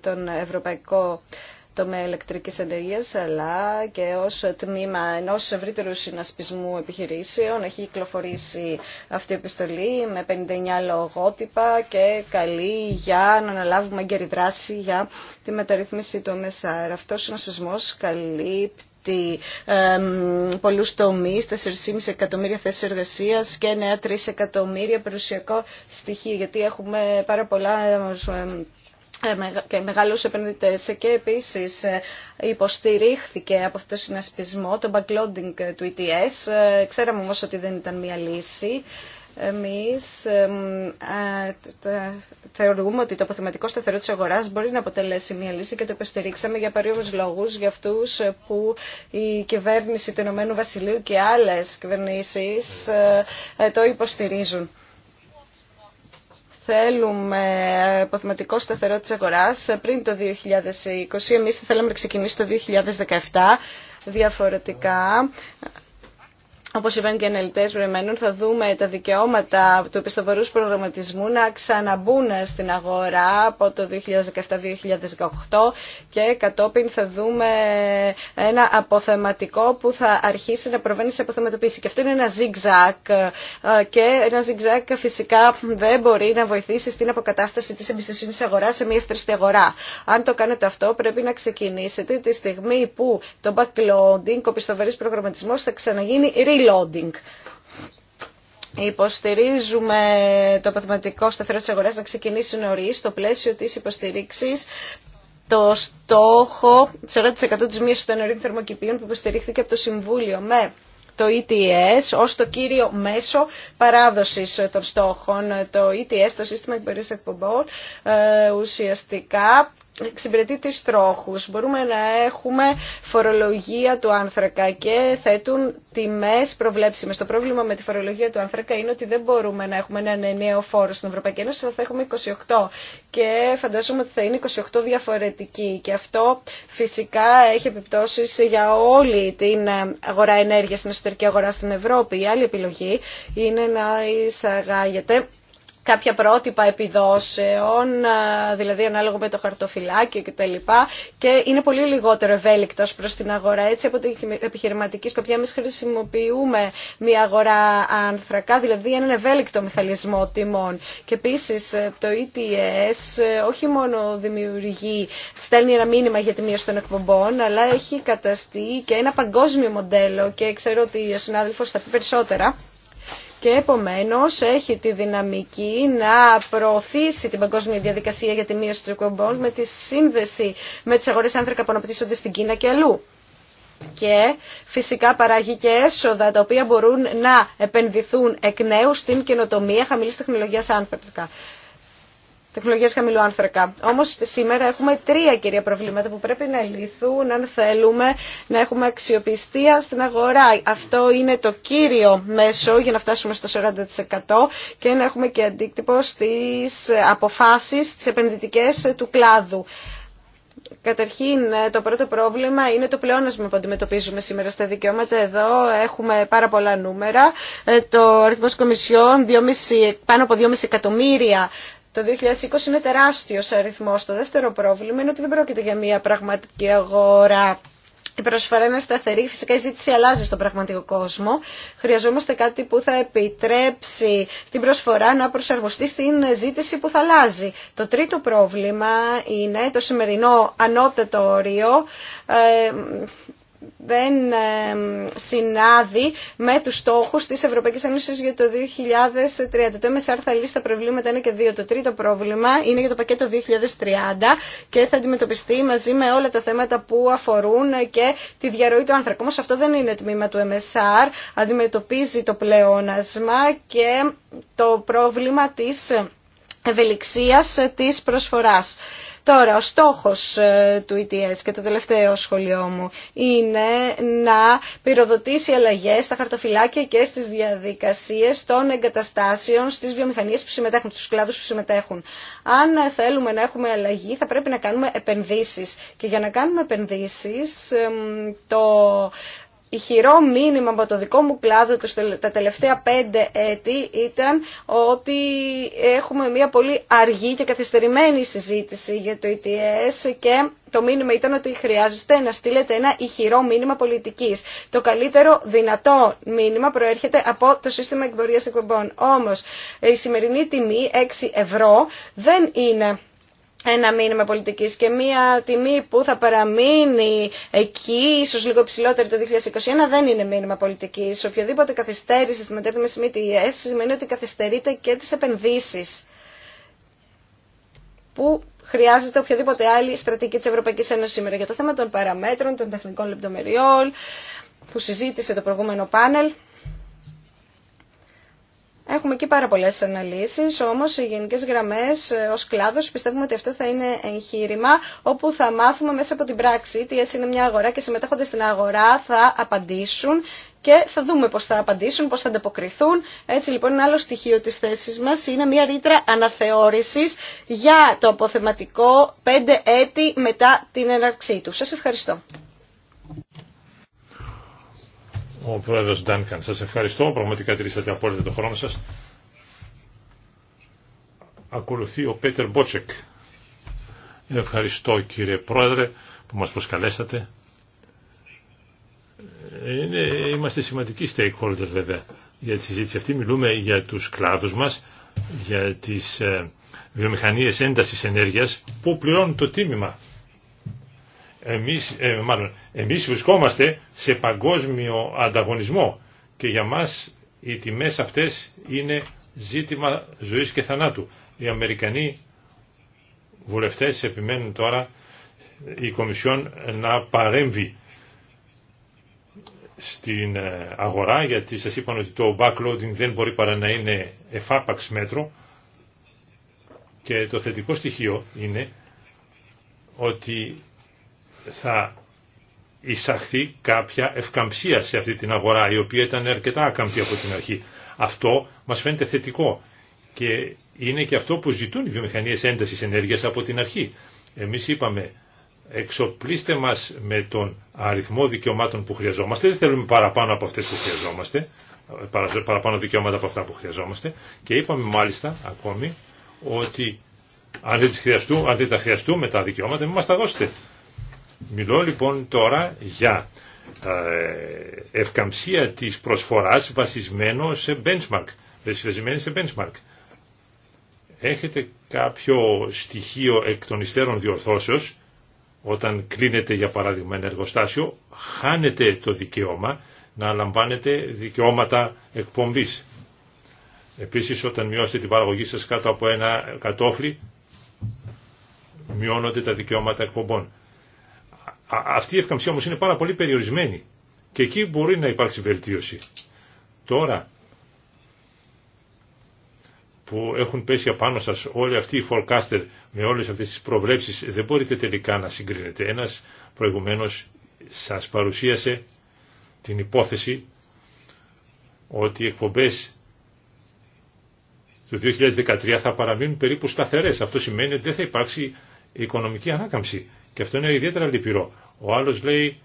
τον Ευρωπαϊκό τομέα ηλεκτρική ενέργειας, αλλά και ω τμήμα ενό ευρύτερου συνασπισμού επιχειρήσεων. Έχει κυκλοφορήσει αυτή η επιστολή με 59 λογότυπα και καλή για να αναλάβουμε έγκαιρη δράση για τη μεταρρύθμιση του MSR. Αυτό ο συνασπισμό καλύπτει ε, πολλούς τομείς, 4,5 εκατομμύρια θέσεις εργασίας και νέα 3 εκατομμύρια περιουσιακό στοιχείο, γιατί έχουμε πάρα πολλά ε, και μεγάλους επενδυτές και επίσης ε, υποστηρίχθηκε από αυτό το συνασπισμό το backloading ε, του ETS. Ξέραμε όμως ότι δεν ήταν μια λύση. Εμείς θεωρούμε ότι το αποθεματικό σταθερό της αγοράς μπορεί να αποτελέσει μια λύση και το υποστηρίξαμε για παρόμοιους λόγους για αυτούς που η κυβέρνηση του Ηνωμένου Βασιλείου και άλλες κυβερνήσεις το υποστηρίζουν θέλουμε ε, αποθεματικό σταθερό της αγοράς ε, πριν το 2020. Εμείς θα θέλαμε να ξεκινήσει το 2017 διαφορετικά. Όπω είπαν και οι αναλυτέ θα δούμε τα δικαιώματα του επιστοβαρού προγραμματισμού να ξαναμπούν στην αγορά από το 2017-2018 και κατόπιν θα δούμε ένα αποθεματικό που θα αρχίσει να προβαίνει σε αποθεματοποίηση. Και αυτό είναι ένα zigzag. Ε, και ένα zigzag φυσικά δεν μπορεί να βοηθήσει στην αποκατάσταση τη εμπιστοσύνη αγορά σε μια ευθρεστή αγορά. Αν το κάνετε αυτό, πρέπει να ξεκινήσετε τη στιγμή που το backloading, ο επιστοβαρή προγραμματισμό θα ξαναγίνει real reloading. Υποστηρίζουμε το παθηματικό σταθερό της αγοράς να ξεκινήσει νωρίς στο πλαίσιο της υποστηρίξης το στόχο 40% της μίας των νωρίων θερμοκηπίων που υποστηρίχθηκε από το Συμβούλιο με το ETS ως το κύριο μέσο παράδοσης των στόχων. Το ETS, το σύστημα εκπαιδεύσης εκπομπών, ε, ουσιαστικά εξυπηρετεί τις τρόχους. Μπορούμε να έχουμε φορολογία του άνθρακα και θέτουν τιμές προβλέψιμες. Το πρόβλημα με τη φορολογία του άνθρακα είναι ότι δεν μπορούμε να έχουμε έναν νέο φόρο στην Ευρωπαϊκή Ένωση, θα έχουμε 28 και φαντάζομαι ότι θα είναι 28 διαφορετικοί και αυτό φυσικά έχει επιπτώσεις για όλη την αγορά ενέργειας, στην εσωτερική αγορά στην Ευρώπη. Η άλλη επιλογή είναι να εισαγάγεται κάποια πρότυπα επιδόσεων, δηλαδή ανάλογα με το χαρτοφυλάκιο κτλ. Και είναι πολύ λιγότερο ευέλικτο προ την αγορά. Έτσι, από την επιχειρηματική σκοπιά, εμεί χρησιμοποιούμε μια αγορά ανθρακά, δηλαδή έναν ευέλικτο μηχανισμό τιμών. Και επίση ε, το ETS ε, όχι μόνο δημιουργεί, στέλνει ένα μήνυμα για τη μείωση των εκπομπών, αλλά έχει καταστεί και ένα παγκόσμιο μοντέλο και ξέρω ότι ο συνάδελφο θα πει περισσότερα και επομένως έχει τη δυναμική να προωθήσει την παγκόσμια διαδικασία για τη μείωση των κομπών με τη σύνδεση με τις αγορές άνθρακα που αναπτύσσονται στην Κίνα και αλλού. Και φυσικά παράγει και έσοδα τα οποία μπορούν να επενδυθούν εκ νέου στην καινοτομία χαμηλής τεχνολογίας άνθρακα τεχνολογίας χαμηλού άνθρακα. Όμως σήμερα έχουμε τρία κυρία προβλήματα που πρέπει να λυθούν αν θέλουμε να έχουμε αξιοπιστία στην αγορά. Αυτό είναι το κύριο μέσο για να φτάσουμε στο 40% και να έχουμε και αντίκτυπο στις αποφάσεις, τις επενδυτικές του κλάδου. Καταρχήν, το πρώτο πρόβλημα είναι το πλεόνασμα που αντιμετωπίζουμε σήμερα στα δικαιώματα. Εδώ έχουμε πάρα πολλά νούμερα. Ε, το αριθμό κομισιών πάνω από 2,5 εκατομμύρια το 2020 είναι τεράστιο αριθμό Το δεύτερο πρόβλημα είναι ότι δεν πρόκειται για μια πραγματική αγορά. Η προσφορά είναι σταθερή, φυσικά η ζήτηση αλλάζει στον πραγματικό κόσμο. Χρειαζόμαστε κάτι που θα επιτρέψει στην προσφορά να προσαρμοστεί στην ζήτηση που θα αλλάζει. Το τρίτο πρόβλημα είναι το σημερινό ανώτατο όριο ε, δεν συνάδει με του στόχου τη Ευρωπαϊκή Ένωση για το 2030. Το MSR θα λύσει τα προβλήματα 1 και 2. Το τρίτο πρόβλημα είναι για το πακέτο 2030 και θα αντιμετωπιστεί μαζί με όλα τα θέματα που αφορούν και τη διαρροή του άνθρακου. Όμω αυτό δεν είναι τμήμα του MSR. Αντιμετωπίζει το πλεόνασμα και το πρόβλημα της ευελιξίας της προσφοράς. Τώρα, ο στόχος ε, του ETS και το τελευταίο σχολείο μου είναι να πυροδοτήσει αλλαγές στα χαρτοφυλάκια και στις διαδικασίες των εγκαταστάσεων στις βιομηχανίες που συμμετέχουν, στους κλάδους που συμμετέχουν. Αν θέλουμε να έχουμε αλλαγή θα πρέπει να κάνουμε επενδύσεις και για να κάνουμε επενδύσεις το ηχηρό μήνυμα από το δικό μου κλάδο τα τελευταία πέντε έτη ήταν ότι έχουμε μια πολύ αργή και καθυστερημένη συζήτηση για το ETS και το μήνυμα ήταν ότι χρειάζεστε να στείλετε ένα ηχηρό μήνυμα πολιτική. Το καλύτερο δυνατό μήνυμα προέρχεται από το σύστημα εκπορία εκπομπών. Όμω, η σημερινή τιμή, 6 ευρώ, δεν είναι ένα μήνυμα πολιτικής και μία τιμή που θα παραμείνει εκεί, ίσως λίγο ψηλότερη το 2021, δεν είναι μήνυμα πολιτικής. Οποιοδήποτε καθυστέρηση στη μετέπειτα με σημαίνει ότι καθυστερείται και τις επενδύσεις που χρειάζεται οποιαδήποτε άλλη στρατηγική της Ευρωπαϊκής Ένωσης σήμερα. Για το θέμα των παραμέτρων, των τεχνικών λεπτομεριών, που συζήτησε το προηγούμενο πάνελ, Έχουμε εκεί πάρα πολλέ αναλύσει, όμω οι γενικέ γραμμέ ε, ω κλάδο πιστεύουμε ότι αυτό θα είναι εγχείρημα όπου θα μάθουμε μέσα από την πράξη τι είναι μια αγορά και συμμετέχοντα στην αγορά θα απαντήσουν και θα δούμε πώ θα απαντήσουν, πώ θα ανταποκριθούν. Έτσι λοιπόν ένα άλλο στοιχείο τη θέση μα είναι μια ρήτρα αναθεώρηση για το αποθεματικό πέντε έτη μετά την έναρξή του. Σα ευχαριστώ. Ο πρόεδρος Ντάνκαν, σας ευχαριστώ. Πραγματικά τηρήσατε απόλυτα το χρόνο σας. Ακολουθεί ο Πέτερ Μπότσεκ. Ευχαριστώ κύριε πρόεδρε που μας προσκαλέσατε. Είναι, είμαστε σημαντικοί stakeholders βέβαια για τη συζήτηση αυτή. Μιλούμε για τους κλάδους μας, για τις ε, βιομηχανίες έντασης ενέργειας που πληρώνουν το τίμημα εμείς, ε, μάλλον, εμείς βρισκόμαστε σε παγκόσμιο ανταγωνισμό και για μας οι τιμές αυτές είναι ζήτημα ζωής και θανάτου. Οι Αμερικανοί βουλευτές επιμένουν τώρα η Κομισιόν να παρέμβει στην ε, αγορά γιατί σας είπαν ότι το backloading δεν μπορεί παρά να είναι εφάπαξ μέτρο και το θετικό στοιχείο είναι ότι θα εισαχθεί κάποια ευκαμψία σε αυτή την αγορά, η οποία ήταν αρκετά ακαμπτή από την αρχή. Αυτό μας φαίνεται θετικό και είναι και αυτό που ζητούν οι βιομηχανίες έντασης ενέργειας από την αρχή. Εμείς είπαμε εξοπλίστε μας με τον αριθμό δικαιωμάτων που χρειαζόμαστε, δεν θέλουμε παραπάνω από αυτές που χρειαζόμαστε, παραπάνω δικαιώματα από αυτά που χρειαζόμαστε και είπαμε μάλιστα ακόμη ότι αν δεν, χρειαστού, αν δεν τα χρειαστούμε τα δικαιώματα, μην μας τα δώσετε. Μιλώ λοιπόν τώρα για ε, ευκαμψία της προσφοράς βασισμένο σε benchmark. Βασισμένη σε benchmark. Έχετε κάποιο στοιχείο εκ των υστέρων διορθώσεως όταν κλείνετε για παράδειγμα ένα εργοστάσιο χάνετε το δικαίωμα να λαμβάνετε δικαιώματα εκπομπής. Επίσης όταν μειώσετε την παραγωγή σας κάτω από ένα κατόφλι μειώνονται τα δικαιώματα εκπομπών αυτή η ευκαμψία όμως είναι πάρα πολύ περιορισμένη και εκεί μπορεί να υπάρξει βελτίωση. Τώρα που έχουν πέσει απάνω σας όλοι αυτοί οι forecaster με όλες αυτές τις προβλέψεις δεν μπορείτε τελικά να συγκρίνετε. Ένας προηγουμένως σας παρουσίασε την υπόθεση ότι οι εκπομπές του 2013 θα παραμείνουν περίπου σταθερές. Αυτό σημαίνει ότι δεν θα υπάρξει οικονομική ανάκαμψη. Και αυτό είναι ιδιαίτερα λυπηρό. Ο άλλο λέει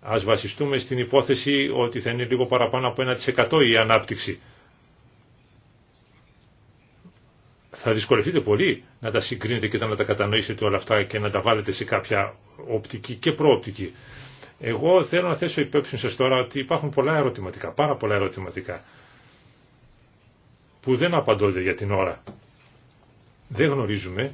α βασιστούμε στην υπόθεση ότι θα είναι λίγο παραπάνω από 1% η ανάπτυξη. Θα δυσκολευτείτε πολύ να τα συγκρίνετε και να τα κατανοήσετε όλα αυτά και να τα βάλετε σε κάποια οπτική και προοπτική. Εγώ θέλω να θέσω υπέψη σας τώρα ότι υπάρχουν πολλά ερωτηματικά, πάρα πολλά ερωτηματικά που δεν απαντώνται για την ώρα. Δεν γνωρίζουμε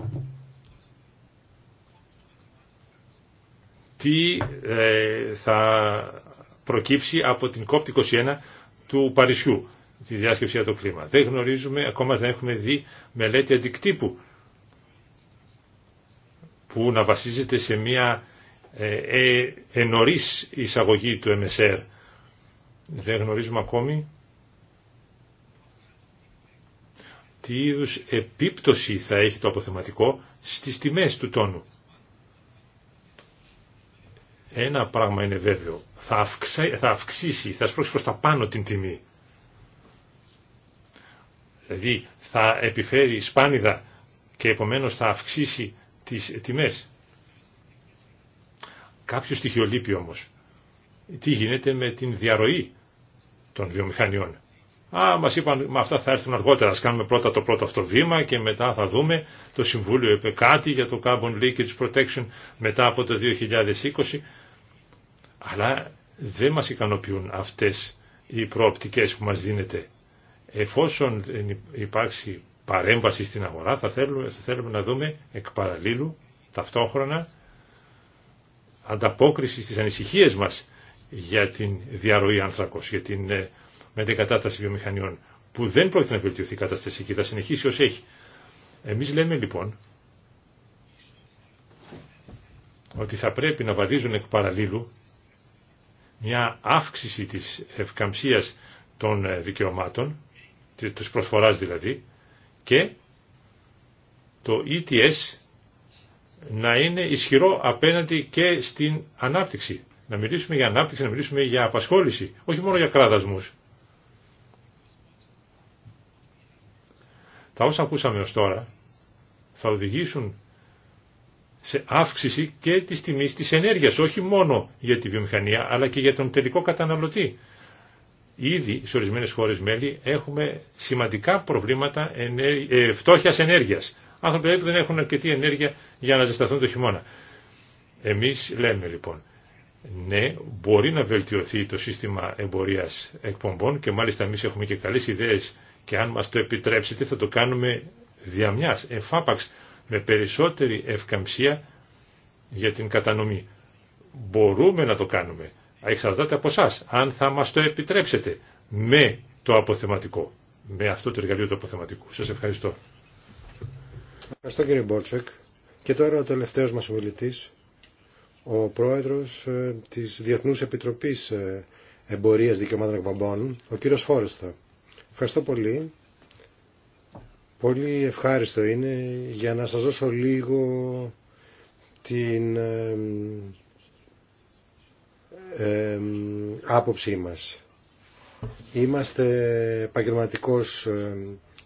τι ε, θα προκύψει από την COP21 του Παρισιού, τη διάσκεψη για το κλίμα. Δεν γνωρίζουμε, ακόμα δεν έχουμε δει μελέτη αντικτύπου που να βασίζεται σε μια ε, ε, ε εισαγωγή του MSR. Δεν γνωρίζουμε ακόμη τι είδους επίπτωση θα έχει το αποθεματικό στις τιμές του τόνου. Ένα πράγμα είναι βέβαιο. Θα, αυξήσει, θα αυξήσει, θα σπρώξει προς τα πάνω την τιμή. Δηλαδή θα επιφέρει σπάνιδα και επομένως θα αυξήσει τις τιμές. Κάποιο στοιχείο λείπει όμως. Τι γίνεται με την διαρροή των βιομηχανιών. Α, μας είπαν, με αυτά θα έρθουν αργότερα. Ας κάνουμε πρώτα το πρώτο αυτό βήμα και μετά θα δούμε. Το Συμβούλιο είπε κάτι για το Carbon Leakage Protection μετά από το 2020. Αλλά δεν μας ικανοποιούν αυτές οι προοπτικές που μας δίνεται. Εφόσον υπάρξει παρέμβαση στην αγορά θα θέλουμε, θα θέλουμε να δούμε εκ παραλίλου ταυτόχρονα ανταπόκριση στις ανησυχίες μας για την διαρροή άνθρακος, για την ε, μετεκατάσταση βιομηχανιών που δεν πρόκειται να βελτιωθεί η κατάσταση και θα συνεχίσει ως έχει. Εμείς λέμε λοιπόν ότι θα πρέπει να βαδίζουν εκ μια αύξηση της ευκαμψίας των ε, δικαιωμάτων, της προσφοράς δηλαδή, και το ETS να είναι ισχυρό απέναντι και στην ανάπτυξη. Να μιλήσουμε για ανάπτυξη, να μιλήσουμε για απασχόληση, όχι μόνο για κράδασμους. Τα όσα ακούσαμε ως τώρα θα οδηγήσουν σε αύξηση και της τιμής της ενέργειας, όχι μόνο για τη βιομηχανία, αλλά και για τον τελικό καταναλωτή. Ήδη σε ορισμένε χώρες μέλη έχουμε σημαντικά προβλήματα ε, φτώχειας ενέργειας. Άνθρωποι δηλαδή που δεν έχουν αρκετή ενέργεια για να ζεσταθούν το χειμώνα. Εμείς λέμε λοιπόν, ναι, μπορεί να βελτιωθεί το σύστημα εμπορίας εκπομπών και μάλιστα εμείς έχουμε και καλές ιδέες και αν μας το επιτρέψετε θα το κάνουμε διαμιάς, εφάπαξ με περισσότερη ευκαμψία για την κατανομή. Μπορούμε να το κάνουμε. Εξαρτάται από εσά αν θα μας το επιτρέψετε με το αποθεματικό. Με αυτό το εργαλείο του αποθεματικού. Σας ευχαριστώ. Ευχαριστώ κύριε Μπόρτσεκ. Και τώρα ο τελευταίο μα ομιλητή ο πρόεδρος ε, της Διεθνούς Επιτροπής ε, Εμπορίας Δικαιωμάτων Εκπαμπών, ο κύριο Φόρεστα. Ευχαριστώ πολύ. Πολύ ευχάριστο είναι για να σας δώσω λίγο την άποψή μας. Είμαστε επαγγελματικός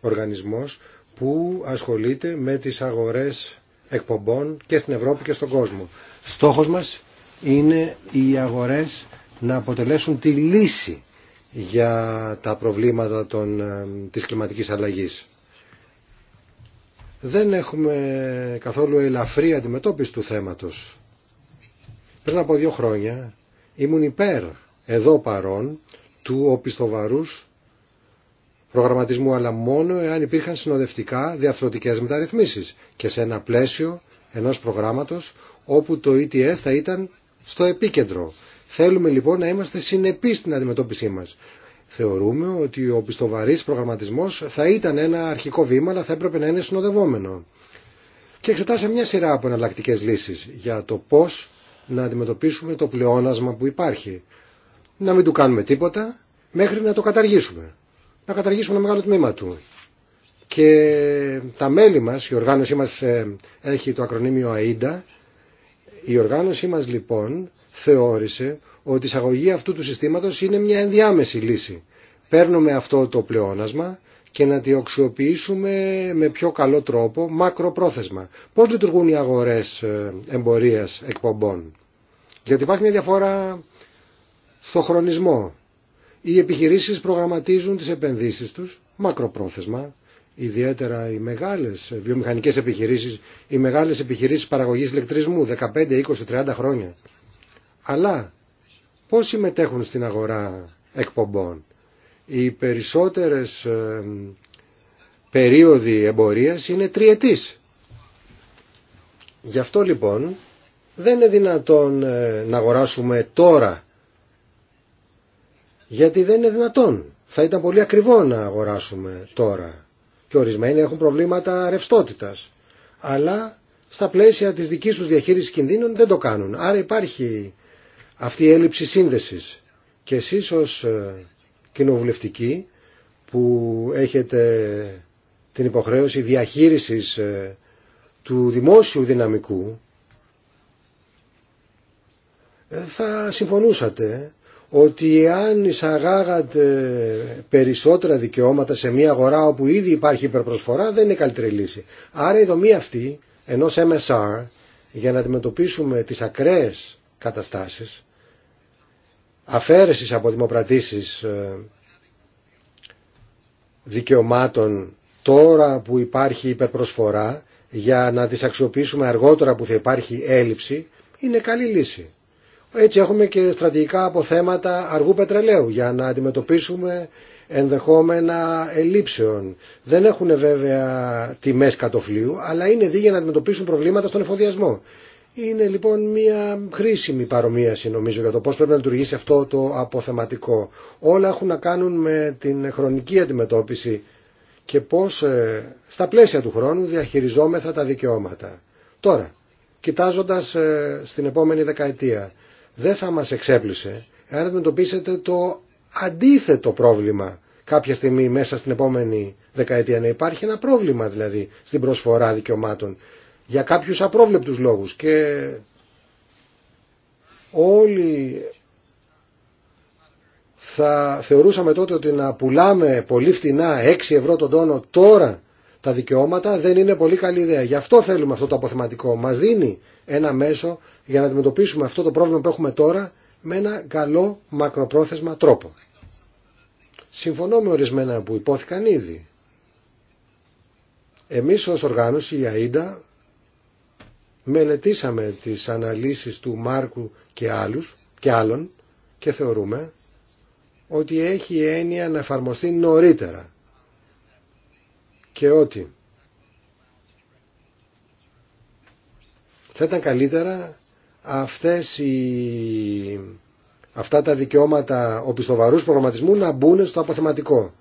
οργανισμός που ασχολείται με τις αγορές εκπομπών και στην Ευρώπη και στον κόσμο. Στόχος μας είναι οι αγορές να αποτελέσουν τη λύση για τα προβλήματα των, της κλιματικής αλλαγής δεν έχουμε καθόλου ελαφρύ αντιμετώπιση του θέματος. Πριν από δύο χρόνια ήμουν υπέρ εδώ παρών του οπισθοβαρούς προγραμματισμού αλλά μόνο εάν υπήρχαν συνοδευτικά διαφορετικές μεταρρυθμίσεις και σε ένα πλαίσιο ενός προγράμματος όπου το ETS θα ήταν στο επίκεντρο. Θέλουμε λοιπόν να είμαστε συνεπείς στην αντιμετώπιση μας. Θεωρούμε ότι ο πιστοβαρής προγραμματισμός θα ήταν ένα αρχικό βήμα, αλλά θα έπρεπε να είναι συνοδευόμενο. Και εξετάσαμε μια σειρά από εναλλακτικέ λύσεις για το πώς να αντιμετωπίσουμε το πλεόνασμα που υπάρχει. Να μην του κάνουμε τίποτα μέχρι να το καταργήσουμε. Να καταργήσουμε ένα μεγάλο τμήμα του. Και τα μέλη μας, η οργάνωσή μας ε, έχει το ακρονίμιο ΑΕΝΤΑ, η οργάνωσή μας λοιπόν θεώρησε ότι η εισαγωγή αυτού του συστήματος είναι μια ενδιάμεση λύση. Παίρνουμε αυτό το πλεόνασμα και να τη οξιοποιήσουμε με πιο καλό τρόπο μακροπρόθεσμα. Πώς λειτουργούν οι αγορές ε, εμπορίας εκπομπών. Γιατί υπάρχει μια διαφορά στο χρονισμό. Οι επιχειρήσεις προγραμματίζουν τις επενδύσεις τους μακροπρόθεσμα, ιδιαίτερα οι μεγάλες βιομηχανικές επιχειρήσεις, οι μεγάλες επιχειρήσεις παραγωγής ηλεκτρισμού, 15, 20, 30 χρόνια. Αλλά Πώς συμμετέχουν στην αγορά εκπομπών. Οι περισσότερες ε, περίοδοι εμπορίας είναι τριετής. Γι' αυτό λοιπόν δεν είναι δυνατόν ε, να αγοράσουμε τώρα γιατί δεν είναι δυνατόν. Θα ήταν πολύ ακριβό να αγοράσουμε τώρα. Και ορισμένοι έχουν προβλήματα ρευστότητας. Αλλά στα πλαίσια της δικής τους διαχείρισης κινδύνων δεν το κάνουν. Άρα υπάρχει αυτή η έλλειψη σύνδεσης. Και εσείς ως ε, κοινοβουλευτικοί που έχετε την υποχρέωση διαχείρισης ε, του δημόσιου δυναμικού ε, θα συμφωνούσατε ότι αν εισαγάγατε περισσότερα δικαιώματα σε μια αγορά όπου ήδη υπάρχει υπερπροσφορά δεν είναι καλύτερη λύση. Άρα η δομή αυτή ενός MSR για να αντιμετωπίσουμε τις ακραίες καταστάσεις αφαίρεσης από δημοπρατήσεις ε, δικαιωμάτων τώρα που υπάρχει υπερπροσφορά για να τις αξιοποιήσουμε αργότερα που θα υπάρχει έλλειψη είναι καλή λύση. Έτσι έχουμε και στρατηγικά αποθέματα αργού πετρελαίου για να αντιμετωπίσουμε ενδεχόμενα ελλείψεων. Δεν έχουν βέβαια τιμές κατοφλίου, αλλά είναι δί να αντιμετωπίσουν προβλήματα στον εφοδιασμό. Είναι λοιπόν μια χρήσιμη παρομοίαση νομίζω για το πώς πρέπει να λειτουργήσει αυτό το αποθεματικό. Όλα έχουν να κάνουν με την χρονική αντιμετώπιση και πώς ε, στα πλαίσια του χρόνου διαχειριζόμεθα τα δικαιώματα. Τώρα, κοιτάζοντας ε, στην επόμενη δεκαετία, δεν θα μας εξέπλησε εάν αντιμετωπίσετε το αντίθετο πρόβλημα κάποια στιγμή μέσα στην επόμενη δεκαετία να υπάρχει ένα πρόβλημα δηλαδή στην προσφορά δικαιωμάτων για κάποιους απρόβλεπτους λόγους και όλοι θα θεωρούσαμε τότε ότι να πουλάμε πολύ φτηνά 6 ευρώ τον τόνο τώρα τα δικαιώματα δεν είναι πολύ καλή ιδέα. Γι' αυτό θέλουμε αυτό το αποθεματικό. Μας δίνει ένα μέσο για να αντιμετωπίσουμε αυτό το πρόβλημα που έχουμε τώρα με ένα καλό μακροπρόθεσμα τρόπο. Συμφωνώ με ορισμένα που υπόθηκαν ήδη. Εμείς ως οργάνωση, η ΑΕΝΤΑ, μελετήσαμε τις αναλύσεις του Μάρκου και, άλλους, και άλλων και θεωρούμε ότι έχει έννοια να εφαρμοστεί νωρίτερα και ότι θα ήταν καλύτερα αυτές οι, αυτά τα δικαιώματα οπισθοβαρούς προγραμματισμού να μπουν στο αποθεματικό.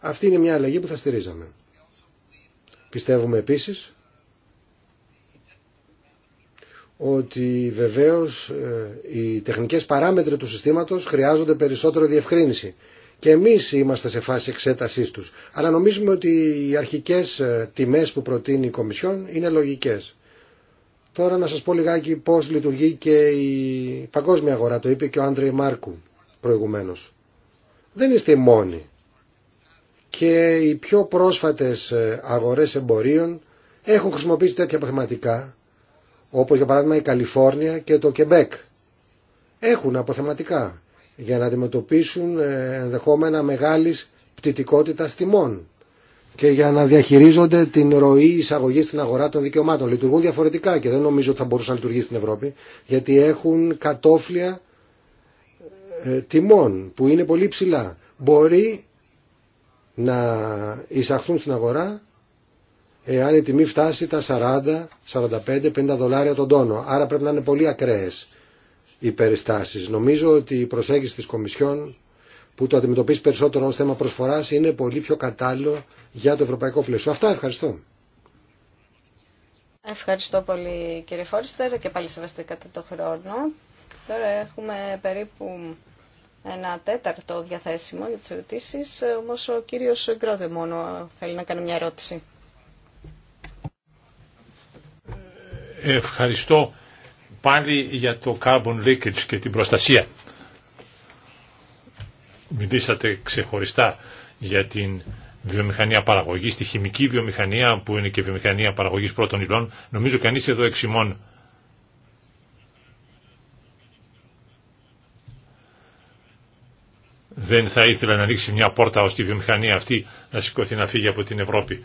Αυτή είναι μια αλλαγή που θα στηρίζαμε. Πιστεύουμε επίσης ότι βεβαίως ε, οι τεχνικές παράμετροι του συστήματος χρειάζονται περισσότερο διευκρίνηση. Και εμείς είμαστε σε φάση εξέτασής τους. Αλλά νομίζουμε ότι οι αρχικές ε, τιμές που προτείνει η Κομισιόν είναι λογικές. Τώρα να σας πω λιγάκι πώς λειτουργεί και η παγκόσμια αγορά. Το είπε και ο Άντρε Μάρκου προηγουμένως. Δεν είστε μόνοι και οι πιο πρόσφατες ε, αγορές εμπορίων έχουν χρησιμοποιήσει τέτοια αποθεματικά, όπως για παράδειγμα η Καλιφόρνια και το Κεμπέκ. Έχουν αποθεματικά για να αντιμετωπίσουν ε, ενδεχόμενα μεγάλης πτητικότητας τιμών και για να διαχειρίζονται την ροή εισαγωγή στην αγορά των δικαιωμάτων. Λειτουργούν διαφορετικά και δεν νομίζω ότι θα μπορούσαν να λειτουργήσει στην Ευρώπη, γιατί έχουν κατόφλια ε, τιμών που είναι πολύ ψηλά. Μπορεί να εισαχθούν στην αγορά εάν η τιμή φτάσει τα 40, 45, 50 δολάρια τον τόνο. Άρα πρέπει να είναι πολύ ακραίες οι περιστάσεις. Νομίζω ότι η προσέγγιση της Κομισιόν που το αντιμετωπίζει περισσότερο ως θέμα προσφοράς είναι πολύ πιο κατάλληλο για το ευρωπαϊκό πλαίσιο. Αυτά ευχαριστώ. Ευχαριστώ πολύ κύριε Φόριστερ και πάλι σεβαστήκατε το χρόνο. Τώρα έχουμε περίπου ένα τέταρτο διαθέσιμο για τις ερωτήσεις, όμως ο κύριος Γκρότε μόνο θέλει να κάνει μια ερώτηση. Ευχαριστώ πάλι για το carbon leakage και την προστασία. Μιλήσατε ξεχωριστά για την βιομηχανία παραγωγής, τη χημική βιομηχανία που είναι και βιομηχανία παραγωγής πρώτων υλών. Νομίζω κανείς εδώ εξημών δεν θα ήθελα να ανοίξει μια πόρτα ώστε η βιομηχανία αυτή να σηκωθεί να φύγει από την Ευρώπη.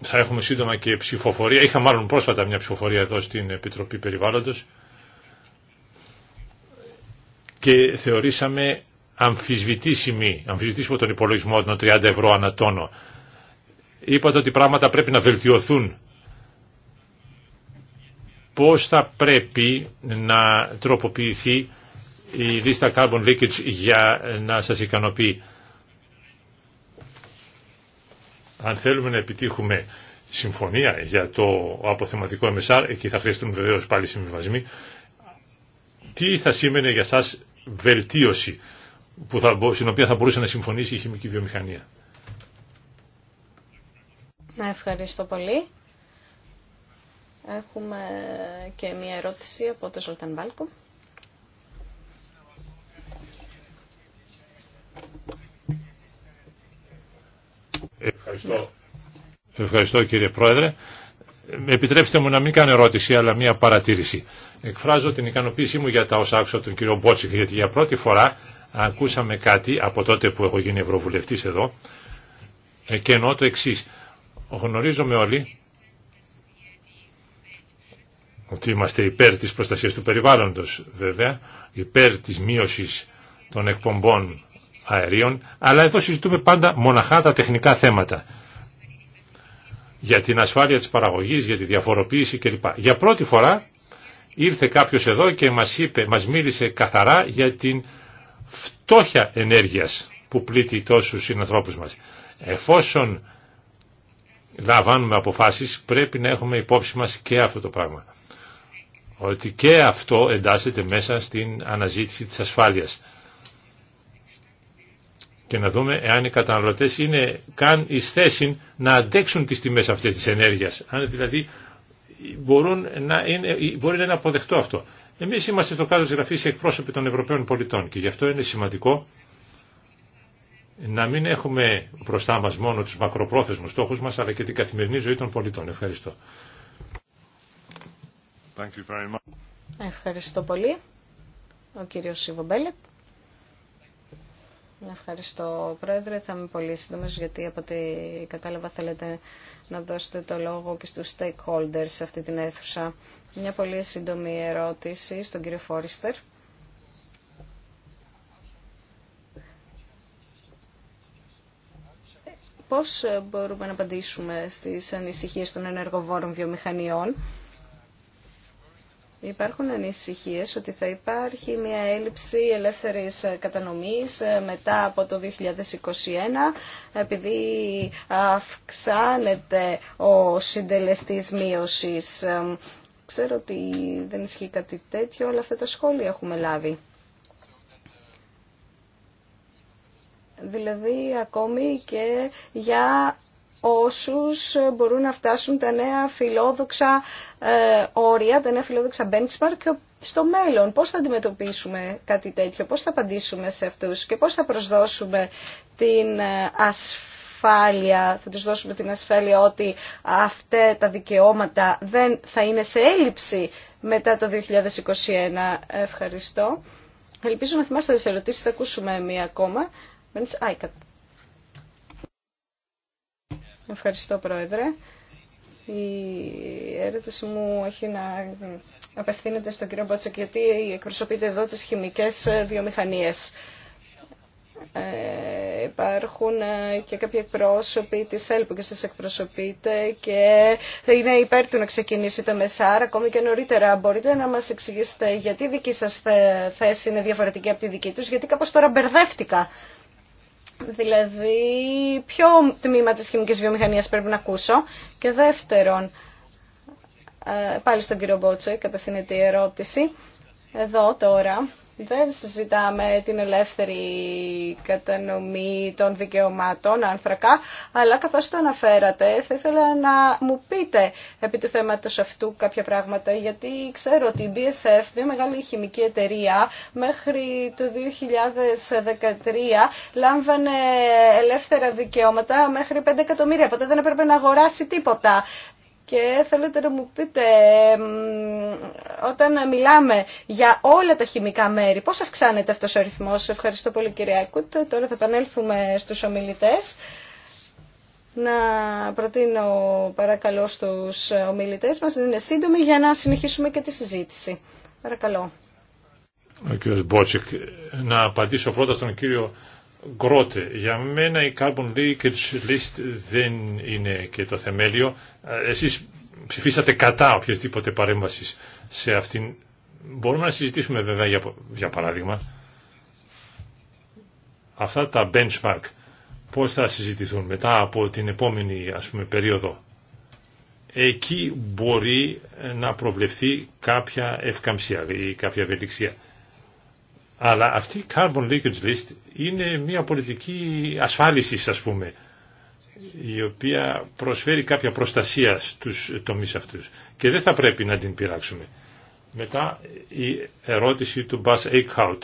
Θα έχουμε σύντομα και ψηφοφορία. Είχα μάλλον πρόσφατα μια ψηφοφορία εδώ στην Επιτροπή Περιβάλλοντος και θεωρήσαμε αμφισβητήσιμη, αμφισβητήσιμο τον υπολογισμό των 30 ευρώ ανά τόνο. Είπατε ότι πράγματα πρέπει να βελτιωθούν. Πώς θα πρέπει να τροποποιηθεί η λίστα carbon leakage για να σας ικανοποιεί. Αν θέλουμε να επιτύχουμε συμφωνία για το αποθεματικό MSR, εκεί θα χρειαστούν βεβαίως πάλι συμβιβασμοί, τι θα σήμαινε για σας βελτίωση που θα, στην οποία θα μπορούσε να συμφωνήσει η χημική βιομηχανία. Να ευχαριστώ πολύ. Έχουμε και μία ερώτηση από το Ζολταν Ευχαριστώ. Ευχαριστώ κύριε Πρόεδρε. Επιτρέψτε μου να μην κάνω ερώτηση αλλά μια παρατήρηση. Εκφράζω την ικανοποίησή μου για τα όσα άκουσα τον κύριο Μπότσικ γιατί για πρώτη φορά ακούσαμε κάτι από τότε που έχω γίνει ευρωβουλευτής εδώ ε, και εννοώ το εξή. Γνωρίζομαι όλοι ότι είμαστε υπέρ της προστασίας του περιβάλλοντος βέβαια, υπέρ της μείωσης των εκπομπών αερίων, αλλά εδώ συζητούμε πάντα μοναχά τα τεχνικά θέματα. Για την ασφάλεια της παραγωγής, για τη διαφοροποίηση κλπ. Για πρώτη φορά ήρθε κάποιος εδώ και μας, είπε, μας μίλησε καθαρά για την φτώχεια ενέργειας που πλήττει τόσους συνανθρώπους μας. Εφόσον λαμβάνουμε αποφάσεις πρέπει να έχουμε υπόψη μας και αυτό το πράγμα. Ότι και αυτό εντάσσεται μέσα στην αναζήτηση της ασφάλειας και να δούμε εάν οι καταναλωτές είναι καν εις θέση να αντέξουν τις τιμές αυτές της ενέργειας. Αν δηλαδή μπορούν να είναι, μπορεί να είναι αποδεκτό αυτό. Εμείς είμαστε στο κάτω γραφή γραφής εκπρόσωποι των Ευρωπαίων πολιτών και γι' αυτό είναι σημαντικό να μην έχουμε μπροστά μας μόνο τους μακροπρόθεσμους στόχους μας αλλά και την καθημερινή ζωή των πολιτών. Ευχαριστώ. Ευχαριστώ πολύ. Ο κύριος Σιβομπέλετ. Ευχαριστώ, Πρόεδρε. Θα είμαι πολύ σύντομο γιατί από ό,τι κατάλαβα θέλετε να δώσετε το λόγο και στους stakeholders σε αυτή την αίθουσα. Μια πολύ σύντομη ερώτηση στον κύριο Φόριστερ. Πώς μπορούμε να απαντήσουμε στις ανησυχίες των ενεργοβόρων βιομηχανιών Υπάρχουν ανησυχίες ότι θα υπάρχει μια έλλειψη ελεύθερης κατανομής ε, μετά από το 2021 επειδή αυξάνεται ο συντελεστής μείωσης. Ε, ξέρω ότι δεν ισχύει κάτι τέτοιο, αλλά αυτά τα σχόλια έχουμε λάβει. Δηλαδή ακόμη και για όσους μπορούν να φτάσουν τα νέα φιλόδοξα ε, όρια, τα νέα φιλόδοξα benchmark στο μέλλον. Πώς θα αντιμετωπίσουμε κάτι τέτοιο, πώς θα απαντήσουμε σε αυτούς και πώς θα προσδώσουμε την ε, ασφάλεια, θα τους δώσουμε την ασφάλεια ότι αυτά τα δικαιώματα δεν θα είναι σε έλλειψη μετά το 2021. Ευχαριστώ. Ελπίζω να θυμάστε τις ερωτήσεις, θα ακούσουμε μία ακόμα. Ευχαριστώ, Πρόεδρε. Η ερώτηση μου έχει να απευθύνεται στον κύριο Μπότσεκ, γιατί εκπροσωπείται εδώ τις χημικές βιομηχανίες. Ε, υπάρχουν ε, και κάποιοι εκπρόσωποι της ΕΛ που και σας εκπροσωπείτε και θα είναι υπέρ του να ξεκινήσει το ΜΕΣΑΡ ακόμη και νωρίτερα. Μπορείτε να μας εξηγήσετε γιατί η δική σας θέση είναι διαφορετική από τη δική τους, γιατί κάπως τώρα μπερδεύτηκα Δηλαδή, ποιο τμήμα της χημικής βιομηχανίας πρέπει να ακούσω. Και δεύτερον, ε, πάλι στον κύριο Μπότσο, κατευθύνεται η ερώτηση. Εδώ τώρα δεν συζητάμε την ελεύθερη κατανομή των δικαιωμάτων άνθρακα, αλλά καθώς το αναφέρατε θα ήθελα να μου πείτε επί του θέματος αυτού κάποια πράγματα, γιατί ξέρω ότι η BSF, μια μεγάλη χημική εταιρεία, μέχρι το 2013 λάμβανε ελεύθερα δικαιώματα μέχρι 5 εκατομμύρια, οπότε δεν έπρεπε να αγοράσει τίποτα. Και θέλετε να μου πείτε, όταν μιλάμε για όλα τα χημικά μέρη, πώς αυξάνεται αυτός ο αριθμός. Ευχαριστώ πολύ κυρία Άκουτ. Τώρα θα επανέλθουμε στους ομιλητές. Να προτείνω παρακαλώ στους ομιλητές μας να είναι σύντομοι για να συνεχίσουμε και τη συζήτηση. Παρακαλώ. Ο κύριος Μπότσικ, να απαντήσω πρώτα στον κύριο Γκρότε, για μένα η Carbon Leakage List δεν είναι και το θεμέλιο. Ε, εσείς ψηφίσατε κατά οποιασδήποτε παρέμβαση σε αυτήν. Μπορούμε να συζητήσουμε βέβαια για, για παράδειγμα αυτά τα benchmark πώς θα συζητηθούν μετά από την επόμενη ας περίοδο. Εκεί μπορεί να προβλεφθεί κάποια ευκαμψία ή κάποια ευελιξία. Αλλά αυτή η carbon leakage list είναι μια πολιτική ασφάλιση, α πούμε η οποία προσφέρει κάποια προστασία στους τομείς αυτούς και δεν θα πρέπει να την πειράξουμε. Μετά η ερώτηση του Bas Eichhout.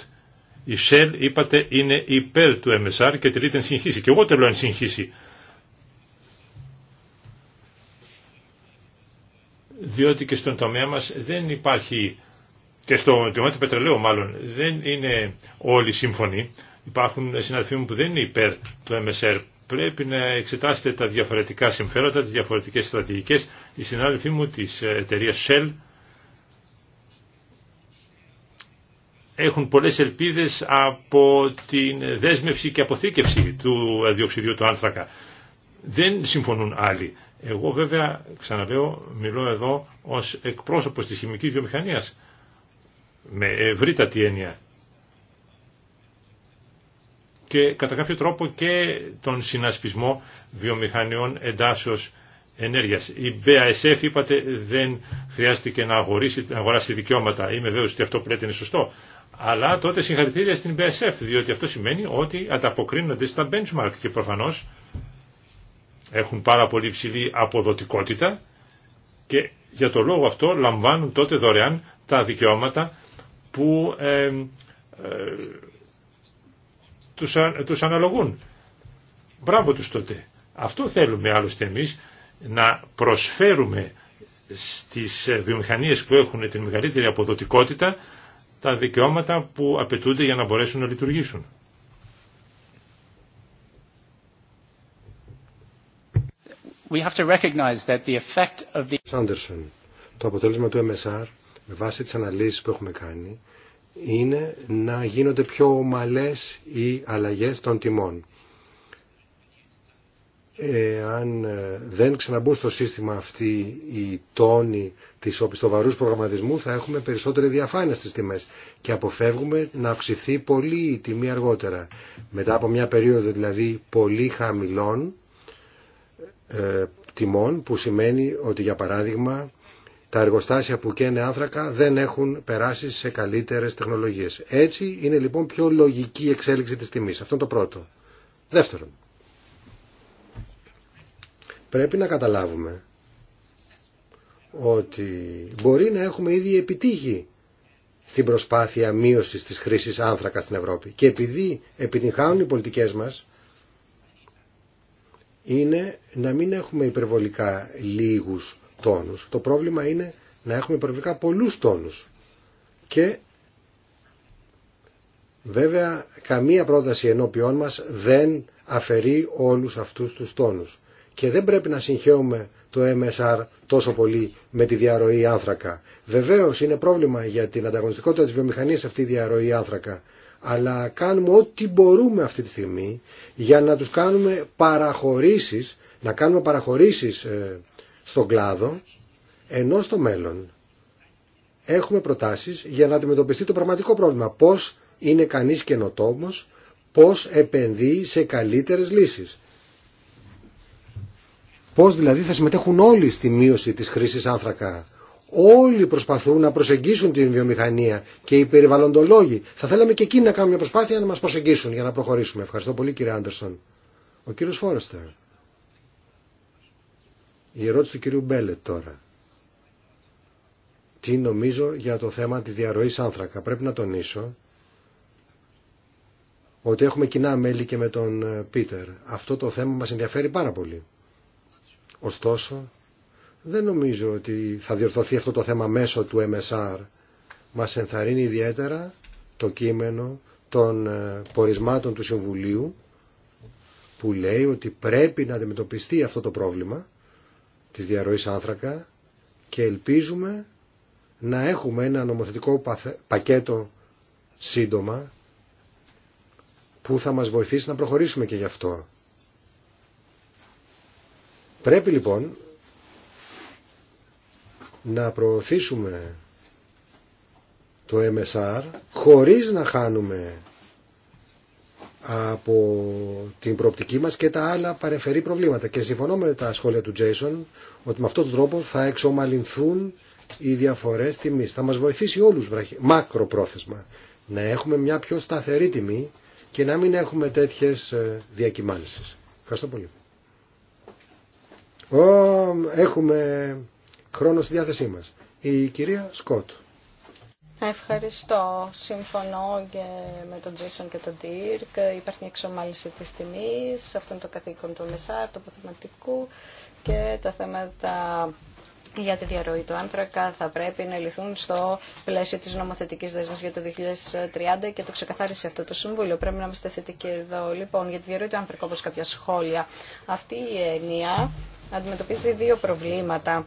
Η Shell είπατε είναι υπέρ του MSR και τελείται εν συγχύσει. Και εγώ τελείω εν συγχύσει. Διότι και στον τομέα μας δεν υπάρχει και στο κομμάτι του πετρελαίου μάλλον δεν είναι όλοι σύμφωνοι. Υπάρχουν συναδελφοί μου που δεν είναι υπέρ του MSR. Πρέπει να εξετάσετε τα διαφορετικά συμφέροντα, τις διαφορετικές στρατηγικές. Οι συνάδελφοί μου της εταιρεία Shell έχουν πολλές ελπίδες από την δέσμευση και αποθήκευση του διοξιδίου του άνθρακα. Δεν συμφωνούν άλλοι. Εγώ βέβαια, ξαναλέω, μιλώ εδώ ως εκπρόσωπος της χημικής βιομηχανίας με ευρύτατη έννοια και κατά κάποιο τρόπο και τον συνασπισμό βιομηχανιών εντάσεως ενέργειας. Η BASF είπατε δεν χρειάστηκε να, αγορήσει, να αγοράσει δικαιώματα. Είμαι βέβαιος ότι αυτό πρέπει να είναι σωστό. Αλλά τότε συγχαρητήρια στην BASF, διότι αυτό σημαίνει ότι ανταποκρίνονται στα benchmark και προφανώς έχουν πάρα πολύ ψηλή αποδοτικότητα και για το λόγο αυτό λαμβάνουν τότε δωρεάν τα δικαιώματα που ε, τους, αναλογούν. Μπράβο τους τότε. Αυτό θέλουμε άλλωστε εμείς να προσφέρουμε στις ε, βιομηχανίες που έχουν την μεγαλύτερη αποδοτικότητα τα δικαιώματα που απαιτούνται για να μπορέσουν να λειτουργήσουν. We το αποτέλεσμα του MSR με βάση τις αναλύσεις που έχουμε κάνει είναι να γίνονται πιο ομαλές οι αλλαγές των τιμών. Αν ε, δεν ξαναμπούν στο σύστημα αυτή η τόνη της οπισθοβαρούς προγραμματισμού θα έχουμε περισσότερη διαφάνεια στις τιμές και αποφεύγουμε να αυξηθεί πολύ η τιμή αργότερα. Μετά από μια περίοδο δηλαδή πολύ χαμηλών ε, τιμών που σημαίνει ότι για παράδειγμα τα εργοστάσια που καίνε άνθρακα δεν έχουν περάσει σε καλύτερες τεχνολογίες. Έτσι είναι λοιπόν πιο λογική η εξέλιξη της τιμή. Αυτό είναι το πρώτο. Δεύτερον, πρέπει να καταλάβουμε ότι μπορεί να έχουμε ήδη επιτύχει στην προσπάθεια μείωσης της χρήσης άνθρακα στην Ευρώπη. Και επειδή επιτυγχάνουν οι πολιτικές μας, είναι να μην έχουμε υπερβολικά λίγους τόνους. Το πρόβλημα είναι να έχουμε υπερβολικά πολλούς τόνους. Και βέβαια καμία πρόταση ενώπιών μας δεν αφαιρεί όλους αυτούς τους τόνους. Και δεν πρέπει να συγχαίουμε το MSR τόσο πολύ με τη διαρροή άνθρακα. Βεβαίως είναι πρόβλημα για την ανταγωνιστικότητα της βιομηχανίας αυτή η διαρροή άνθρακα. Αλλά κάνουμε ό,τι μπορούμε αυτή τη στιγμή για να τους κάνουμε παραχωρήσεις, να κάνουμε παραχωρήσεις ε, στον κλάδο, ενώ στο μέλλον έχουμε προτάσεις για να αντιμετωπιστεί το πραγματικό πρόβλημα. Πώς είναι κανείς καινοτόμος, πώς επενδύει σε καλύτερες λύσεις. Πώς δηλαδή θα συμμετέχουν όλοι στη μείωση της χρήσης άνθρακα. Όλοι προσπαθούν να προσεγγίσουν την βιομηχανία και οι περιβαλλοντολόγοι. Θα θέλαμε και εκείνοι να κάνουν μια προσπάθεια να μας προσεγγίσουν για να προχωρήσουμε. Ευχαριστώ πολύ κύριε Άντερσον. Ο κύριος Φόρεστερ. Η ερώτηση του κυρίου Μπέλετ τώρα. Τι νομίζω για το θέμα της διαρροής άνθρακα. Πρέπει να τονίσω ότι έχουμε κοινά μέλη και με τον ε, Πίτερ. Αυτό το θέμα μας ενδιαφέρει πάρα πολύ. Ωστόσο, δεν νομίζω ότι θα διορθωθεί αυτό το θέμα μέσω του MSR. Μας ενθαρρύνει ιδιαίτερα το κείμενο των ε, πορισμάτων του Συμβουλίου που λέει ότι πρέπει να αντιμετωπιστεί αυτό το πρόβλημα της διαρροής άνθρακα και ελπίζουμε να έχουμε ένα νομοθετικό πακέτο σύντομα που θα μας βοηθήσει να προχωρήσουμε και γι' αυτό. Πρέπει λοιπόν να προωθήσουμε το MSR χωρίς να χάνουμε από την προοπτική μας και τα άλλα παρεμφερή προβλήματα. Και συμφωνώ με τα σχόλια του Τζέισον ότι με αυτόν τον τρόπο θα εξομαλυνθούν οι διαφορές τιμής. Θα μας βοηθήσει όλους μακροπρόθεσμα να έχουμε μια πιο σταθερή τιμή και να μην έχουμε τέτοιες ε, διακυμάνσεις. Ευχαριστώ πολύ. Ο, έχουμε χρόνο στη διάθεσή μας. Η κυρία Σκότ. Ευχαριστώ. Συμφωνώ και με τον Τζέσον και τον Τιρκ. Υπάρχει μια εξομάλυση της τιμής. Αυτό είναι το καθήκον του ΜΕΣΑΡ, του αποθεματικού και τα θέματα για τη διαρροή του άνθρακα θα πρέπει να λυθούν στο πλαίσιο της νομοθετικής δέσμας για το 2030 και το ξεκαθάρισε αυτό το Συμβούλιο. Πρέπει να είμαστε θετικοί εδώ. Λοιπόν, για τη διαρροή του άνθρακα, όπως κάποια σχόλια, αυτή η έννοια αντιμετωπίζει δύο προβλήματα.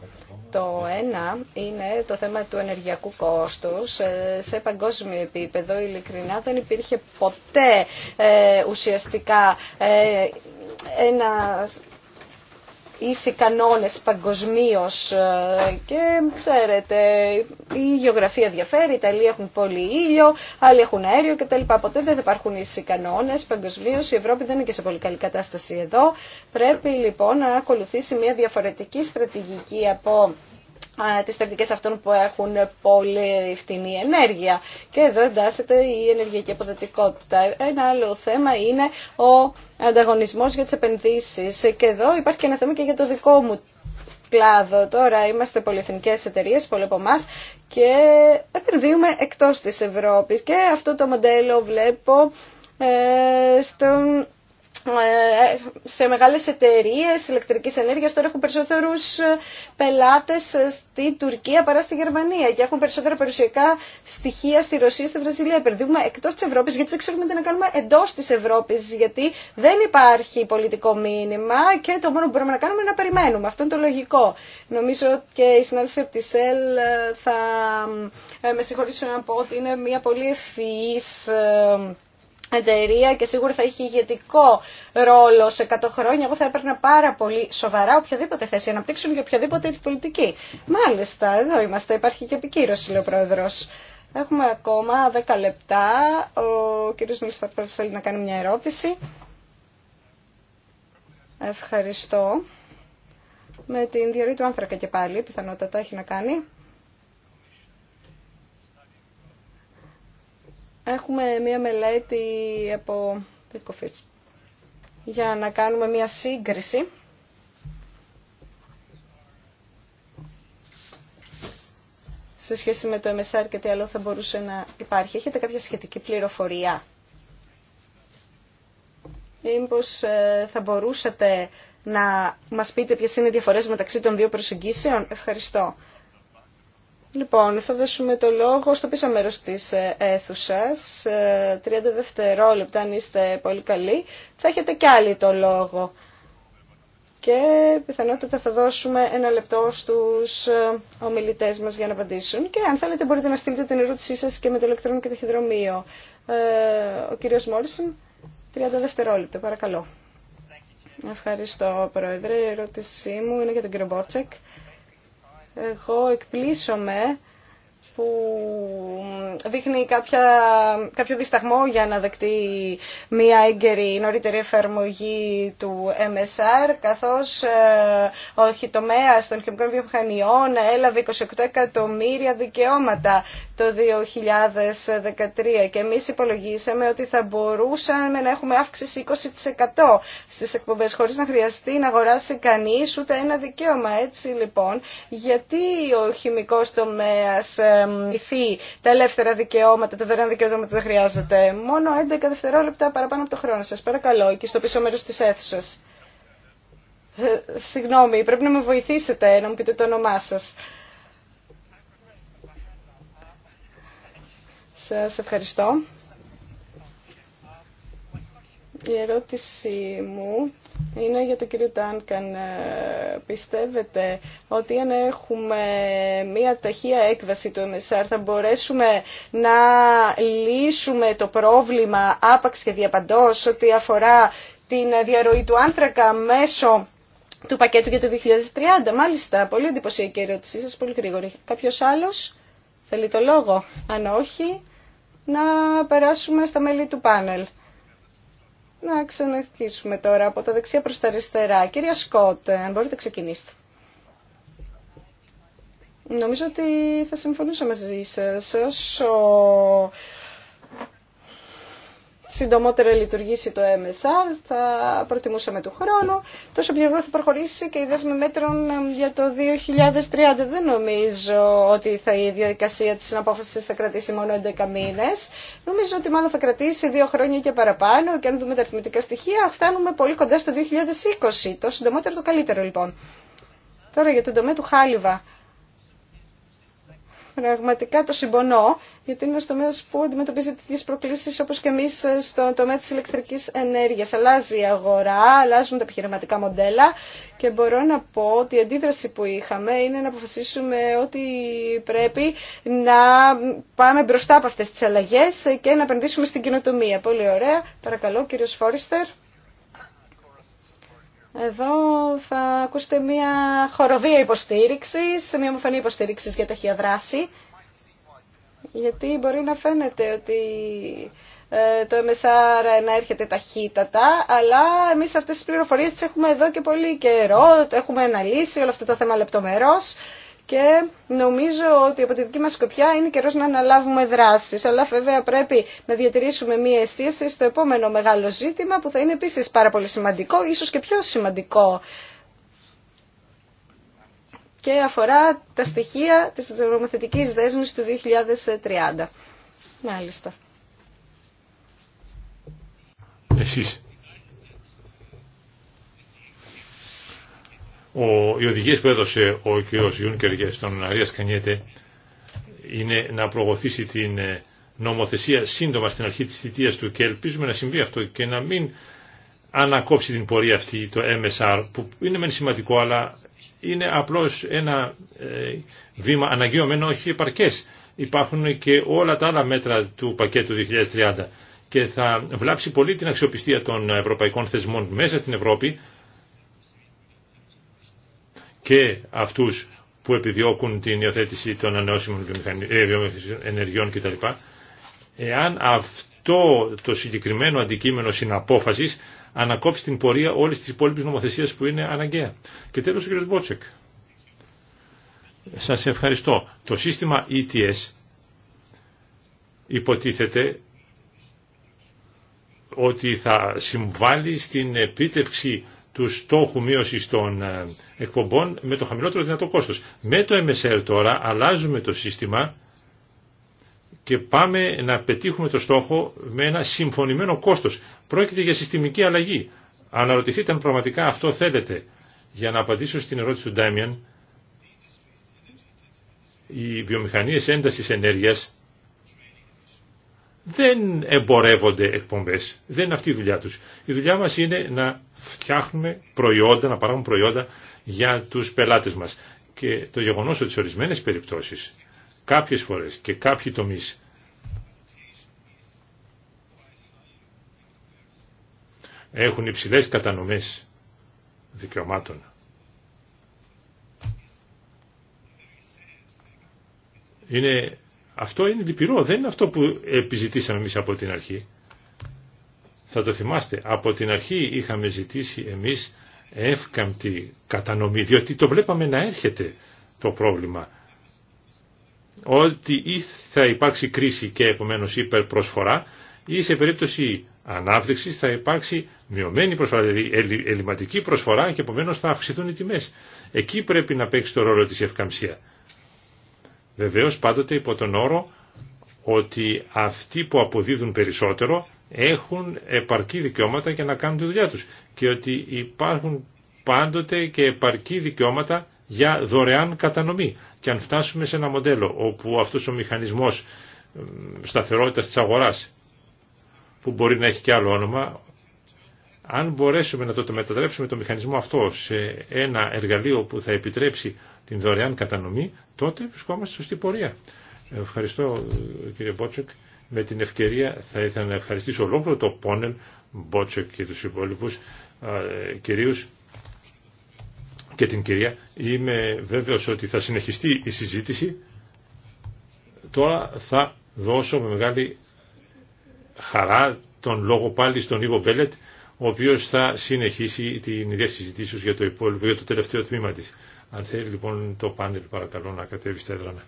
Το ένα είναι το θέμα του ενεργειακού κόστους. Ε, σε παγκόσμιο επίπεδο, ειλικρινά, δεν υπήρχε ποτέ ε, ουσιαστικά ε, ένα ίσοι κανόνες παγκοσμίω ε, και ξέρετε η γεωγραφία διαφέρει, οι Ιταλοί έχουν πολύ ήλιο, άλλοι έχουν αέριο κτλ. Ποτέ δεν υπάρχουν ίσοι κανόνες παγκοσμίω, η Ευρώπη δεν είναι και σε πολύ καλή κατάσταση εδώ. Πρέπει λοιπόν να ακολουθήσει μια διαφορετική στρατηγική από τις τακτικές αυτών που έχουν πολύ φτηνή ενέργεια. Και εδώ εντάσσεται η ενεργειακή αποδοτικότητα. Ένα άλλο θέμα είναι ο ανταγωνισμός για τις επενδύσεις. Και εδώ υπάρχει και ένα θέμα και για το δικό μου κλάδο. Τώρα είμαστε πολυεθνικές εταιρείες, πολλοί από εμά και επενδύουμε εκτός της Ευρώπης. Και αυτό το μοντέλο βλέπω ε, στον σε μεγάλες εταιρείες ηλεκτρικής ενέργειας τώρα έχουν περισσότερους ε, πελάτες ε, στη Τουρκία παρά στη Γερμανία και έχουν περισσότερα περιουσιακά στοιχεία στη Ρωσία, στη Βραζιλία. Επενδύουμε εκτός της Ευρώπης γιατί δεν ξέρουμε τι να κάνουμε εντός της Ευρώπης γιατί δεν υπάρχει πολιτικό μήνυμα και το μόνο που μπορούμε να κάνουμε είναι να περιμένουμε. Αυτό είναι το λογικό. Νομίζω και οι συνάδελφοι από τη ΣΕΛ ε, θα με συγχωρήσουν να πω ότι είναι μια πολύ ευφυής εταιρεία και σίγουρα θα έχει ηγετικό ρόλο σε 100 χρόνια. Εγώ θα έπαιρνα πάρα πολύ σοβαρά οποιαδήποτε θέση αναπτύξουν για οποιαδήποτε πολιτική. Μάλιστα, εδώ είμαστε. Υπάρχει και επικύρωση, λέει ο πρόεδρο. Έχουμε ακόμα 10 λεπτά. Ο κ. Μιλσταρτέλης θέλει να κάνει μια ερώτηση. Ευχαριστώ. Με την διαρροή του άνθρακα και πάλι, πιθανότατα έχει να κάνει. Έχουμε μία μελέτη από για να κάνουμε μία σύγκριση σε σχέση με το MSR και τι άλλο θα μπορούσε να υπάρχει. Έχετε κάποια σχετική πληροφορία. Ή ε, θα μπορούσατε να μας πείτε ποιες είναι οι διαφορές μεταξύ των δύο προσεγγίσεων. Ευχαριστώ. Λοιπόν, θα δώσουμε το λόγο στο πίσω μέρος της ε, αίθουσας. 30 ε, δευτερόλεπτα, αν είστε πολύ καλοί, θα έχετε κι άλλοι το λόγο. Και πιθανότητα θα δώσουμε ένα λεπτό στους ε, ομιλητές μας για να απαντήσουν. Και αν θέλετε μπορείτε να στείλετε την ερώτησή σας και με το ηλεκτρονικό ταχυδρομείο. Ο κύριος Μόρισον, 30 δευτερόλεπτα, παρακαλώ. Ευχαριστώ, Πρόεδρε. Η ερώτησή μου είναι για τον κύριο Μπόρτσεκ εγώ εκπλήσωμαι που δείχνει κάποια, κάποιο δισταγμό για να δεκτεί μια έγκαιρη νωρίτερη εφαρμογή του MSR, καθώς ε, ο τομέα των χημικών βιομηχανιών έλαβε 28 εκατομμύρια δικαιώματα το 2013 και εμείς υπολογίσαμε ότι θα μπορούσαμε να έχουμε αύξηση 20% στις εκπομπές χωρίς να χρειαστεί να αγοράσει κανείς ούτε ένα δικαίωμα. Έτσι λοιπόν, γιατί ο χημικός τομέας μυθεί τα ελεύθερα δικαιώματα, τα δωρεάν δικαιώματα που δεν χρειάζεται. Μόνο 11 δευτερόλεπτα παραπάνω από το χρόνο σας. Παρακαλώ, εκεί στο πίσω μέρος της αίθουσας. Ε, συγγνώμη, πρέπει να με βοηθήσετε να μου πείτε το όνομά σας. Σας ευχαριστώ. Η ερώτησή μου είναι για τον κύριο Τάνκαν. Ε, πιστεύετε ότι αν έχουμε μία ταχεία έκβαση του MSR θα μπορέσουμε να λύσουμε το πρόβλημα άπαξ και διαπαντός ότι αφορά την διαρροή του άνθρακα μέσω του πακέτου για το 2030. Μάλιστα, πολύ εντυπωσιακή ερώτησή σας, πολύ γρήγορη. Κάποιος άλλος θέλει το λόγο. Αν όχι, να περάσουμε στα μέλη του πάνελ. Να ξαναρχίσουμε τώρα από τα δεξιά προς τα αριστερά. Κυρία Σκότ, αν μπορείτε ξεκινήστε. Νομίζω ότι θα συμφωνούσα μαζί συντομότερα λειτουργήσει το MSR, θα προτιμούσαμε του χρόνου, τόσο πιο θα προχωρήσει και η δέσμη μέτρων για το 2030. Δεν νομίζω ότι θα η διαδικασία της συναπόφασης θα κρατήσει μόνο 11 μήνες. Νομίζω ότι μάλλον θα κρατήσει δύο χρόνια και παραπάνω και αν δούμε τα αριθμητικά στοιχεία φτάνουμε πολύ κοντά στο 2020. Το συντομότερο το καλύτερο λοιπόν. Τώρα για τον τομέα του Χάλιβα. Πραγματικά το συμπονώ, γιατί είναι ένα τομέα που αντιμετωπίζει τέτοιε προκλήσει όπω και εμεί ε, στον τομέα τη ηλεκτρική ενέργεια. Αλλάζει η αγορά, αλλάζουν τα επιχειρηματικά μοντέλα και μπορώ να πω ότι η αντίδραση που είχαμε είναι να αποφασίσουμε ότι πρέπει να πάμε μπροστά από αυτέ τι αλλαγέ και να επενδύσουμε στην κοινοτομία. Πολύ ωραία. Παρακαλώ, κύριο Φόριστερ. Εδώ θα ακούσετε μια χοροδία υποστήριξης, μια ομοφωνή υποστήριξη για ταχεία δράση. Γιατί μπορεί να φαίνεται ότι ε, το MSR να έρχεται ταχύτατα, αλλά εμείς αυτές τις πληροφορίες τις έχουμε εδώ και πολύ καιρό, έχουμε αναλύσει όλο αυτό το θέμα λεπτομερώς και νομίζω ότι από τη δική μας σκοπιά είναι καιρός να αναλάβουμε δράσεις. Αλλά βέβαια πρέπει να διατηρήσουμε μία εστίαση στο επόμενο μεγάλο ζήτημα που θα είναι επίσης πάρα πολύ σημαντικό, ίσως και πιο σημαντικό. Και αφορά τα στοιχεία της νομοθετικής δέσμης του 2030. Μάλιστα. Εσείς ο, οι οδηγίε που έδωσε ο κ. Ιούνκερ για στον Αρία Κανιέτε είναι να προωθήσει την ε, νομοθεσία σύντομα στην αρχή της θητείας του και ελπίζουμε να συμβεί αυτό και να μην ανακόψει την πορεία αυτή το MSR που είναι μεν σημαντικό αλλά είναι απλώς ένα ε, βήμα αναγκαιωμένο όχι επαρκές. Υπάρχουν και όλα τα άλλα μέτρα του πακέτου 2030 και θα βλάψει πολύ την αξιοπιστία των ευρωπαϊκών θεσμών μέσα στην Ευρώπη και αυτούς που επιδιώκουν την υιοθέτηση των ανανεώσιμων ε, ενεργειών κτλ. Εάν αυτό το συγκεκριμένο αντικείμενο συναπόφασης ανακόψει την πορεία όλης της υπόλοιπης νομοθεσίας που είναι αναγκαία. Και τέλος ο κ. Μπότσεκ. Σας ευχαριστώ. Το σύστημα ETS υποτίθεται ότι θα συμβάλλει στην επίτευξη του στόχου μείωση των ε, εκπομπών με το χαμηλότερο δυνατό κόστος. Με το MSR τώρα αλλάζουμε το σύστημα και πάμε να πετύχουμε το στόχο με ένα συμφωνημένο κόστος. Πρόκειται για συστημική αλλαγή. Αναρωτηθείτε αν πραγματικά αυτό θέλετε. Για να απαντήσω στην ερώτηση του Ντάμιαν, οι βιομηχανίες έντασης ενέργειας δεν εμπορεύονται εκπομπές. Δεν είναι αυτή η δουλειά τους. Η δουλειά μας είναι να φτιάχνουμε προϊόντα, να παράγουμε προϊόντα για τους πελάτες μας. Και το γεγονός ότι σε ορισμένες περιπτώσεις, κάποιες φορές και κάποιοι τομείς, έχουν υψηλές κατανομές δικαιωμάτων. Είναι αυτό είναι λυπηρό, δεν είναι αυτό που επιζητήσαμε εμείς από την αρχή. Θα το θυμάστε, από την αρχή είχαμε ζητήσει εμείς εύκαμπτη κατανομή, διότι το βλέπαμε να έρχεται το πρόβλημα. Ότι ή θα υπάρξει κρίση και επομένως υπερπροσφορά ή σε περίπτωση ανάπτυξης θα υπάρξει μειωμένη προσφορά, δηλαδή ελληματική προσφορά και επομένως θα αυξηθούν οι τιμές. Εκεί πρέπει να παίξει το ρόλο της ευκαμψίας. Βεβαίως πάντοτε υπό τον όρο ότι αυτοί που αποδίδουν περισσότερο έχουν επαρκή δικαιώματα για να κάνουν τη δουλειά τους και ότι υπάρχουν πάντοτε και επαρκή δικαιώματα για δωρεάν κατανομή. Και αν φτάσουμε σε ένα μοντέλο όπου αυτός ο μηχανισμός σταθερότητας της αγοράς που μπορεί να έχει και άλλο όνομα αν μπορέσουμε να το μετατρέψουμε το μηχανισμό αυτό σε ένα εργαλείο που θα επιτρέψει την δωρεάν κατανομή, τότε βρισκόμαστε σωστή πορεία. Ευχαριστώ κύριε Μπότσοκ. Με την ευκαιρία θα ήθελα να ευχαριστήσω ολόκληρο το πόνελ Μπότσοκ και τους υπόλοιπους κυρίους και την κυρία. Είμαι βέβαιος ότι θα συνεχιστεί η συζήτηση. Τώρα θα δώσω με μεγάλη χαρά τον λόγο πάλι στον Ιβο Μπέλετ ο οποίος θα συνεχίσει την ίδια συζητήσεως για το, υπόλοιπο, για το τελευταίο τμήμα της. Αν θέλει λοιπόν το πάνελ παρακαλώ να κατέβει στα έδρανα.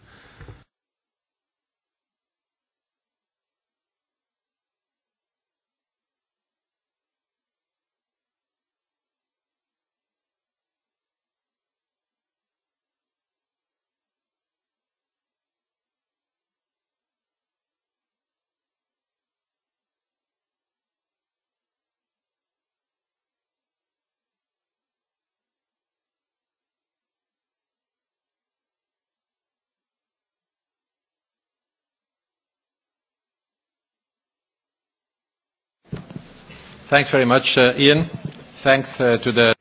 Uh, uh,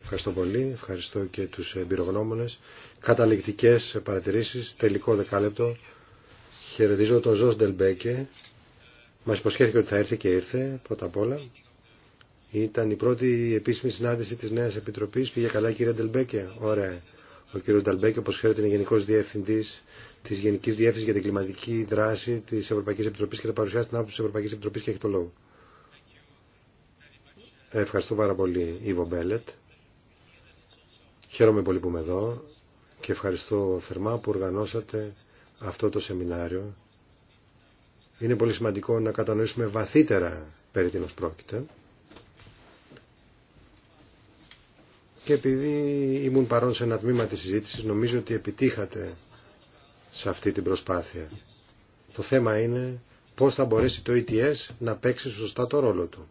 Ευχαριστώ πολύ. Ευχαριστώ και τους εμπειρογνώμονες. Καταληκτικές παρατηρήσεις. Τελικό δεκάλεπτο. Χαιρετίζω τον Ζος Ντελμπέκε. Μας υποσχέθηκε ότι θα έρθει και ήρθε πρώτα απ' όλα. Ήταν η πρώτη επίσημη συνάντηση της Νέας Επιτροπής. Πήγε καλά κύριε Ντελμπέκε. Ωραία. Ο κύριος Ντελμπέκε όπως ξέρετε, είναι Γενικός Διευθυντής της Γενικής Διεύθυνσης για την Κλιματική Δράση τη Ευρωπαϊκή Επιτροπή και θα παρουσιάσει την άποψη της Ευρωπαϊκής και έχει το λόγο. Ευχαριστώ πάρα πολύ, Ιβο Μπέλετ. Χαίρομαι πολύ που είμαι εδώ και ευχαριστώ θερμά που οργανώσατε αυτό το σεμινάριο. Είναι πολύ σημαντικό να κατανοήσουμε βαθύτερα περί τίνος πρόκειται. Και επειδή ήμουν παρόν σε ένα τμήμα της συζήτησης, νομίζω ότι επιτύχατε σε αυτή την προσπάθεια. Το θέμα είναι πώς θα μπορέσει το ETS να παίξει σωστά το ρόλο του.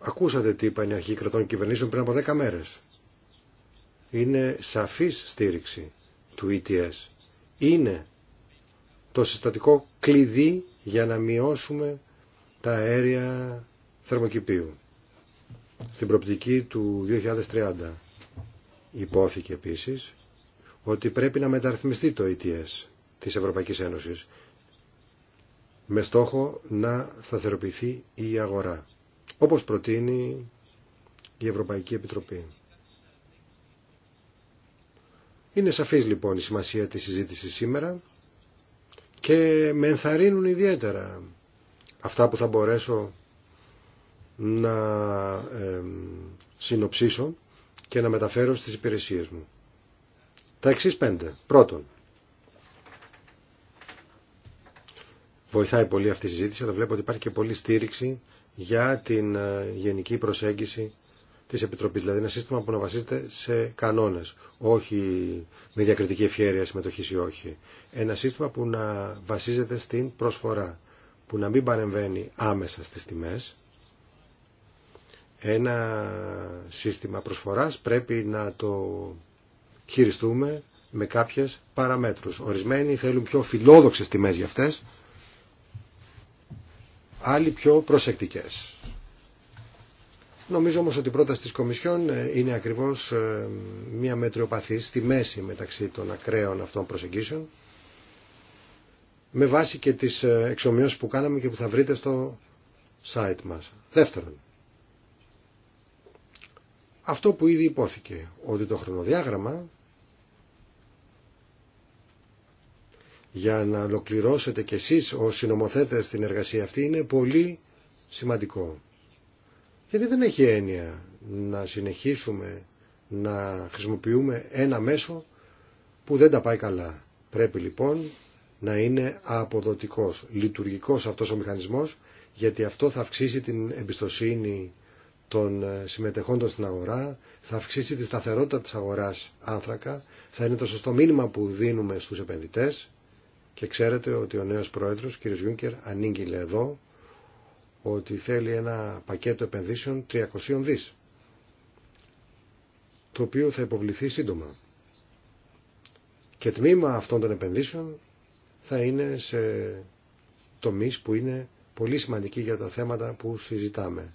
Ακούσατε τι είπαν οι αρχοί κρατών κυβερνήσεων πριν από 10 μέρε. Είναι σαφής στήριξη του ETS. Είναι το συστατικό κλειδί για να μειώσουμε τα αέρια θερμοκηπίου. Στην προπτική του 2030 υπόθηκε επίσης ότι πρέπει να μεταρρυθμιστεί το ETS της Ευρωπαϊκής Ένωσης με στόχο να σταθεροποιηθεί η αγορά όπως προτείνει η Ευρωπαϊκή Επιτροπή. Είναι σαφής λοιπόν η σημασία της συζήτησης σήμερα και με ενθαρρύνουν ιδιαίτερα αυτά που θα μπορέσω να συνοψίσω και να μεταφέρω στις υπηρεσίες μου. Τα εξής πέντε. Πρώτον, βοηθάει πολύ αυτή η συζήτηση, αλλά βλέπω ότι υπάρχει και πολλή στήριξη για την ε, γενική προσέγγιση της Επιτροπής. Δηλαδή ένα σύστημα που να βασίζεται σε κανόνες, όχι με διακριτική ευχαίρεια συμμετοχή ή όχι. Ένα σύστημα που να βασίζεται στην προσφορά, που να μην παρεμβαίνει άμεσα στις τιμές. Ένα σύστημα προσφοράς πρέπει να το χειριστούμε με κάποιες παραμέτρους. Ορισμένοι θέλουν πιο φιλόδοξες τιμές για αυτές, άλλοι πιο προσεκτικές. Νομίζω όμως ότι η πρόταση της Κομισιόν ε, είναι ακριβώς ε, μια μετριοπαθή στη μέση μεταξύ των ακραίων αυτών προσεγγίσεων με βάση και τις ε, εξομοιώσεις που κάναμε και που θα βρείτε στο site μας. Δεύτερον, αυτό που ήδη υπόθηκε, ότι το χρονοδιάγραμμα για να ολοκληρώσετε κι εσείς ως συνομοθέτες την εργασία αυτή είναι πολύ σημαντικό. Γιατί δεν έχει έννοια να συνεχίσουμε να χρησιμοποιούμε ένα μέσο που δεν τα πάει καλά. Πρέπει λοιπόν να είναι αποδοτικός, λειτουργικός αυτός ο μηχανισμός γιατί αυτό θα αυξήσει την εμπιστοσύνη των ε, συμμετεχόντων στην αγορά, θα αυξήσει τη σταθερότητα της αγοράς άνθρακα, θα είναι το σωστό μήνυμα που δίνουμε στους επενδυτές και ξέρετε ότι ο νέος πρόεδρος, κ. Γιούνκερ, ανήγγειλε εδώ ότι θέλει ένα πακέτο επενδύσεων 300 δις, το οποίο θα υποβληθεί σύντομα. Και τμήμα αυτών των επενδύσεων θα είναι σε τομείς που είναι πολύ σημαντικοί για τα θέματα που συζητάμε.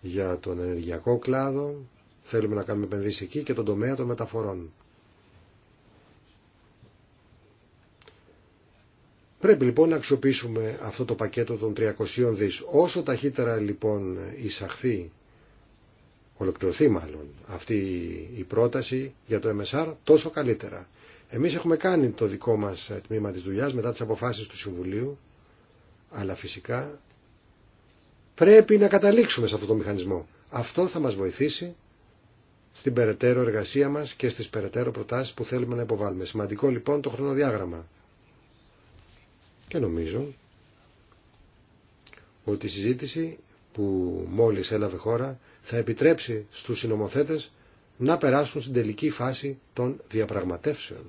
Για τον ενεργειακό κλάδο θέλουμε να κάνουμε επενδύσεις εκεί και τον τομέα των μεταφορών. Πρέπει λοιπόν να αξιοποιήσουμε αυτό το πακέτο των 300 δις. Όσο ταχύτερα λοιπόν εισαχθεί, ολοκληρωθεί μάλλον, αυτή η πρόταση για το MSR, τόσο καλύτερα. Εμείς έχουμε κάνει το δικό μας τμήμα της δουλειάς μετά τις αποφάσεις του Συμβουλίου, αλλά φυσικά πρέπει να καταλήξουμε σε αυτό το μηχανισμό. Αυτό θα μας βοηθήσει στην περαιτέρω εργασία μας και στις περαιτέρω προτάσεις που θέλουμε να υποβάλουμε. Σημαντικό λοιπόν το χρονοδιάγραμμα. Και νομίζω ότι η συζήτηση που μόλις έλαβε χώρα θα επιτρέψει στους συνομοθέτες να περάσουν στην τελική φάση των διαπραγματεύσεων.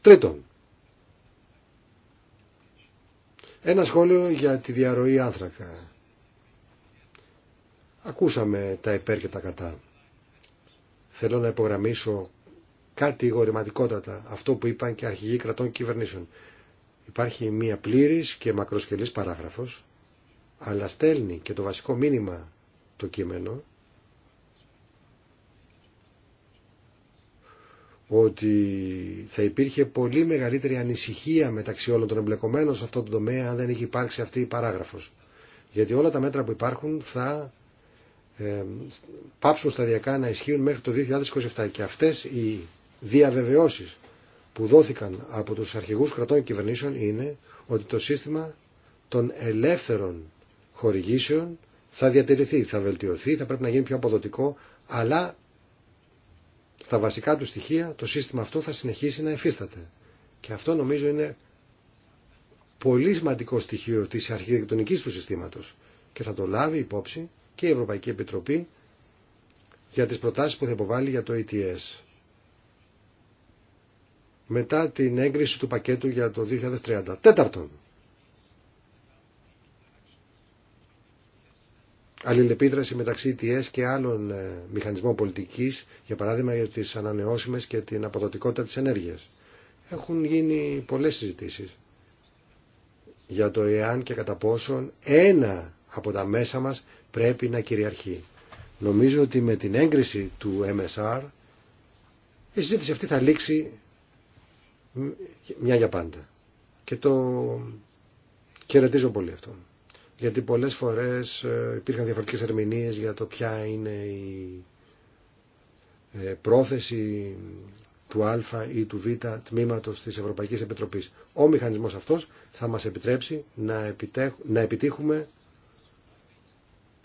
Τρίτον, ένα σχόλιο για τη διαρροή άνθρακα. Ακούσαμε τα υπέρ και τα κατά. Θέλω να υπογραμμίσω γορηματικότατα, αυτό που είπαν και αρχηγοί κρατών κυβερνήσεων. Υπάρχει μία πλήρης και μακροσκελής παράγραφος, αλλά στέλνει και το βασικό μήνυμα το κείμενο, ότι θα υπήρχε πολύ μεγαλύτερη ανησυχία μεταξύ όλων των εμπλεκομένων σε αυτό το τομέα αν δεν είχε υπάρξει αυτή η παράγραφος. Γιατί όλα τα μέτρα που υπάρχουν θα ε, πάψουν σταδιακά να ισχύουν μέχρι το 2027 και αυτές οι διαβεβαιώσεις που δόθηκαν από τους αρχηγούς κρατών και κυβερνήσεων είναι ότι το σύστημα των ελεύθερων χορηγήσεων θα διατηρηθεί, θα βελτιωθεί, θα πρέπει να γίνει πιο αποδοτικό, αλλά στα βασικά του στοιχεία το σύστημα αυτό θα συνεχίσει να εφίσταται. Και αυτό νομίζω είναι πολύ σημαντικό στοιχείο της αρχιτεκτονικής του συστήματος και θα το λάβει υπόψη και η Ευρωπαϊκή Επιτροπή για τις προτάσεις που θα υποβάλει για το ETS μετά την έγκριση του πακέτου για το 2030. Τέταρτον, αλληλεπίδραση μεταξύ ETS και άλλων ε, μηχανισμών πολιτικής, για παράδειγμα για τις ανανεώσιμες και την αποδοτικότητα της ενέργειας. Έχουν γίνει πολλές συζητήσεις για το εάν και κατά πόσον ένα από τα μέσα μας πρέπει να κυριαρχεί. Νομίζω ότι με την έγκριση του MSR η συζήτηση αυτή θα λήξει μια για πάντα. Και το χαιρετίζω πολύ αυτό. Γιατί πολλές φορές ε, υπήρχαν διαφορετικές ερμηνείες για το ποια είναι η ε, πρόθεση του Α ή του Β τμήματος της Ευρωπαϊκής Επιτροπής. Ο μηχανισμός αυτός θα μας επιτρέψει να, να επιτύχουμε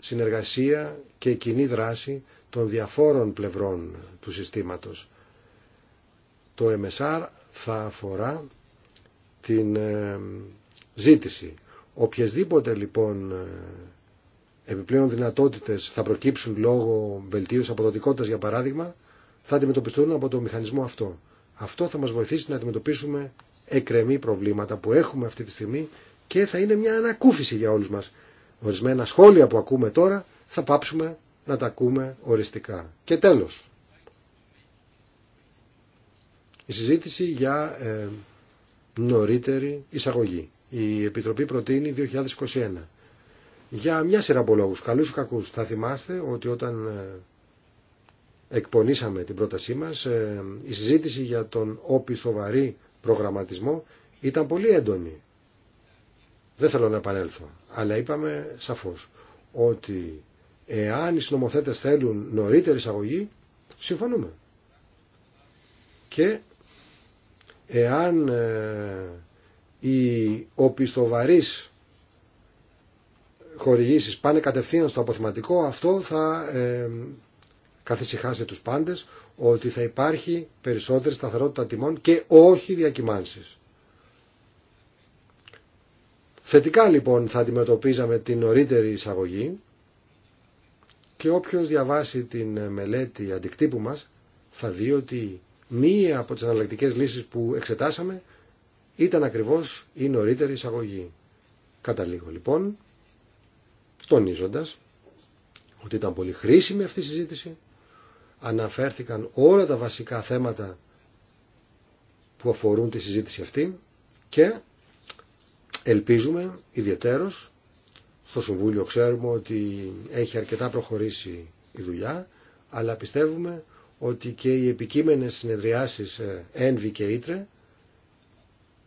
συνεργασία και κοινή δράση των διαφόρων πλευρών του συστήματος. Το MSR θα αφορά την ε, ζήτηση. Οποιασδήποτε λοιπόν ε, επιπλέον δυνατότητες θα προκύψουν λόγω βελτίωσης αποδοτικότητας για παράδειγμα θα αντιμετωπιστούν από το μηχανισμό αυτό. Αυτό θα μας βοηθήσει να αντιμετωπίσουμε εκρεμή προβλήματα που έχουμε αυτή τη στιγμή και θα είναι μια ανακούφιση για όλους μας. Ορισμένα σχόλια που ακούμε τώρα θα πάψουμε να τα ακούμε οριστικά. Και τέλος, η συζήτηση για ε, νωρίτερη εισαγωγή. Η Επιτροπή προτείνει 2021. Για μια σειρά από λόγους, καλούς κακούς. Θα θυμάστε ότι όταν ε, εκπονήσαμε την πρότασή μας, ε, η συζήτηση για τον όπιστο βαρύ προγραμματισμό ήταν πολύ έντονη. Δεν θέλω να επανέλθω, αλλά είπαμε σαφώς ότι εάν οι συνομοθέτες θέλουν νωρίτερη εισαγωγή, συμφωνούμε. Και Εάν ε, οι οπισθοβαρείς χορηγήσεις πάνε κατευθείαν στο αποθηματικό, αυτό θα ε, καθησυχάσει τους πάντες ότι θα υπάρχει περισσότερη σταθερότητα τιμών και όχι διακυμάνσεις. Θετικά λοιπόν θα αντιμετωπίζαμε την νωρίτερη εισαγωγή και όποιος διαβάσει την μελέτη αντικτύπου μας θα δει ότι Μία από τις αναλλακτικές λύσεις που εξετάσαμε ήταν ακριβώς η νωρίτερη εισαγωγή. Καταλήγω λοιπόν, τονίζοντας ότι ήταν πολύ χρήσιμη αυτή η συζήτηση, αναφέρθηκαν όλα τα βασικά θέματα που αφορούν τη συζήτηση αυτή και ελπίζουμε ιδιαίτερος στο Συμβούλιο ξέρουμε ότι έχει αρκετά προχωρήσει η δουλειά αλλά πιστεύουμε ότι και οι επικείμενες συνεδριάσεις ΕΝΒΙ και ΙΤΡΕ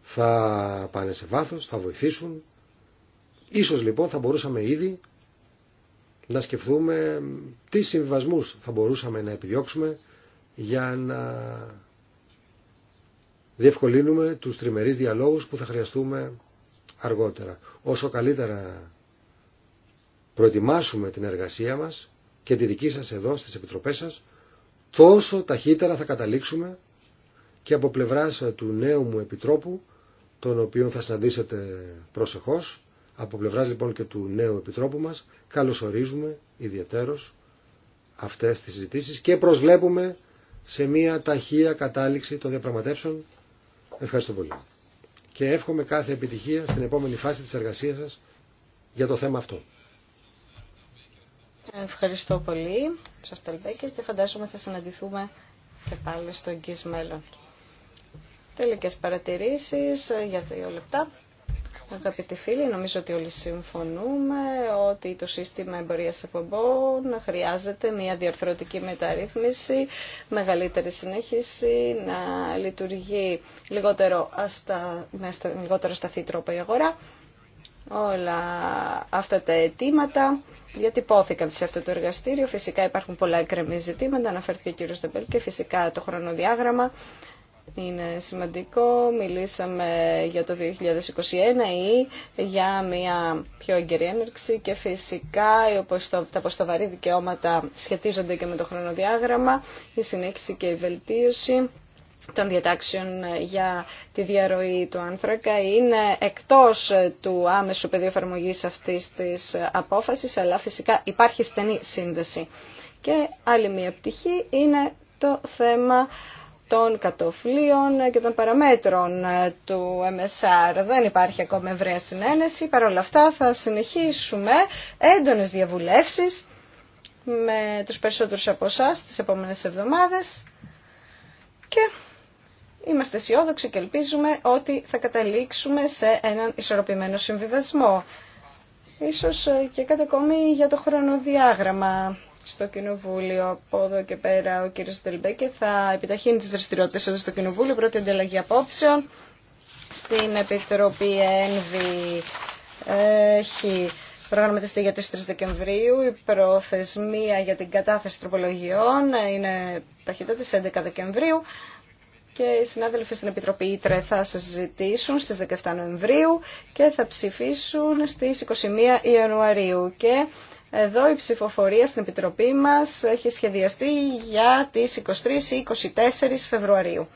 θα πάνε σε βάθος, θα βοηθήσουν. Ίσως λοιπόν θα μπορούσαμε ήδη να σκεφτούμε τι συμβιβασμούς θα μπορούσαμε να επιδιώξουμε για να διευκολύνουμε τους τριμερείς διαλόγους που θα χρειαστούμε αργότερα. Όσο καλύτερα προετοιμάσουμε την εργασία μας και τη δική σας εδώ στις επιτροπές σας, τόσο ταχύτερα θα καταλήξουμε και από πλευρά του νέου μου επιτρόπου, τον οποίο θα συναντήσετε προσεχώς, από πλευράς λοιπόν και του νέου επιτρόπου μας, καλωσορίζουμε ιδιαίτερος αυτές τις συζητήσεις και προσβλέπουμε σε μια ταχεία κατάληξη των διαπραγματεύσεων. Ευχαριστώ πολύ. Και εύχομαι κάθε επιτυχία στην επόμενη φάση της εργασίας σας για το θέμα αυτό. Ευχαριστώ πολύ, Σασταλμπέκης, και φαντάζομαι θα συναντηθούμε και πάλι στο εγγύ μέλλον. Τελικέ παρατηρήσεις ε, για δύο λεπτά. Αγαπητοί φίλοι, νομίζω ότι όλοι συμφωνούμε ότι το σύστημα εμπορία εκπομπών χρειάζεται μια διαρθρωτική μεταρρύθμιση, μεγαλύτερη συνέχιση, να λειτουργεί λιγότερο, αστα... με λιγότερο σταθή τρόπο η αγορά. Όλα αυτά τα αιτήματα διατυπώθηκαν σε αυτό το εργαστήριο. Φυσικά υπάρχουν πολλά εκκρεμή ζητήματα, αναφέρθηκε ο κύριο Στεμπέλ και φυσικά το χρονοδιάγραμμα είναι σημαντικό. Μιλήσαμε για το 2021 ή για μια πιο έγκαιρη έναρξη και φυσικά τα αποστοβαρή δικαιώματα σχετίζονται και με το χρονοδιάγραμμα, η συνέχιση και η βελτίωση των διατάξεων ε, για τη διαρροή του άνθρακα είναι εκτός ε, του άμεσου πεδίου εφαρμογή αυτής της ε, απόφασης, αλλά φυσικά υπάρχει στενή σύνδεση. Και άλλη μια πτυχή είναι το θέμα των κατοφλίων και των παραμέτρων του MSR. Δεν υπάρχει ακόμα ευρεία συνένεση. Παρ' όλα αυτά θα συνεχίσουμε έντονες διαβουλεύσεις με τους περισσότερους από εσά τις επόμενες εβδομάδες. Και Είμαστε αισιόδοξοι και ελπίζουμε ότι θα καταλήξουμε σε έναν ισορροπημένο συμβιβασμό. Ίσως ε, και κάτι ακόμη για το χρονοδιάγραμμα στο Κοινοβούλιο. Από εδώ και πέρα ο κύριος Τελμπέκε θα επιταχύνει τις δραστηριότητες εδώ στο Κοινοβούλιο. Πρώτη ανταλλαγή απόψεων στην Επιτροπή ΕΝΒΗ έχει προγραμματιστεί για τις 3 Δεκεμβρίου. Η προθεσμία για την κατάθεση τροπολογιών είναι ταχύτητα της 11 Δεκεμβρίου και οι συνάδελφοι στην Επιτροπή Ήτρε θα συζητήσουν στις 17 Νοεμβρίου και θα ψηφίσουν στις 21 Ιανουαρίου. Και εδώ η ψηφοφορία στην Επιτροπή μας έχει σχεδιαστεί για τις 23 ή 24 Φεβρουαρίου.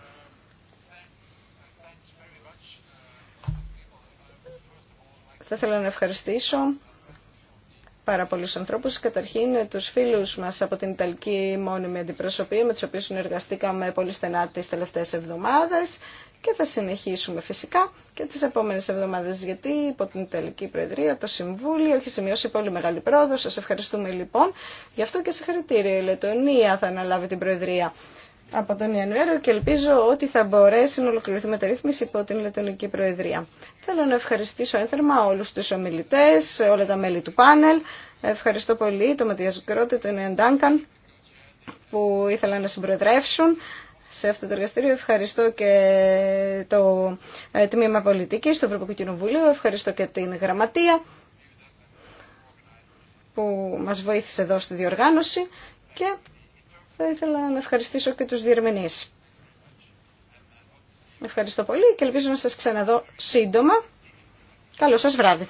Θα ήθελα να ευχαριστήσω πάρα πολλού ανθρώπου. Καταρχήν του φίλου μα από την Ιταλική μόνιμη αντιπροσωπεία, με του οποίου συνεργαστήκαμε πολύ στενά τι τελευταίε εβδομάδε και θα συνεχίσουμε φυσικά και τι επόμενε εβδομάδε, γιατί υπό την Ιταλική Προεδρία το Συμβούλιο έχει σημειώσει πολύ μεγάλη πρόοδο. Σα ευχαριστούμε λοιπόν. Γι' αυτό και συγχαρητήρια. Η Λετωνία θα αναλάβει την Προεδρία από τον Ιανουάριο και ελπίζω ότι θα μπορέσει να ολοκληρωθεί μεταρρύθμιση υπό την Λετωνική Προεδρία. Θέλω να ευχαριστήσω ένθερμα όλους τους ομιλητές, όλα τα μέλη του πάνελ. Ευχαριστώ πολύ τον Ματίας Γκρότη, τον Ιαν Ντάνκαν που ήθελα να συμπροεδρεύσουν σε αυτό το εργαστήριο. Ευχαριστώ και το ε, Τμήμα Πολιτικής του Ευρωπαϊκού Κοινοβουλίου. Ευχαριστώ και την Γραμματεία που μας βοήθησε εδώ στη διοργάνωση και θα ήθελα να ευχαριστήσω και τους διερμηνείς. Ευχαριστώ πολύ και ελπίζω να σας ξαναδώ σύντομα. Καλό σας βράδυ.